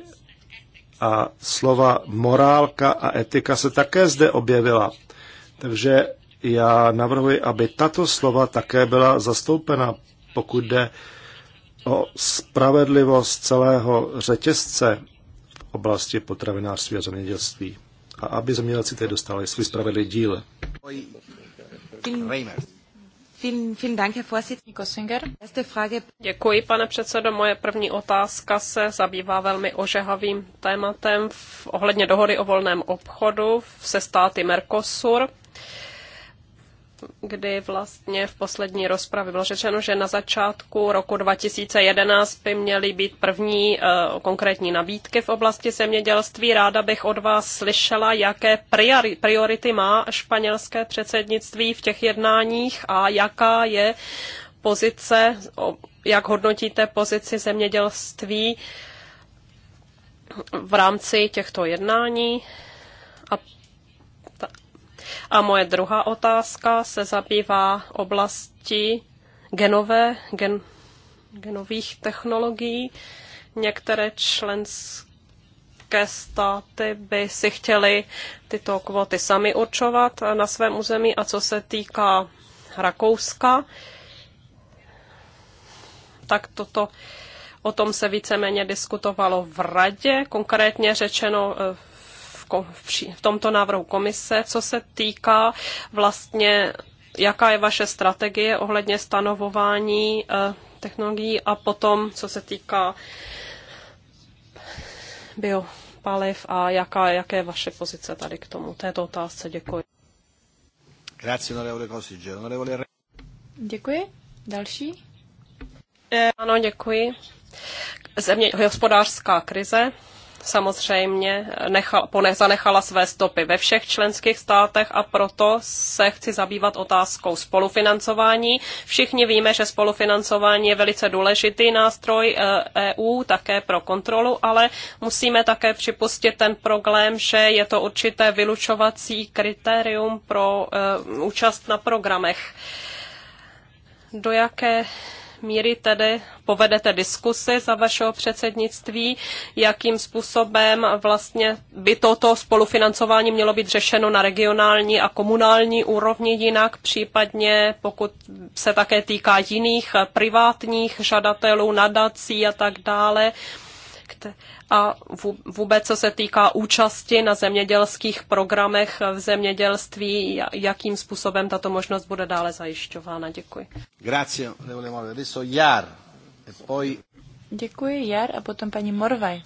Speaker 1: a slova morálka a etika se také zde objevila. Takže já navrhuji, aby tato slova také byla zastoupena, pokud jde o spravedlivost celého řetězce v oblasti potravinářství a zemědělství a aby zemědělci tedy dostali svůj spravedlivý díl.
Speaker 3: Děkuji, pane předsedo. Moje první otázka se zabývá velmi ožehavým tématem v ohledně dohody o volném obchodu se státy Mercosur kdy vlastně v poslední rozpravě bylo řečeno, že na začátku roku 2011 by měly být první eh, konkrétní nabídky v oblasti zemědělství. Ráda bych od vás slyšela, jaké priority má španělské předsednictví v těch jednáních a jaká je pozice, jak hodnotíte pozici zemědělství v rámci těchto jednání. A a moje druhá otázka se zabývá oblasti genové, gen, genových technologií. Některé členské státy by si chtěly tyto kvóty sami určovat na svém území. A co se týká Rakouska, tak toto o tom se víceméně diskutovalo v radě, konkrétně řečeno eh, v tomto návrhu komise, co se týká vlastně, jaká je vaše strategie ohledně stanovování eh, technologií a potom, co se týká biopaliv a jaká, jaké je vaše pozice tady k tomu této otázce. Děkuji. Děkuji. Další? Eh, ano, děkuji. Země, hospodářská krize samozřejmě nechal, zanechala své stopy ve všech členských státech a proto se chci zabývat otázkou spolufinancování. Všichni víme, že spolufinancování je velice důležitý nástroj EU eh, e také pro kontrolu, ale musíme také připustit ten problém, že je to určité vylučovací kritérium pro eh, účast na programech. Do jaké míry tedy povedete diskusy za vašeho předsednictví, jakým způsobem vlastně by toto spolufinancování mělo být řešeno na regionální a komunální úrovni jinak, případně pokud se také týká jiných privátních žadatelů, nadací a tak dále projekt. a vůbec co se týká účasti na zemědělských programech v zemědělství, jakým způsobem tato možnost bude dále zajišťována. Děkuji. E děkuji, Jar, a potom paní Morvaj.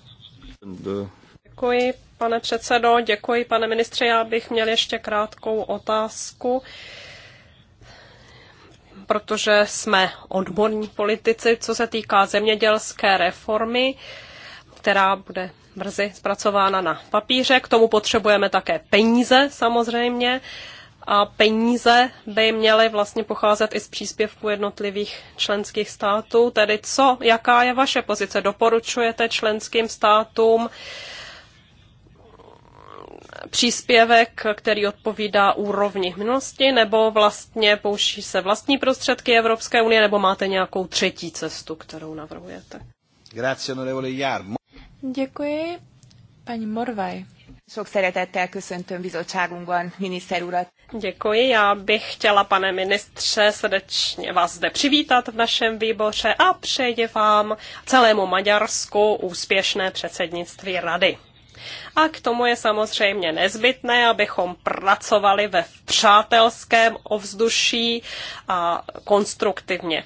Speaker 3: Děkuji, pane předsedo, děkuji, pane ministře. Já bych měl ještě krátkou otázku protože jsme odborní politici, co se týká zemědělské reformy. Eh, která bude brzy zpracována na papíře. K tomu potřebujeme také peníze samozřejmě a peníze by měly vlastně pocházet i z příspěvku jednotlivých členských států. Tedy co, jaká je vaše pozice? Doporučujete členským státům příspěvek, který odpovídá úrovni minulosti, nebo vlastně pouští se vlastní prostředky Evropské unie, nebo máte nějakou třetí cestu, kterou navrhujete?
Speaker 2: Grazie, onorevole Jarmo. Děkuji. Paní Morvaj. Sok szeretettel köszöntöm bizottságunkban miniszter urat.
Speaker 3: Děkuji, já bych chtěla, pane ministře, srdečně vás zde přivítat v našem výboře a přeji vám celému Maďarsku úspěšné předsednictví rady. A k tomu je samozřejmě nezbytné, abychom pracovali ve přátelském ovzduší a konstruktivně.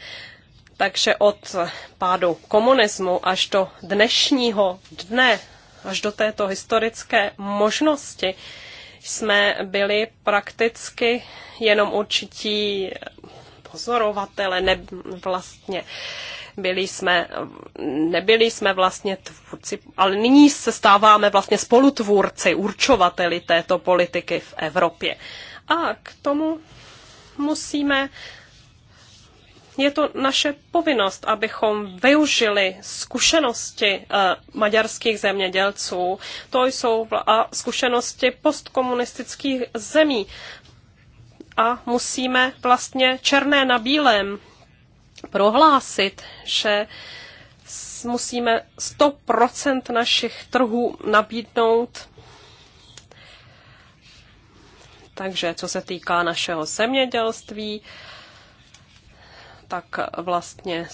Speaker 3: Takže od pádu komunismu až do dnešního dne, až do této historické možnosti, jsme byli prakticky jenom určití pozorovatele, ne, vlastně byli jsme, nebyli jsme vlastně tvůrci, ale nyní se stáváme vlastně spolutvůrci, určovateli této politiky v Evropě. A k tomu musíme je to naše povinnost, abychom využili zkušenosti eh, maďarských zemědělců. To jsou a zkušenosti postkomunistických zemí. A musíme vlastně černé na bílém prohlásit, že musíme 100% našich trhů nabídnout takže co se týká našeho zemědělství, tak vlastně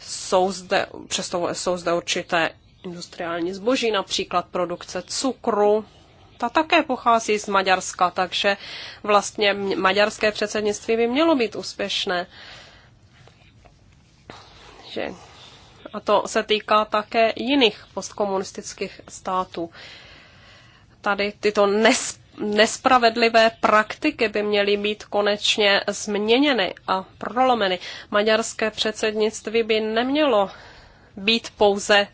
Speaker 3: jsou zde, přesto jsou zde určité industriální zboží, například produkce cukru, ta také pochází z Maďarska, takže vlastně maďarské předsednictví by mělo být úspěšné. Že a to se týká také jiných postkomunistických států. Tady tyto nes, nespravedlivé praktiky by měly být konečně změněny a prolomeny. Maďarské předsednictví by nemělo být pouze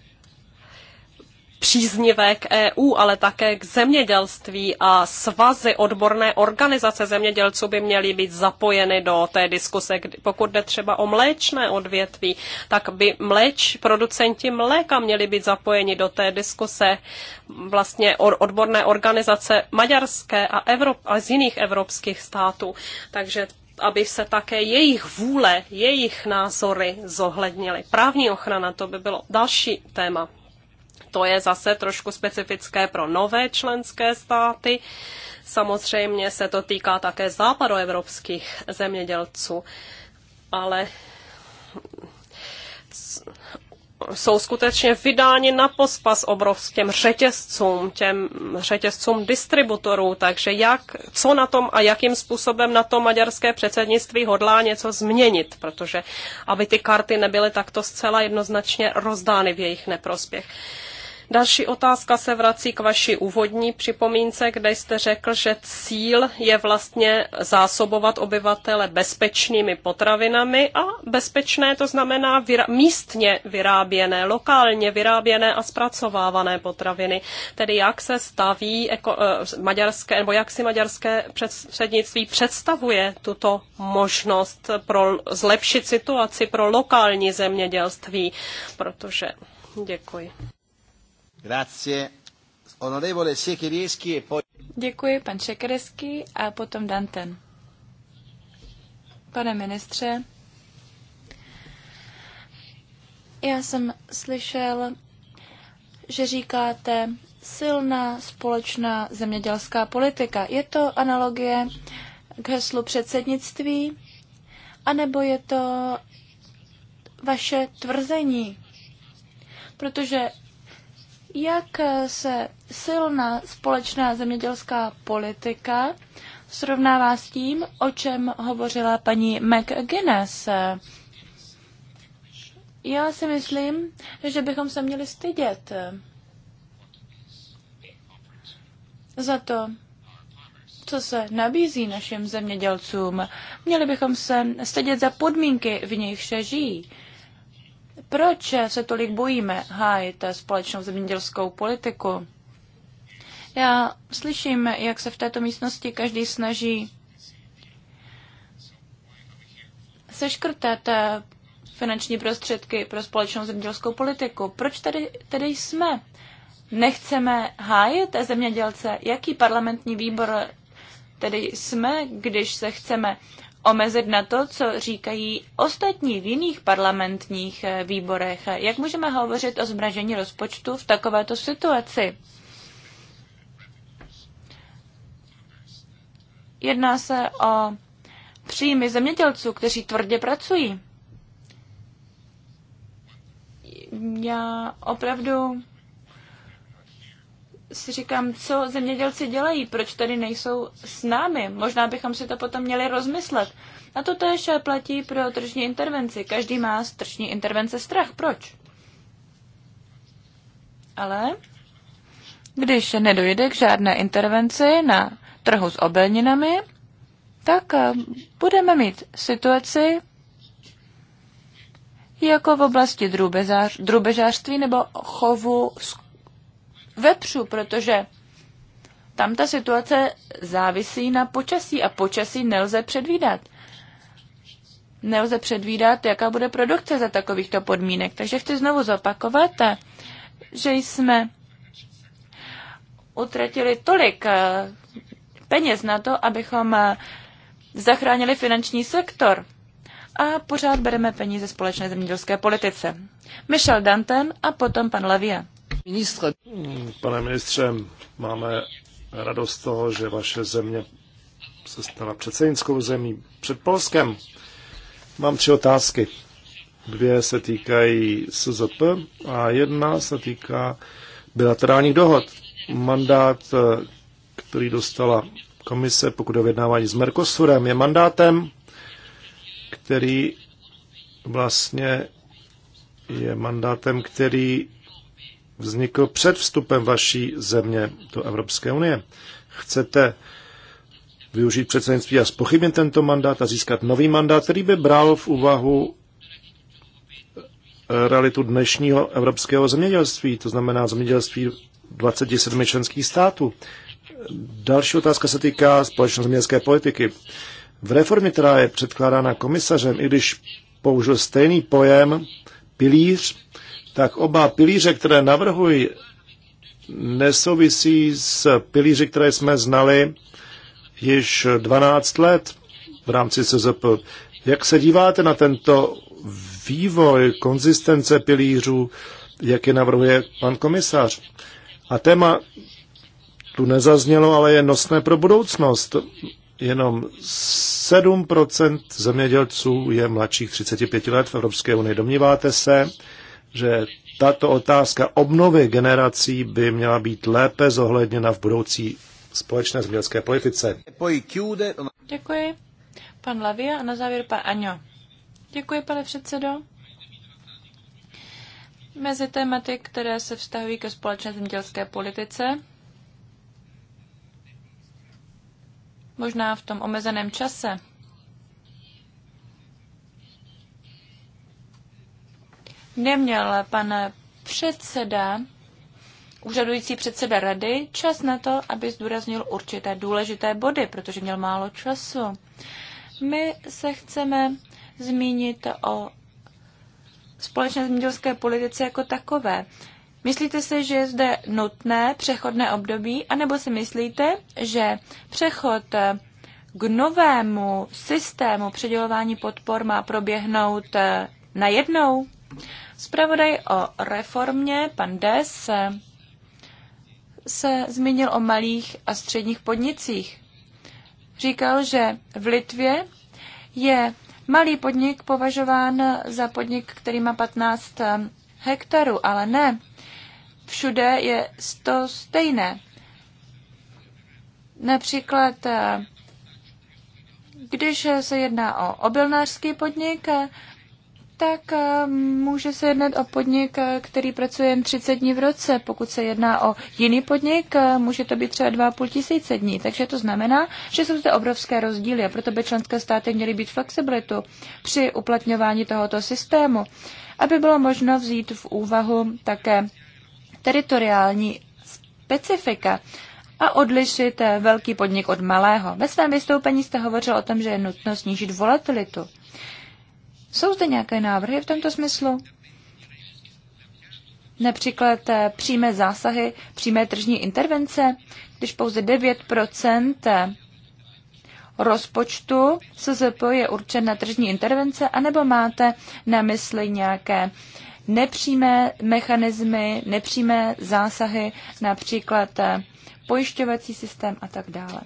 Speaker 3: příznivé k EU, ale také k zemědělství a svazy odborné organizace zemědělců by měly být zapojeny do té diskuse. Pokud jde třeba o mléčné odvětví, tak by mléč, producenti mléka měli být zapojeni do té diskuse vlastně odborné organizace maďarské a, Evrop, a z jiných evropských států. Takže aby se také jejich vůle, jejich názory zohlednily. Právní ochrana, to by bylo další téma. To je zase trošku specifické pro nové členské státy. Samozřejmě se to týká také západoevropských zemědělců, ale jsou skutečně vydáni na pospas obrovským řetězcům, těm řetězcům distributorů, takže jak, co na tom a jakým způsobem na to maďarské předsednictví hodlá něco změnit, protože aby ty karty nebyly takto zcela jednoznačně rozdány v jejich neprospěch. Další otázka se vrací k vaší úvodní připomínce, kde jste řekl, že cíl je vlastně zásobovat obyvatele bezpečnými potravinami a bezpečné to znamená vyra- místně vyráběné, lokálně vyráběné a zpracovávané potraviny. Tedy jak se staví jako, eh, maďarské, nebo jak si maďarské předsednictví představuje tuto možnost pro zlepšit situaci pro lokální zemědělství, protože Děkuji.
Speaker 1: E
Speaker 2: Děkuji, pan Šekereský a potom Danten. Pane ministře, já jsem slyšel, že říkáte silná společná zemědělská politika. Je to analogie k heslu předsednictví, anebo je to vaše tvrzení? Protože jak se silná společná zemědělská politika srovnává s tím, o čem hovořila paní McGuinness. Já si myslím, že bychom se měli stydět za to, co se nabízí našim zemědělcům. Měli bychom se stydět za podmínky, v nichž žijí. Proč se tolik bojíme hájit společnou zemědělskou politiku? Já slyším, jak se v této místnosti každý snaží seškrtat finanční prostředky pro společnou zemědělskou politiku. Proč tady, tady jsme? Nechceme hájit zemědělce? Jaký parlamentní výbor tedy jsme, když se chceme omezit na to, co říkají ostatní v jiných parlamentních eh, výborech. Jak můžeme hovořit o zmražení rozpočtu v takovéto situaci? Jedná se o příjmy zemědělců, kteří tvrdě pracují. Já opravdu si říkám, co zemědělci dělají, proč tady nejsou s námi. Možná bychom si to potom měli rozmyslet. A to též platí pro tržní intervenci. Každý má z tržní intervence strach. Proč? Ale když nedojde k žádné intervenci na trhu s obelninami, tak eh, budeme mít situaci jako v oblasti drůbežář, drůbežářství nebo chovu vepřů, protože tam ta situace závisí na počasí a počasí nelze předvídat. Nelze předvídat, jaká bude produkce za takovýchto podmínek. Takže chci znovu zopakovat, že jsme utratili tolik eh, peněz na to, abychom eh, zachránili finanční sektor. A pořád bereme peníze společné zemědělské politice. Michel Danten a potom pan Lavia.
Speaker 1: Pane ministře, máme radost toho, že vaše země se stala předsednickou zemí před Polskem. Mám tři otázky. Dvě se týkají SZP a jedna se týká bilaterálních dohod. Mandát, který dostala komise, pokud o vyjednávání s Mercosurem, je mandátem, který vlastně je mandátem, který vznikl před vstupem vaší země do Evropské unie. Chcete využít předsednictví a spochybnit tento mandát a získat nový mandát, který by bral v úvahu eh, realitu dnešního evropského zemědělství, to znamená zemědělství 27 členských států. Další otázka se týká společné zemědělské politiky. V reformě, která je předkládána komisařem, i když použil stejný pojem pilíř, tak oba pilíře, které navrhuji, nesouvisí s pilíři, které jsme znali již 12 let v rámci CZP. Jak se díváte na tento vývoj konzistence pilířů, jak je navrhuje pan komisař? A téma tu nezaznělo, ale je nosné pro budoucnost. Jenom 7% zemědělců je mladších 35 let v Evropské unii. Domníváte se, že tato otázka obnovy generací by měla být lépe zohledněna v budoucí společné zemědělské politice.
Speaker 2: Děkuji. Pan Lavia a na závěr pan Aňo. Děkuji, pane předsedo. Mezi tématy, které se vztahují ke společné zemědělské politice, možná v tom omezeném čase, neměl pan předseda, úřadující předseda rady, čas na to, aby zdůraznil určité důležité body, protože měl málo času. My se chceme zmínit o společné zemědělské politice jako takové. Myslíte si, že je zde nutné přechodné období, anebo si myslíte, že přechod k novému systému předělování podpor má proběhnout najednou? Spravodaj o reformě, pan Des, se zmínil o malých a středních podnicích. Říkal, že v Litvě je malý podnik považován za podnik, který má 15 eh, hektarů, ale ne. Všude je to stejné. Například, eh, když se jedná o obilnářský podnik, tak eh, může se jednat o podnik, eh, který pracuje jen 30 dní v roce. Pokud se jedná o jiný podnik, eh, může to být třeba 2,5 tisíce dní. Takže to znamená, že jsou zde obrovské rozdíly a proto by členské státy měly být flexibilitu při uplatňování tohoto systému, aby bylo možno vzít v úvahu také teritoriální specifika a odlišit velký podnik od malého. Ve svém vystoupení jste hovořil o tom, že je nutno snížit volatilitu. Jsou zde nějaké návrhy v tomto smyslu? Například eh, přímé zásahy, přímé tržní intervence, když pouze 9 eh, rozpočtu SZP je určen na tržní intervence, anebo máte na mysli nějaké nepřímé mechanismy, nepřímé zásahy, například eh, pojišťovací systém a tak dále.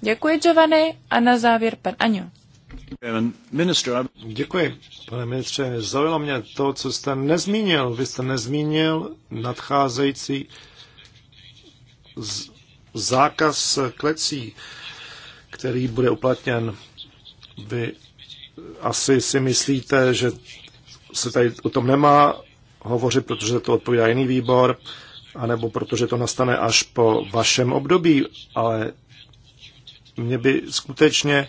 Speaker 2: Děkuji, Giovanni, a na závěr pan Aňo.
Speaker 1: Děkuji, pane ministře. Zaujalo mě to, co jste nezmínil. Vy jste nezmínil nadcházející zákaz klecí, který bude uplatněn. Vy asi si myslíte, že se tady o tom nemá hovořit, protože to odpovídá jiný výbor, anebo protože to nastane až po vašem období, ale mě by skutečně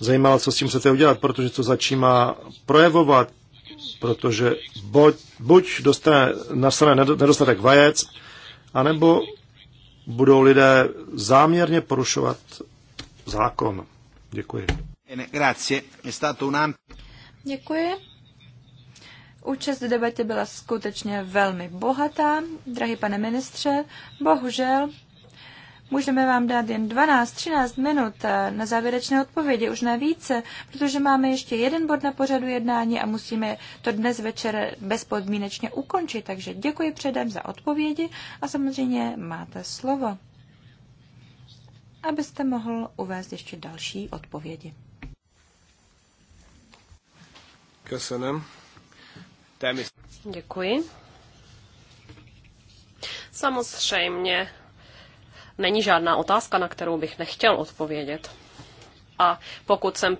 Speaker 1: zajímalo, co s tím chcete udělat, protože to začíná projevovat, protože buď, buď dostane nastane nedostatek vajec, anebo budou lidé záměrně porušovat zákon. Děkuji.
Speaker 2: Děkuji. Účast v debatě byla skutečně velmi bohatá, drahý pane ministře. Bohužel Můžeme vám dát jen 12-13 minut eh, na závěrečné odpovědi, už na více, protože máme ještě jeden bod na pořadu jednání a musíme to dnes večer bezpodmínečně ukončit. Takže děkuji předem za odpovědi a samozřejmě máte slovo, abyste mohl uvést ještě další odpovědi.
Speaker 3: Děkuji. Samozřejmě není žádná otázka, na kterou bych nechtěl odpovědět. A pokud jsem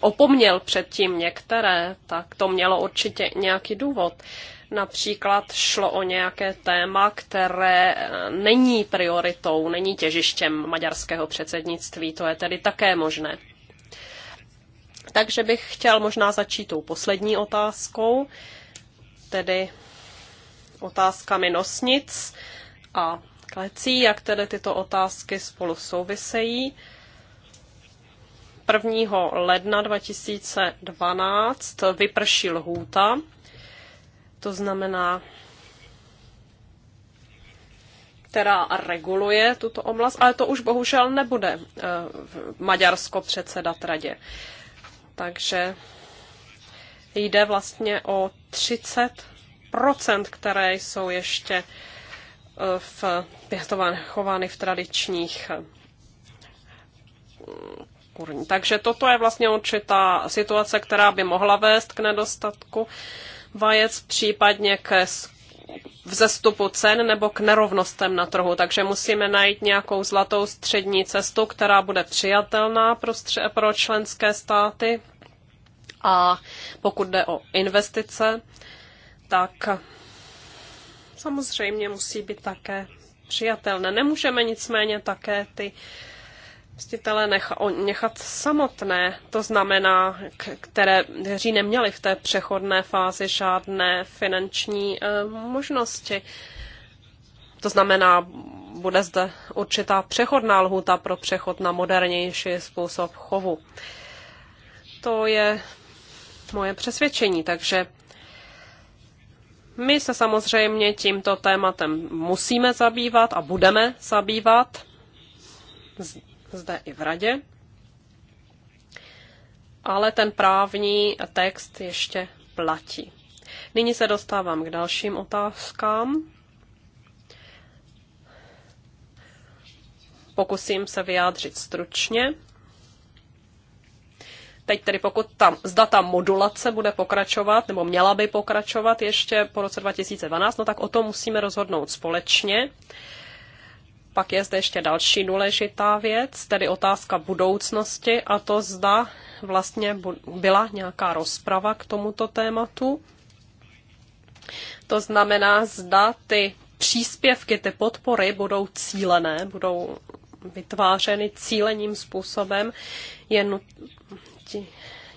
Speaker 3: opomněl předtím některé, tak to mělo určitě nějaký důvod. Například šlo o nějaké téma, které eh, není prioritou, není těžištěm maďarského předsednictví, to je tedy také možné. Takže bych chtěl možná začít tou poslední otázkou, tedy otázkami nosnic a klecí, jak tedy tyto otázky spolu souvisejí. 1. ledna 2012 vyprší lhůta, to znamená, která reguluje tuto oblast, ale to už bohužel nebude eh, Maďarsko předsedat radě. Takže jde vlastně o 30 které jsou ještě uh, v, pěstován, chovány v tradičních eh, kurní. Takže toto je vlastně určitá situace, která by mohla vést k nedostatku vajec, případně k vzestupu cen nebo k nerovnostem na trhu. Takže musíme najít nějakou zlatou střední cestu, která bude přijatelná pro, stře- pro členské státy. A pokud jde o investice, tak samozřejmě musí být také přijatelné. Nemůžeme nicméně také ty mstitele nechat samotné, to znamená, které, kteří neměli v té přechodné fázi žádné finanční eh, možnosti. To znamená, bude zde určitá přechodná lhuta pro přechod na modernější způsob chovu. To je moje přesvědčení, takže my se samozřejmě tímto tématem musíme zabývat a budeme zabývat zde i v radě, ale ten právní text ještě platí. Nyní se dostávám k dalším otázkám. Pokusím se vyjádřit stručně. Teď tedy pokud tam, zda ta modulace bude pokračovat, nebo měla by pokračovat ještě po roce 2012, no tak o tom musíme rozhodnout společně. Pak je zde ještě další důležitá věc, tedy otázka budoucnosti a to zda vlastně byla nějaká rozprava k tomuto tématu. To znamená, zda ty příspěvky, ty podpory budou cílené, budou vytvářeny cíleným způsobem. Je ti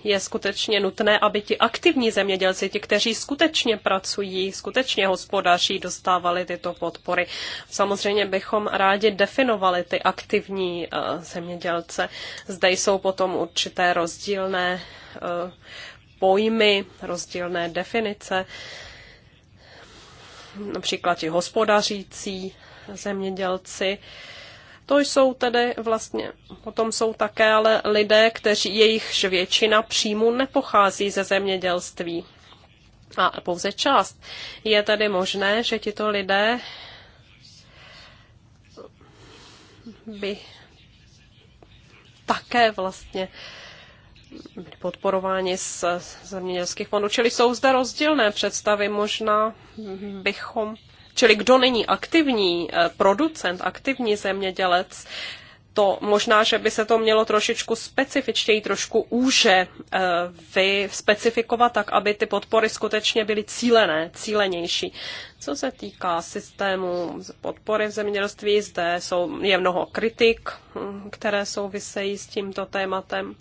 Speaker 3: je skutečně nutné, aby ti aktivní zemědělci, ti, kteří skutečně pracují, skutečně hospodaří, dostávali tyto podpory. Samozřejmě bychom rádi definovali ty aktivní eh, zemědělce. Zde jsou potom určité rozdílné eh, pojmy, rozdílné definice, například i hospodařící zemědělci. Uh, to jsou tedy vlastně, potom jsou také ale lidé, kteří jejichž většina příjmu nepochází ze zemědělství. A pouze část. Je tedy možné, že tito lidé by také vlastně podporováni z zemědělských fondů. Čili jsou zde rozdílné představy. Možná bychom Čili kdo není aktivní eh, producent, aktivní zemědělec, to možná, že by se to mělo trošičku specifičtěji, trošku úže eh, vy specifikovat tak, aby ty podpory skutečně byly cílené, cílenější. Co se týká systému podpory v zemědělství, zde jsou, je mnoho kritik, hm, které souvisejí s tímto tématem.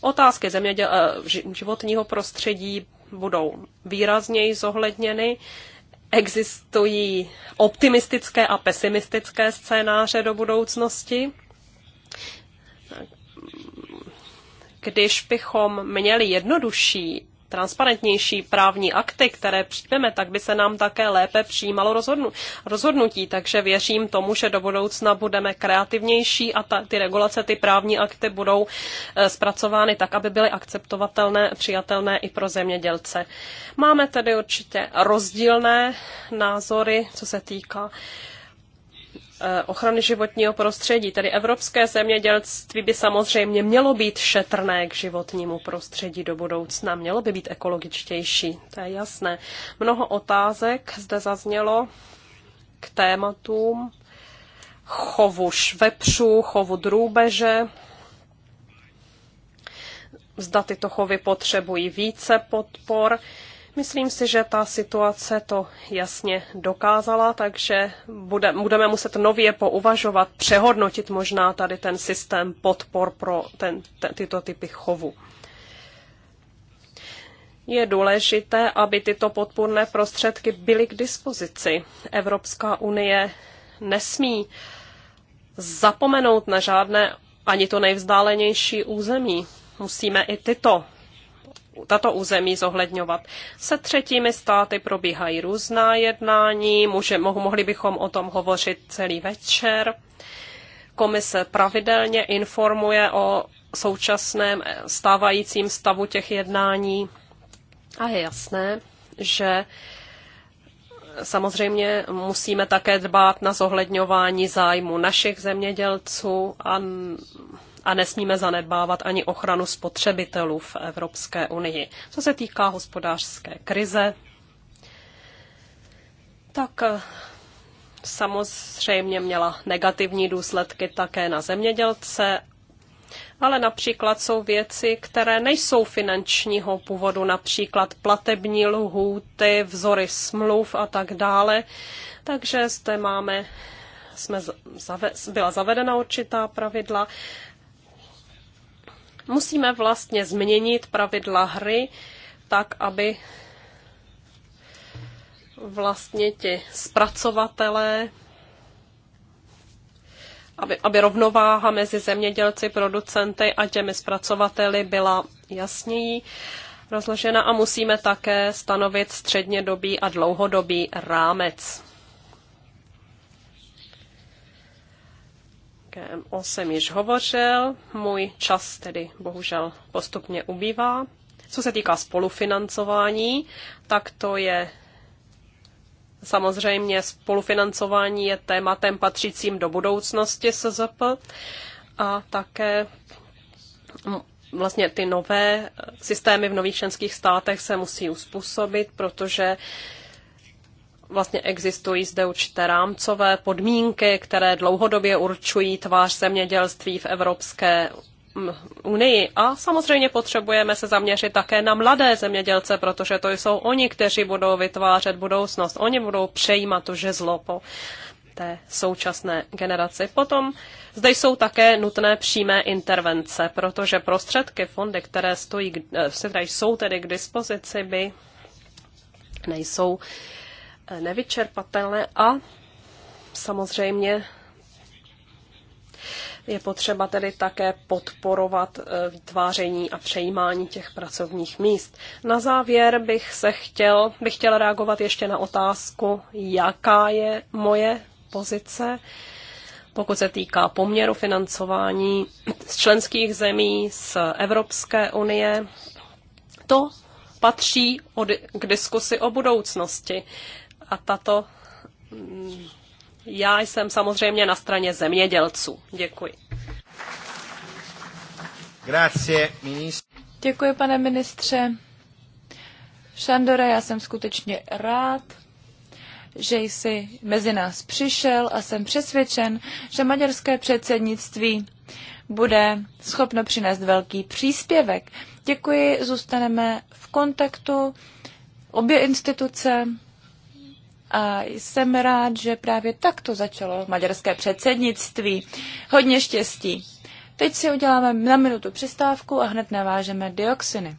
Speaker 3: Otázky zeměděl, eh, životního prostředí budou výrazněji zohledněny. Existují optimistické a pesimistické scénáře do budoucnosti když bychom měli jednodušší transparentnější právní akty, které přijmeme, tak by se nám také lépe přijímalo rozhodnu, rozhodnutí. Takže věřím tomu, že do budoucna budeme kreativnější a ta, ty regulace, ty právní akty budou eh, zpracovány tak, aby byly akceptovatelné, přijatelné i pro zemědělce. Máme tedy určitě rozdílné názory, co se týká Eh, ochrany životního prostředí. Tedy evropské zemědělství by samozřejmě mělo být šetrné k životnímu prostředí do budoucna, mělo by být ekologičtější, to je jasné. Mnoho otázek zde zaznělo k tématům chovu švepřů, chovu drůbeže, zda tyto chovy potřebují více podpor. Myslím si, že ta situace to jasně dokázala, takže bude, budeme muset nově pouvažovat, přehodnotit možná tady ten systém podpor pro ten, ten, tyto typy chovu. Je důležité, aby tyto podpůrné prostředky byly k dispozici. Evropská unie nesmí zapomenout na žádné ani to nejvzdálenější území. Musíme i tyto tato území zohledňovat. Se třetími státy probíhají různá jednání, může, mohli bychom o tom hovořit celý večer. Komise pravidelně informuje o současném eh, stávajícím stavu těch jednání a je jasné, že eh, samozřejmě musíme také dbát na zohledňování zájmu našich zemědělců a a nesmíme zanedbávat ani ochranu spotřebitelů v Evropské unii. Co se týká hospodářské krize, tak eh, samozřejmě měla negativní důsledky také na zemědělce, ale například jsou věci, které nejsou finančního původu, například platební lhůty, vzory smluv a tak dále. Takže zde máme, jsme, byla zavedena určitá pravidla Musíme vlastně změnit pravidla hry tak, aby vlastně ti zpracovatelé, aby, aby rovnováha mezi zemědělci, producenty a těmi zpracovateli byla jasněji rozložena a musíme také stanovit střednědobý a dlouhodobý rámec o jsem již hovořil, můj čas tedy bohužel postupně ubývá. Co se týká spolufinancování, tak to je samozřejmě spolufinancování je tématem patřícím do budoucnosti SZP a také vlastně ty nové systémy v nových členských státech se musí uspůsobit, protože vlastně existují zde určité rámcové podmínky, které dlouhodobě určují tvář zemědělství v Evropské unii. A samozřejmě potřebujeme se zaměřit také na mladé zemědělce, protože to jsou oni, kteří budou vytvářet budoucnost. Oni budou přejímat to žezlo po té současné generaci. Potom zde jsou také nutné přímé intervence, protože prostředky, fondy, které stojí, eh, které jsou tedy k dispozici, by nejsou nevyčerpatelné a samozřejmě je potřeba tedy také podporovat e, vytváření a přejímání těch pracovních míst. Na závěr bych se chtěl, bych chtěl reagovat ještě na otázku, jaká je moje pozice, pokud se týká poměru financování z členských zemí, z Evropské unie. To patří od, k diskusi o budoucnosti. A tato... Já jsem samozřejmě na straně zemědělců. Děkuji.
Speaker 2: Děkuji, pane ministře. Šandore, já jsem skutečně rád, že jsi mezi nás přišel a jsem přesvědčen, že maďarské předsednictví bude schopno přinést velký příspěvek. Děkuji, zůstaneme v kontaktu. Obě instituce a jsem rád, že právě takto začalo maďarské předsednictví. Hodně štěstí. Teď si uděláme na minutu přestávku a hned navážeme dioxiny.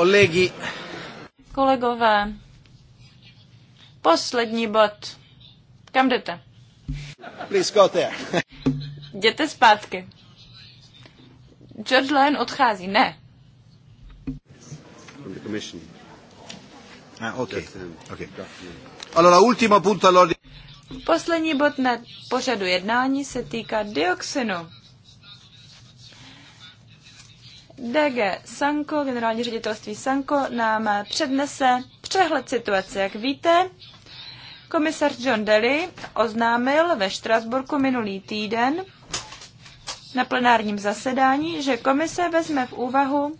Speaker 2: Kolegy. Kolegové, poslední bod. Kam jdete?
Speaker 1: Please go there.
Speaker 2: Jděte zpátky. George Lane odchází, ne.
Speaker 1: From the commission. Ah, okay. Um, okay. Allora,
Speaker 2: Poslední bod na pořadu jednání se týká dioxinu. DG Sanko, generální ředitelství Sanko, nám přednese přehled situace. Jak víte, komisař John Daly oznámil ve Štrasburku minulý týden na plenárním zasedání, že komise vezme v úvahu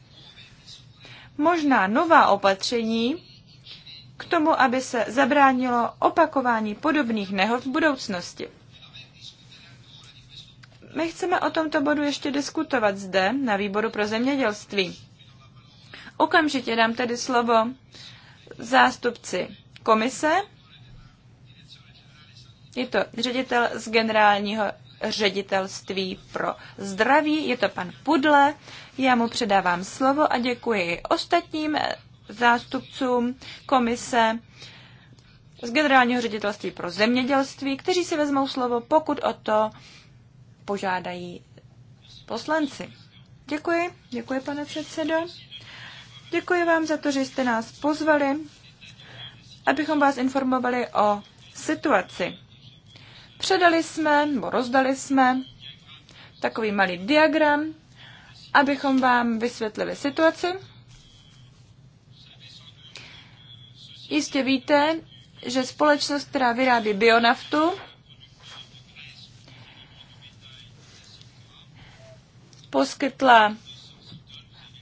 Speaker 2: možná nová opatření k tomu, aby se zabránilo opakování podobných nehod v budoucnosti my chceme o tomto bodu ještě diskutovat zde na výboru pro zemědělství. Okamžitě dám tedy slovo zástupci komise. Je to ředitel z generálního ředitelství pro zdraví, je to pan Pudle. Já mu předávám slovo a děkuji ostatním zástupcům komise z generálního ředitelství pro zemědělství, kteří si vezmou slovo, pokud o to požádají poslanci. Děkuji, děkuji pane předsedo. Děkuji vám za to, že jste nás pozvali, abychom vás informovali o situaci. Předali jsme, nebo rozdali jsme takový malý diagram, abychom vám vysvětlili situaci. Jistě víte, že společnost, která vyrábí bionaftu, poskytla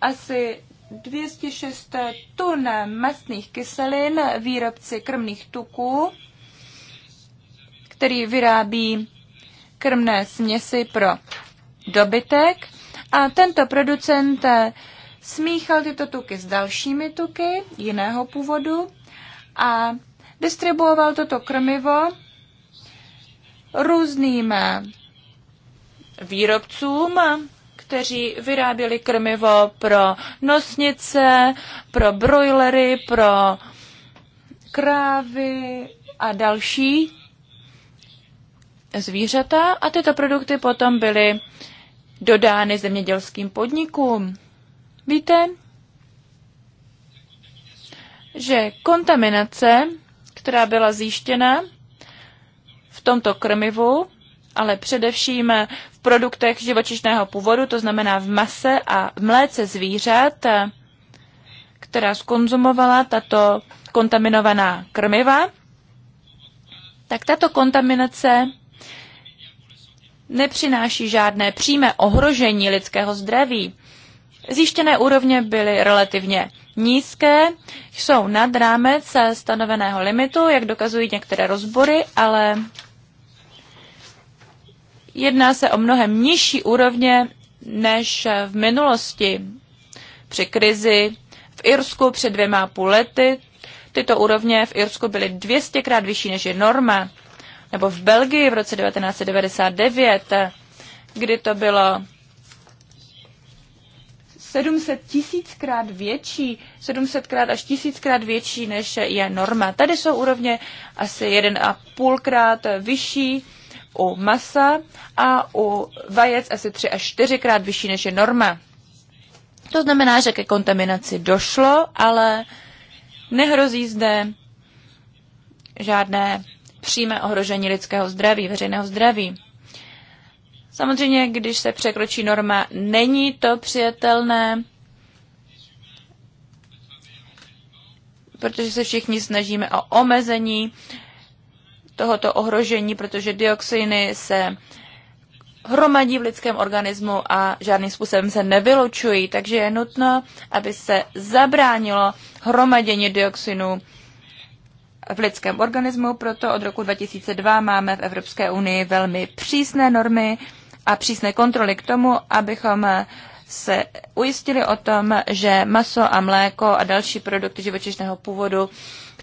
Speaker 2: asi 206 tun mastných kyselin výrobci krmných tuků, který vyrábí krmné směsi pro dobytek. A tento producent smíchal tyto tuky s dalšími tuky jiného původu a distribuoval toto krmivo různým výrobcům kteří vyráběli krmivo pro nosnice, pro brojlery, pro krávy a další zvířata a tyto produkty potom byly dodány zemědělským podnikům. Víte, že kontaminace, která byla zjištěna v tomto krmivu, ale především v produktech živočišného původu, to znamená v mase a v mléce zvířat, která skonzumovala tato kontaminovaná krmiva, tak tato kontaminace nepřináší žádné přímé ohrožení lidského zdraví. Zjištěné úrovně byly relativně nízké, jsou nad rámec stanoveného limitu, jak dokazují některé rozbory, ale Jedná se o mnohem nižší úrovně než v minulosti při krizi v Irsku před dvěma půl lety. Tyto úrovně v Irsku byly 200 krát vyšší než je norma. Nebo v Belgii v roce 1999, kdy to bylo 700 tisíckrát větší, 700 krát až tisíckrát větší, než je norma. Tady jsou úrovně asi 1,5 krát vyšší u masa a u vajec asi 3 až 4 krát vyšší než je norma. To znamená, že ke kontaminaci došlo, ale nehrozí zde žádné přímé ohrožení lidského zdraví, veřejného zdraví. Samozřejmě, když se překročí norma, není to přijatelné, protože se všichni snažíme o omezení tohoto ohrožení, protože dioxiny se hromadí v lidském organismu a žádným způsobem se nevylučují, takže je nutno, aby se zabránilo hromadění dioxinu v lidském organismu, proto od roku 2002 máme v Evropské unii velmi přísné normy a přísné kontroly k tomu, abychom se ujistili o tom, že maso a mléko a další produkty živočišného původu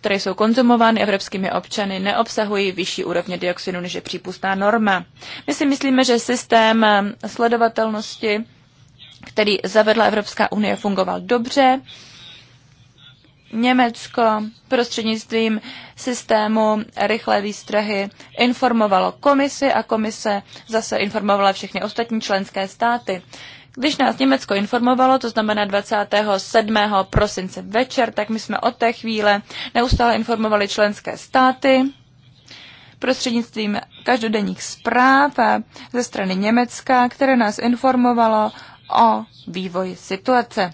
Speaker 2: které jsou konzumovány evropskými občany, neobsahují vyšší úrovně dioxinu, než je přípustná norma. My si myslíme, že systém sledovatelnosti, který zavedla Evropská unie, fungoval dobře. Německo prostřednictvím systému rychlé výstrahy informovalo komisi a komise zase informovala všechny ostatní členské státy. Když nás Německo informovalo, to znamená 27. prosince večer, tak my jsme od té chvíle neustále informovali členské státy prostřednictvím každodenních zpráv ze strany Německa, které nás informovalo o vývoji situace.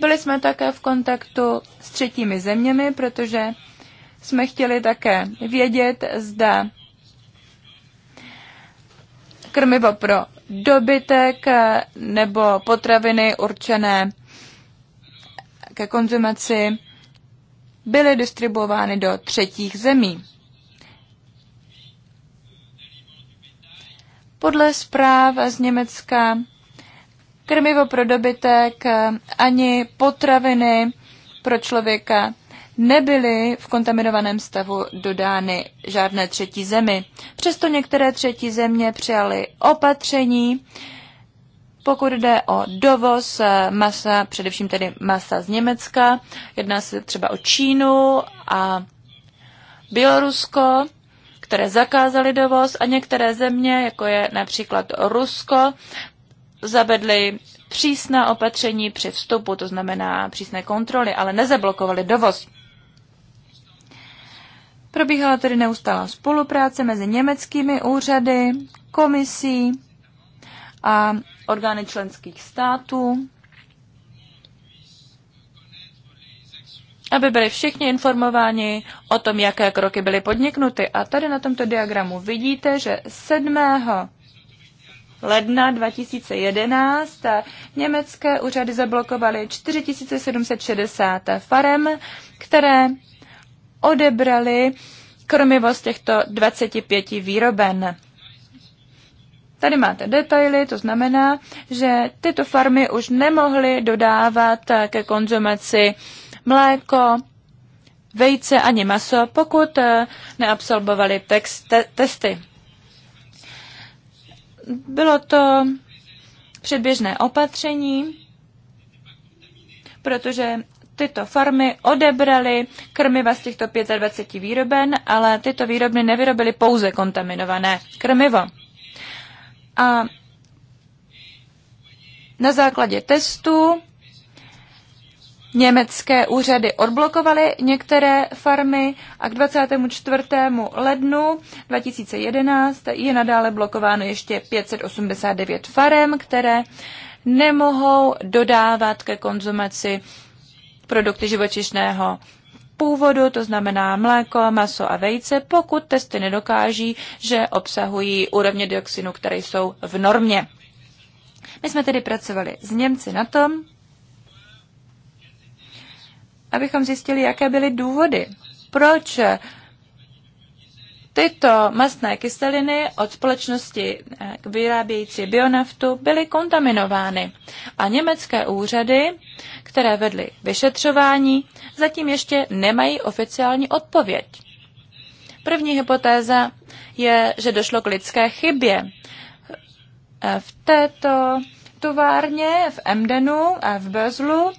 Speaker 2: Byli jsme také v kontaktu s třetími zeměmi, protože jsme chtěli také vědět, zda krmivo pro dobytek eh, nebo potraviny určené ke konzumaci byly distribuovány do třetích zemí. Podle zpráv z Německa krmivo pro dobytek eh, ani potraviny pro člověka nebyly v kontaminovaném stavu dodány žádné třetí zemi. Přesto některé třetí země přijaly opatření, pokud jde o dovoz eh, masa, především tedy masa z Německa, jedná se třeba o Čínu a Bělorusko, které zakázaly dovoz a některé země, jako je například Rusko, zavedly přísná opatření při vstupu, to znamená přísné kontroly, ale nezablokovaly dovoz. Probíhala tedy neustálá spolupráce mezi německými úřady, komisí a orgány členských států, aby byli všichni informováni o tom, jaké kroky byly podniknuty. A tady na tomto diagramu vidíte, že 7. ledna 2011 německé úřady zablokovaly 4760 farem, které odebrali kromě z těchto 25 výroben. Tady máte detaily, to znamená, že tyto farmy už nemohly dodávat ke konzumaci mléko, vejce ani maso, pokud eh, neabsolvovali text, te, testy. Bylo to předběžné opatření, protože tyto farmy odebraly krmiva z těchto 25 výroben, ale tyto výrobny nevyrobily pouze kontaminované krmivo. A na základě testů Německé úřady odblokovaly některé farmy a k 24. lednu 2011 je nadále blokováno ještě 589 farem, které nemohou dodávat ke konzumaci produkty živočišného původu, to znamená mléko, maso a vejce, pokud testy nedokáží, že obsahují úrovně dioxinu, které jsou v normě. My jsme tedy pracovali s Němci na tom, abychom zjistili, jaké byly důvody, proč Tyto mastné kyseliny od společnosti eh, vyrábějící bionaftu byly kontaminovány a německé úřady, které vedly vyšetřování, zatím ještě nemají oficiální odpověď. První hypotéza je, že došlo k lidské chybě. Eh, v této továrně, v Emdenu a v Bözlu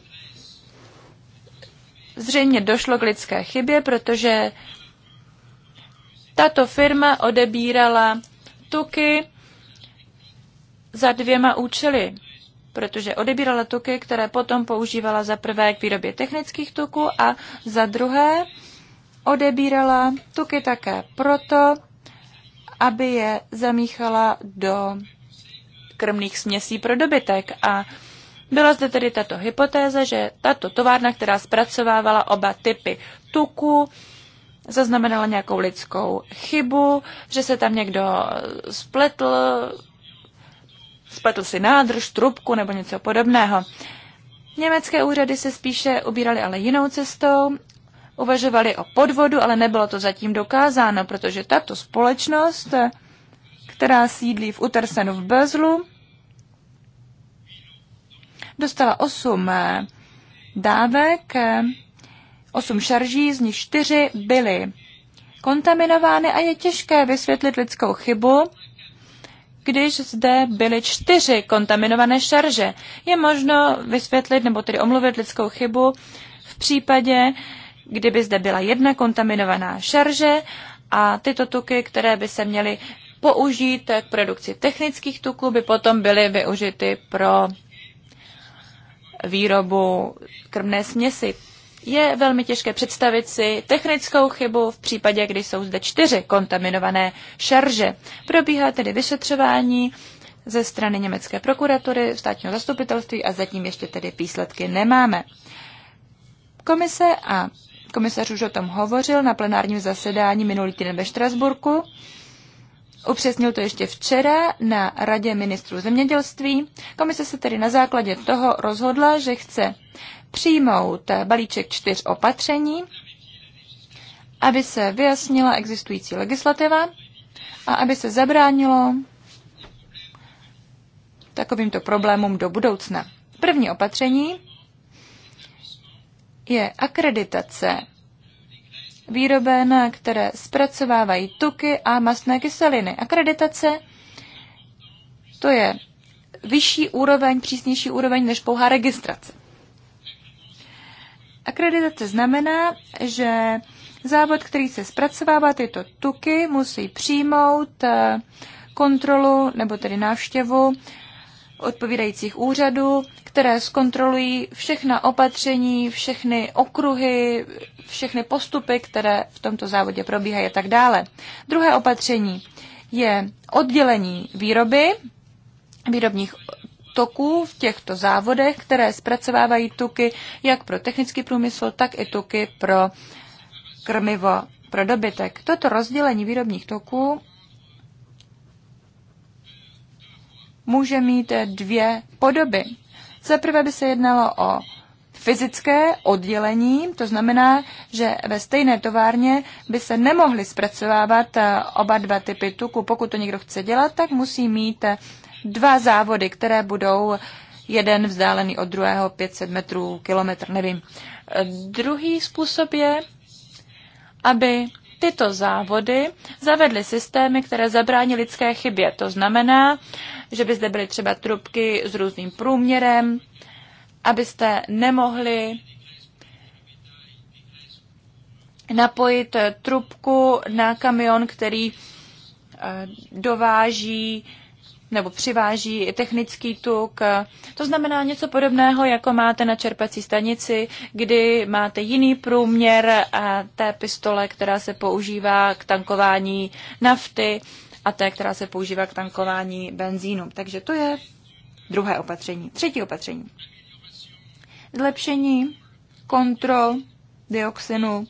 Speaker 2: zřejmě došlo k lidské chybě, protože tato firma odebírala tuky za dvěma účely protože odebírala tuky, které potom používala za prvé k výrobě technických tuků a za druhé odebírala tuky také proto, aby je zamíchala do krmných směsí pro dobytek. A byla zde tedy tato hypotéza, že tato továrna, která zpracovávala oba typy tuku, zaznamenala nějakou lidskou chybu, že se tam někdo spletl, spletl si nádrž, trubku nebo něco podobného. Německé úřady se spíše ubíraly ale jinou cestou, uvažovali o podvodu, ale nebylo to zatím dokázáno, protože tato společnost, která sídlí v Utersenu v Bezlu, dostala 8 dávek osm šarží, z nich čtyři byly kontaminovány a je těžké vysvětlit lidskou chybu, když zde byly čtyři kontaminované šarže. Je možno vysvětlit nebo tedy omluvit lidskou chybu v případě, kdyby zde byla jedna kontaminovaná šarže a tyto tuky, které by se měly použít k produkci technických tuků, by potom byly využity pro výrobu krmné směsi je velmi těžké představit si technickou chybu v případě, kdy jsou zde čtyři kontaminované šarže. Probíhá tedy vyšetřování ze strany německé prokuratury, státního zastupitelství a zatím ještě tedy výsledky nemáme. Komise a komisař už o tom hovořil na plenárním zasedání minulý týden ve Štrasburku. Upřesnil to ještě včera na Radě ministrů zemědělství. Komise se tedy na základě toho rozhodla, že chce přijmout eh, balíček čtyř opatření, aby se vyjasnila existující legislativa a aby se zabránilo takovýmto problémům do budoucna. První opatření je akreditace výroben, které zpracovávají tuky a masné kyseliny. Akreditace to je vyšší úroveň, přísnější úroveň než pouhá registrace. Akreditace znamená, že závod, který se zpracovává tyto tuky, musí přijmout eh, kontrolu nebo tedy návštěvu odpovídajících úřadů, které zkontrolují všechna opatření, všechny okruhy, všechny postupy, které v tomto závodě probíhají a tak dále. Druhé opatření je oddělení výroby, výrobních toků v těchto závodech, které zpracovávají tuky jak pro technický průmysl, tak i tuky pro krmivo pro dobytek. Toto rozdělení výrobních toků může mít dvě podoby. Za prvé by se jednalo o fyzické oddělení, to znamená, že ve stejné továrně by se nemohly zpracovávat oba dva typy tuku. Pokud to někdo chce dělat, tak musí mít dva závody, které budou jeden vzdálený od druhého 500 metrů, kilometr, nevím. Druhý způsob je, aby tyto závody zavedly systémy, které zabrání lidské chybě. To znamená, že by zde byly třeba trubky s různým průměrem, abyste nemohli napojit trubku na kamion, který eh, dováží nebo přiváží technický tuk. To znamená něco podobného, jako máte na čerpací stanici, kdy máte jiný průměr eh, té pistole, která se používá k tankování nafty a té, která se používá k tankování benzínu. Takže to je druhé opatření. Třetí opatření. Zlepšení kontrol dioxinu,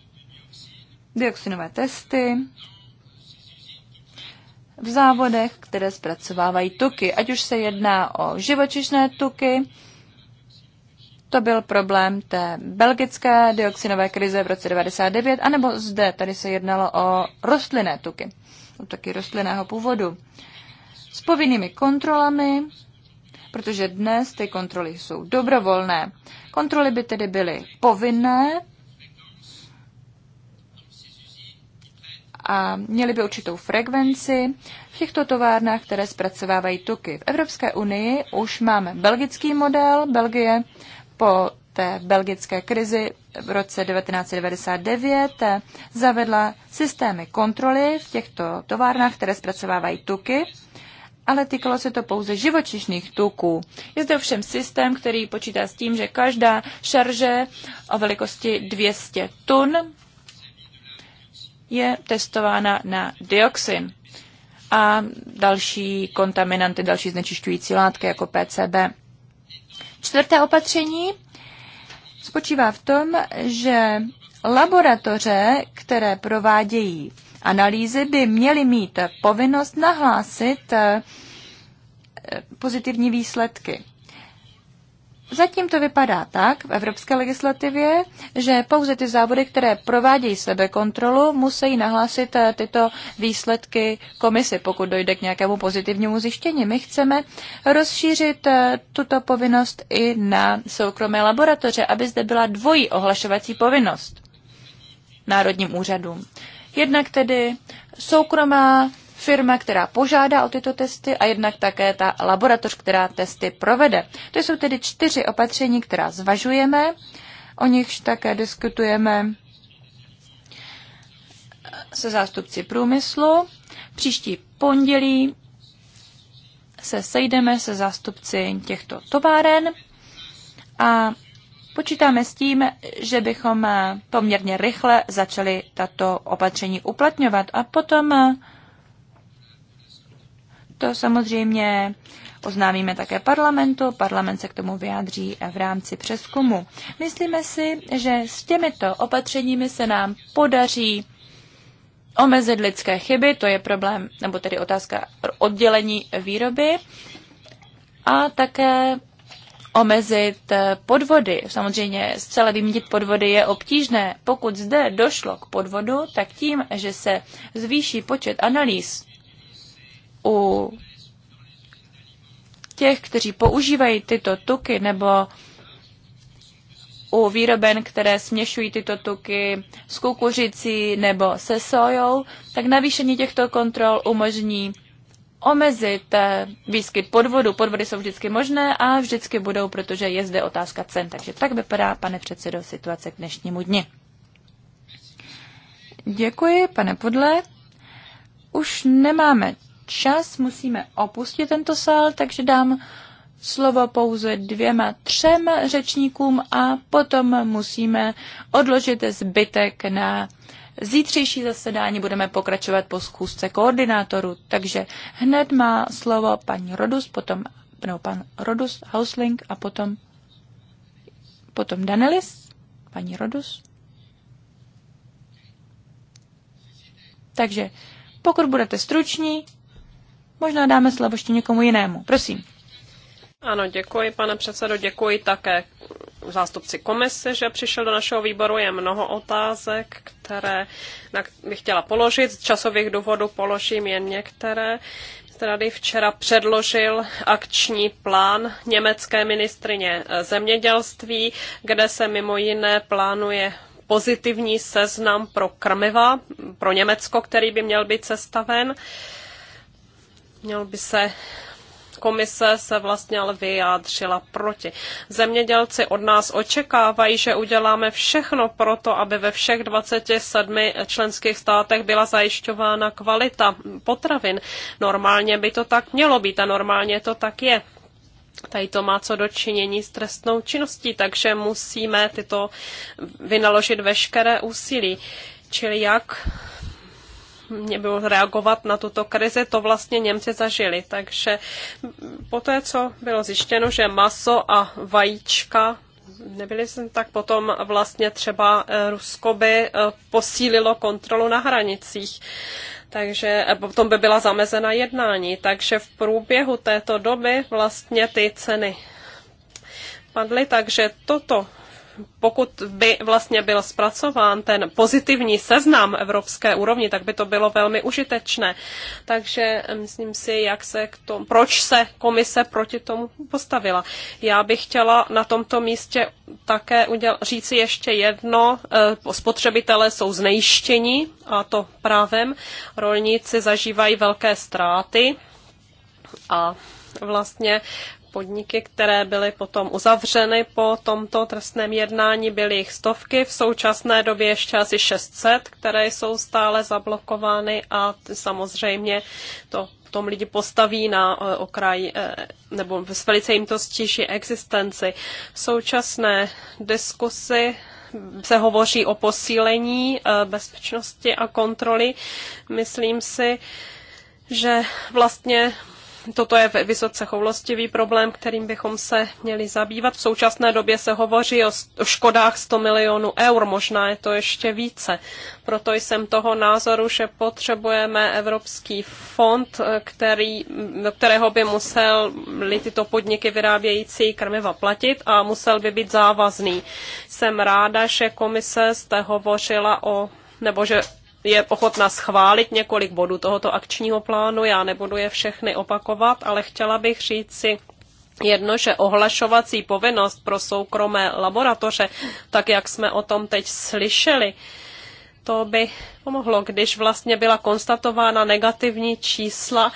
Speaker 2: dioxinové testy, v závodech, které zpracovávají tuky. Ať už se jedná o živočišné tuky, to byl problém té belgické dioxinové krize v roce 99, anebo zde, tady se jednalo o rostlinné tuky, o taky rostlinného původu. S povinnými kontrolami, protože dnes ty kontroly jsou dobrovolné. Kontroly by tedy byly povinné a měly by určitou frekvenci v těchto továrnách, které zpracovávají tuky. V Evropské unii už máme belgický model. Belgie po té belgické krizi v roce 1999 zavedla systémy kontroly v těchto továrnách, které zpracovávají tuky ale týkalo se to pouze živočišných tuků. Je zde ovšem systém, který počítá s tím, že každá šarže o velikosti 200 tun je testována na dioxin a další kontaminanty, další znečišťující látky jako PCB. Čtvrté opatření spočívá v tom, že laboratoře, které provádějí analýzy, by měly mít povinnost nahlásit eh, pozitivní výsledky. Zatím to vypadá tak v evropské legislativě, že pouze ty závody, které provádějí sebekontrolu, musí nahlásit eh, tyto výsledky komisi, pokud dojde k nějakému pozitivnímu zjištění. My chceme rozšířit eh, tuto povinnost i na soukromé laboratoře, aby zde byla dvojí ohlašovací povinnost národním úřadům. Jednak tedy soukromá firma, která požádá o tyto testy a jednak také ta laboratoř, která testy provede. To jsou tedy čtyři opatření, která zvažujeme, o nichž také diskutujeme se zástupci průmyslu. Příští pondělí se sejdeme se zástupci těchto továren a počítáme s tím, že bychom poměrně rychle začali tato opatření uplatňovat a potom to samozřejmě oznámíme také parlamentu, parlament se k tomu vyjádří v rámci přeskumu. Myslíme si, že s těmito opatřeními se nám podaří omezit lidské chyby, to je problém, nebo tedy otázka oddělení výroby, a také omezit podvody. Samozřejmě zcela vymítit podvody je obtížné. Pokud zde došlo k podvodu, tak tím, že se zvýší počet analýz u těch, kteří používají tyto tuky nebo u výroben, které směšují tyto tuky s kukuřicí nebo se sojou, tak navýšení těchto kontrol umožní omezit eh, výskyt podvodu. Podvody jsou vždycky možné a vždycky budou, protože je zde otázka cen. Takže tak vypadá, pane předsedo, situace k dnešnímu dni. Děkuji, pane Podle. Už nemáme čas, musíme opustit tento sál, takže dám slovo pouze dvěma, třem řečníkům a potom musíme odložit zbytek na zítřejší zasedání. Budeme pokračovat po schůzce koordinátoru, takže hned má slovo paní Rodus, potom no, pan Rodus, Hausling a potom, potom Danelis, paní Rodus. Takže pokud budete struční, Možná dáme slovo ještě někomu jinému. Prosím.
Speaker 3: Ano, děkuji, pane předsedo. Děkuji také zástupci komise, že přišel do našeho výboru. Je mnoho otázek, které bych chtěla položit. Z časových důvodů položím jen některé. Tady včera předložil akční plán německé ministrině eh, zemědělství, kde se mimo jiné plánuje pozitivní seznam pro krmiva pro Německo, který by měl být sestaven. Uh, Měl by se komise se vlastně ale vyjádřila proti. Zemědělci od nás očekávají, že uděláme všechno pro to, aby ve všech 27 členských státech byla zajišťována kvalita potravin. Normálně by to tak mělo být a normálně to tak je. Tady to má co dočinění s trestnou činností, takže musíme tyto vynaložit veškeré úsilí. Čili jak nebylo reagovat na tuto krizi, to vlastně Němci zažili. Takže po té, co bylo zjištěno, že maso a vajíčka nebyly, jsem tak potom vlastně třeba eh, Rusko by eh, posílilo kontrolu na hranicích. Takže potom eh, by byla zamezena jednání. Takže v průběhu této doby vlastně ty ceny padly, takže toto pokud by vlastně byl zpracován ten pozitivní seznam evropské úrovni, tak by to bylo velmi užitečné. Takže eh, myslím si, jak se k tomu, proč se komise proti tomu postavila. Já bych chtěla na tomto místě také uděl, říci ještě jedno. Eh, spotřebitelé jsou znejištěni a to právem. Rolníci zažívají velké ztráty a vlastně podniky, které byly potom uzavřeny po tomto trestném jednání, byly jich stovky, v současné době ještě asi 600, které jsou stále zablokovány a samozřejmě to tom lidi postaví na eh, okraj, eh, nebo velice jim to stíží existenci. V současné diskusy se hovoří o posílení eh, bezpečnosti a kontroly. Myslím si, že vlastně toto je vysoce choulostivý problém, kterým bychom se měli zabývat. V současné době se hovoří o škodách 100 milionů eur, možná je to ještě více. Proto jsem toho názoru, že potřebujeme Evropský fond, eh, který, do kterého by musel tyto podniky vyrábějící krmiva platit a musel by být závazný. Jsem ráda, že komise jste hovořila o nebo že je ochotna schválit několik bodů tohoto akčního plánu. Já nebudu je všechny opakovat, ale chtěla bych říct si Jedno, že ohlašovací povinnost pro soukromé laboratoře, tak jak jsme o tom teď slyšeli, to by pomohlo, když vlastně byla konstatována negativní čísla,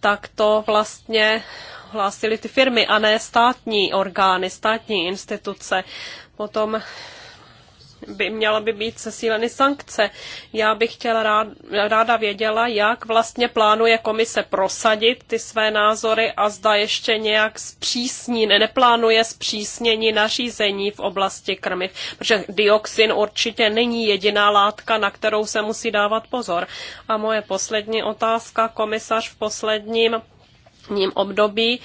Speaker 3: tak to vlastně hlásily ty firmy a ne státní orgány, státní instituce. Potom by měla by být sesíleny sankce. Já bych chtěla rád, ráda věděla, jak vlastně plánuje komise prosadit ty své názory a zda ještě nějak zpřísní, ne, neplánuje zpřísnění nařízení v oblasti krmiv, protože dioxin určitě není jediná látka, na kterou se musí dávat pozor. A moje poslední otázka, komisař v posledním období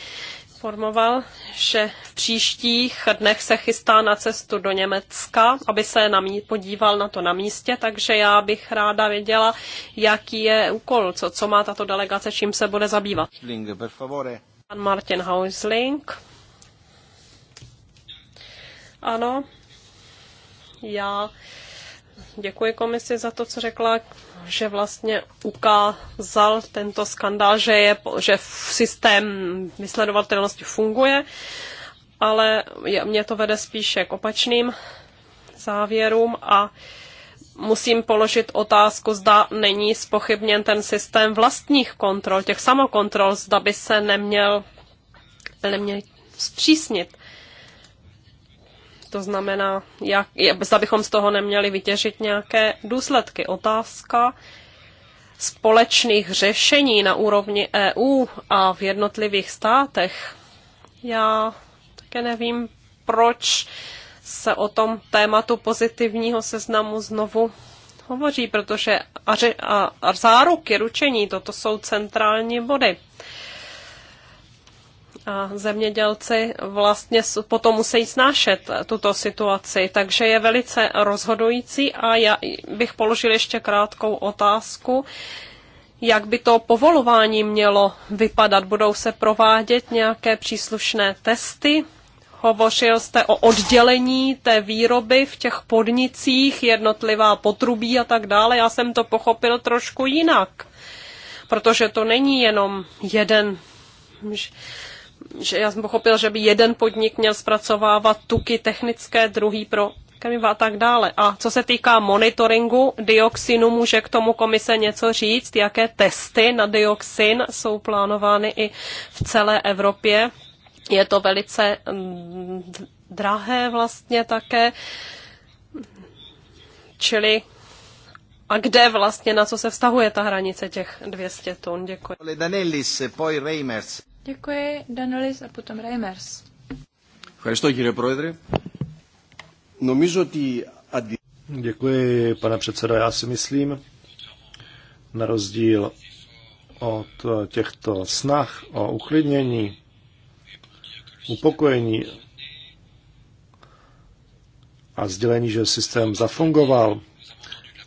Speaker 3: informoval, že v příštích dnech se chystá na cestu do Německa, aby se na mí, podíval na to na místě, takže já bych ráda věděla, jaký je úkol, co, co má tato delegace, čím se bude zabývat. Pan Martin Hausling. Ano, já děkuji komisi za to, co řekla že vlastně ukázal tento skandál, že, je, že systém vysledovatelnosti funguje, ale mě to vede spíše k opačným závěrům a musím položit otázku, zda není spochybněn ten systém vlastních kontrol, těch samokontrol, zda by se neměl, neměl zpřísnit. To znamená, jak, zda bychom z toho neměli vytěžit nějaké důsledky. Otázka společných řešení na úrovni EU a v jednotlivých státech. Já také nevím, proč se o tom tématu pozitivního seznamu znovu hovoří, protože a, a, a záruky, ručení, toto jsou centrální body. A zemědělci vlastně potom musí snášet tuto situaci, takže je velice rozhodující a já bych položil ještě krátkou otázku jak by to povolování mělo vypadat. Budou se provádět nějaké příslušné testy? Hovořil jste o oddělení té výroby v těch podnicích, jednotlivá potrubí a tak dále. Já jsem to pochopil trošku jinak, protože to není jenom jeden že já jsem pochopil, že by jeden podnik měl zpracovávat tuky technické, druhý pro a tak dále. A co se týká monitoringu dioxinu, může k tomu komise něco říct, jaké testy na dioxin jsou plánovány i v celé Evropě. Je to velice mm, drahé vlastně také, čili a kde vlastně, na co se vztahuje ta hranice těch 200 tun? Děkuji. Danelis, poi Reimers.
Speaker 2: Děkuji, Danelis a potom Reimers.
Speaker 1: Děkuji, pane předsedo. Já si myslím, na rozdíl od těchto snah o uklidnění, upokojení a sdělení, že systém zafungoval,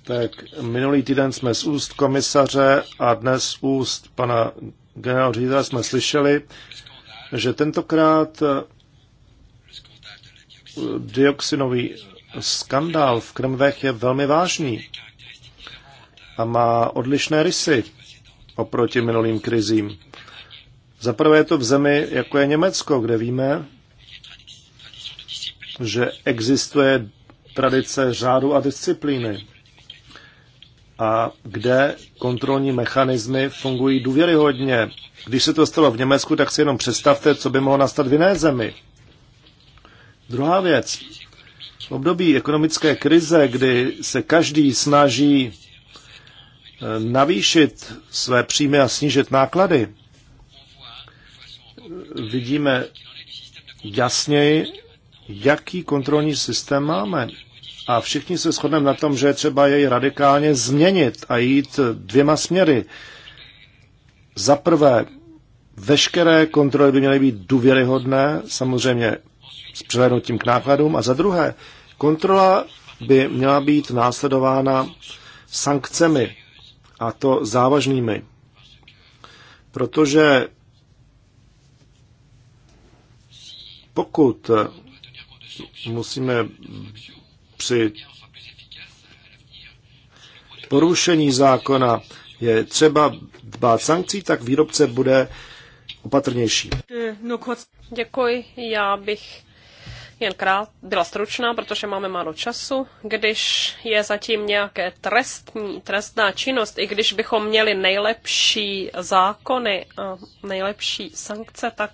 Speaker 1: tak minulý týden jsme z úst komisaře a dnes z úst pana generálního ředitele jsme slyšeli, že tentokrát eh, dioxinový skandál v Krmvech je velmi vážný a má odlišné rysy oproti minulým krizím. Za prvé je to v zemi, jako je Německo, kde víme, že existuje tradice řádu a disciplíny a kde kontrolní mechanismy fungují důvěryhodně. Když se to stalo v Německu, tak si jenom představte, co by mohlo nastat v jiné zemi. Druhá věc. V období ekonomické krize, kdy se každý snaží eh, navýšit své příjmy a snížit náklady, vidíme jasněji, jaký kontrolní systém máme. A všichni se shodneme na tom, že je třeba jej radikálně změnit a jít dvěma směry. Za prvé, veškeré kontroly by měly být důvěryhodné, samozřejmě s přehlednutím k nákladům. A za druhé, kontrola by měla být následována sankcemi, a to závažnými. Protože pokud musíme při porušení zákona je třeba dbát sankcí, tak výrobce bude opatrnější.
Speaker 3: Děkuji, já bych jen krát byla stručná, protože máme málo času. Když je zatím nějaké trestní, trestná činnost, i když bychom měli nejlepší zákony a nejlepší sankce, tak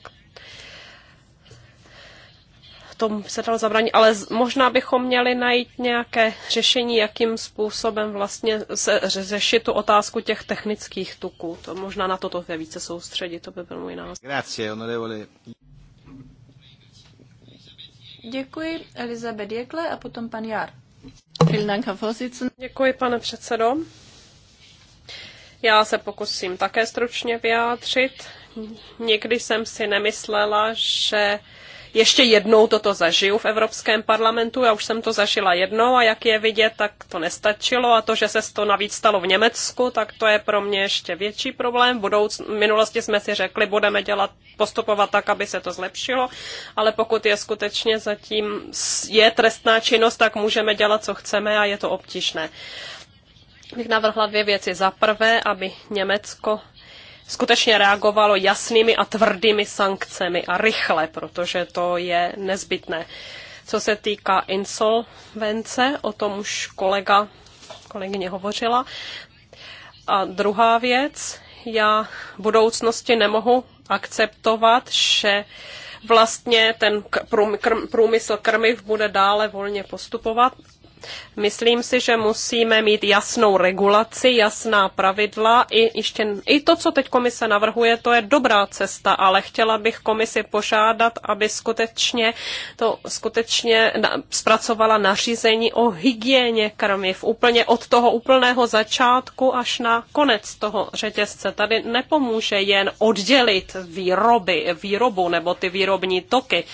Speaker 3: tom se dalo zabránit, ale možná bychom měli najít nějaké řešení, jakým způsobem vlastně se řešit tu otázku těch technických tuků. To možná na toto je více soustředit, to by byl můj názor.
Speaker 1: Grazie, onorevole.
Speaker 3: Děkuji Elizabeth Jekle a potom pan Jar. Děkuji, pane předsedo. Já se pokusím také stručně vyjádřit. Nikdy jsem si nemyslela, že ještě jednou toto zažiju v Evropském parlamentu. Já už jsem to zažila jednou a jak je vidět, tak to nestačilo a to, že se to navíc stalo v Německu, tak to je pro mě ještě větší problém. V, v minulosti jsme si řekli, budeme dělat, postupovat tak, aby se to zlepšilo, ale pokud je skutečně zatím je trestná činnost, tak můžeme dělat, co chceme a je to obtížné bych navrhla dvě věci. Za prvé, aby Německo skutečně reagovalo jasnými a tvrdými sankcemi a rychle, protože to je nezbytné. Co se týká insolvence, o tom už kolega, kolegyně hovořila. A druhá věc, já v budoucnosti nemohu akceptovat, že vlastně ten průmysl krmiv bude dále volně postupovat Myslím si, že musíme mít jasnou regulaci, jasná pravidla i ještě i to, co teď komise navrhuje, to je dobrá cesta, ale chtěla bych komisi požádat, aby skutečně to skutečně zpracovala nařízení o hygieně krmiv úplně od toho úplného začátku až na konec toho řetězce. Tady nepomůže jen oddělit výroby, výrobu nebo ty výrobní toky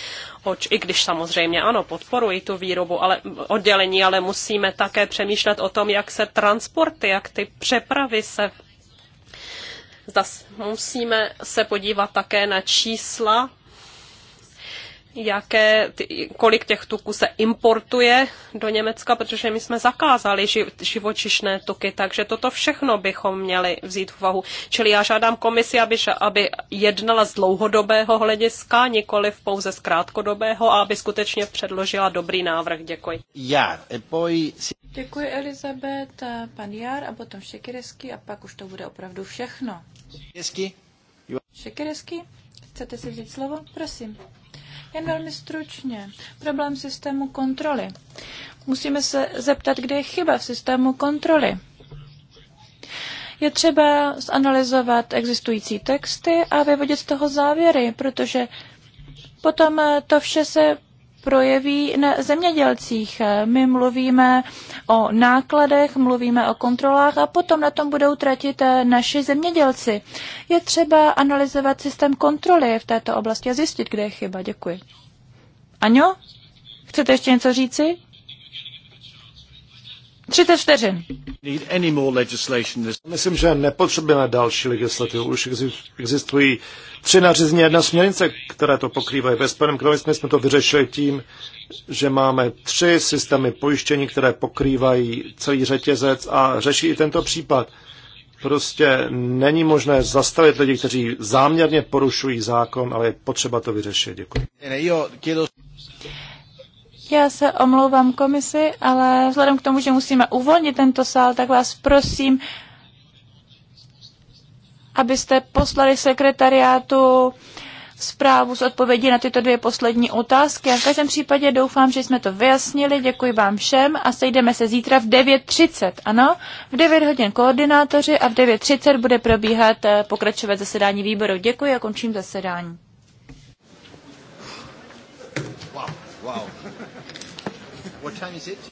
Speaker 3: oč, i když samozřejmě ano, podporuji tu výrobu ale, oddělení, ale musíme také přemýšlet o tom, jak se transporty, jak ty přepravy se Zda musíme se podívat také na čísla jaké, kolik těch tuků se importuje do Německa, protože my jsme zakázali živočišné tuky, takže toto všechno bychom měli vzít v úvahu. Čili já žádám komisi, aby, aby jednala z dlouhodobého hlediska, nikoli pouze z krátkodobého a aby skutečně předložila dobrý návrh. Děkuji.
Speaker 1: Já, e poj...
Speaker 2: Děkuji Elizabet, pan Jar a potom Šekiresky a pak už to bude opravdu všechno. Šekiresky? Chcete si vzít slovo? Prosím. Jen velmi stručně. Problém systému kontroly. Musíme se zeptat, kde je chyba v systému kontroly. Je třeba zanalizovat existující texty a vyvodit z toho závěry, protože potom to vše se projeví na zemědělcích. My mluvíme o nákladech, mluvíme o kontrolách a potom na tom budou tratit eh, naši zemědělci. Je třeba analyzovat systém kontroly v této oblasti a zjistit, kde je chyba. Děkuji. Aňo, chcete ještě něco říci? 30 vteřin.
Speaker 1: Myslím, že nepotřebujeme další legislativu. Už existují tři nařízení a jedna směrnice, které to pokrývají. Ve Spojeném království jsme to vyřešili tím, že máme tři systémy pojištění, které pokrývají celý řetězec a řeší i tento případ. Prostě není možné zastavit lidi, kteří záměrně porušují zákon, ale je potřeba to vyřešit. Děkuji.
Speaker 2: Já se omlouvám komisi, ale vzhledem k tomu, že musíme uvolnit tento sál, tak vás prosím, abyste poslali sekretariátu zprávu s odpovědí na tyto dvě poslední otázky. A v každém případě doufám, že jsme to vyjasnili. Děkuji vám všem a sejdeme se zítra v 9.30. Ano, v 9 hodin koordinátoři a v 9.30 bude probíhat eh, pokračovat zasedání výboru. Děkuji a končím zasedání. Wow, wow time is it?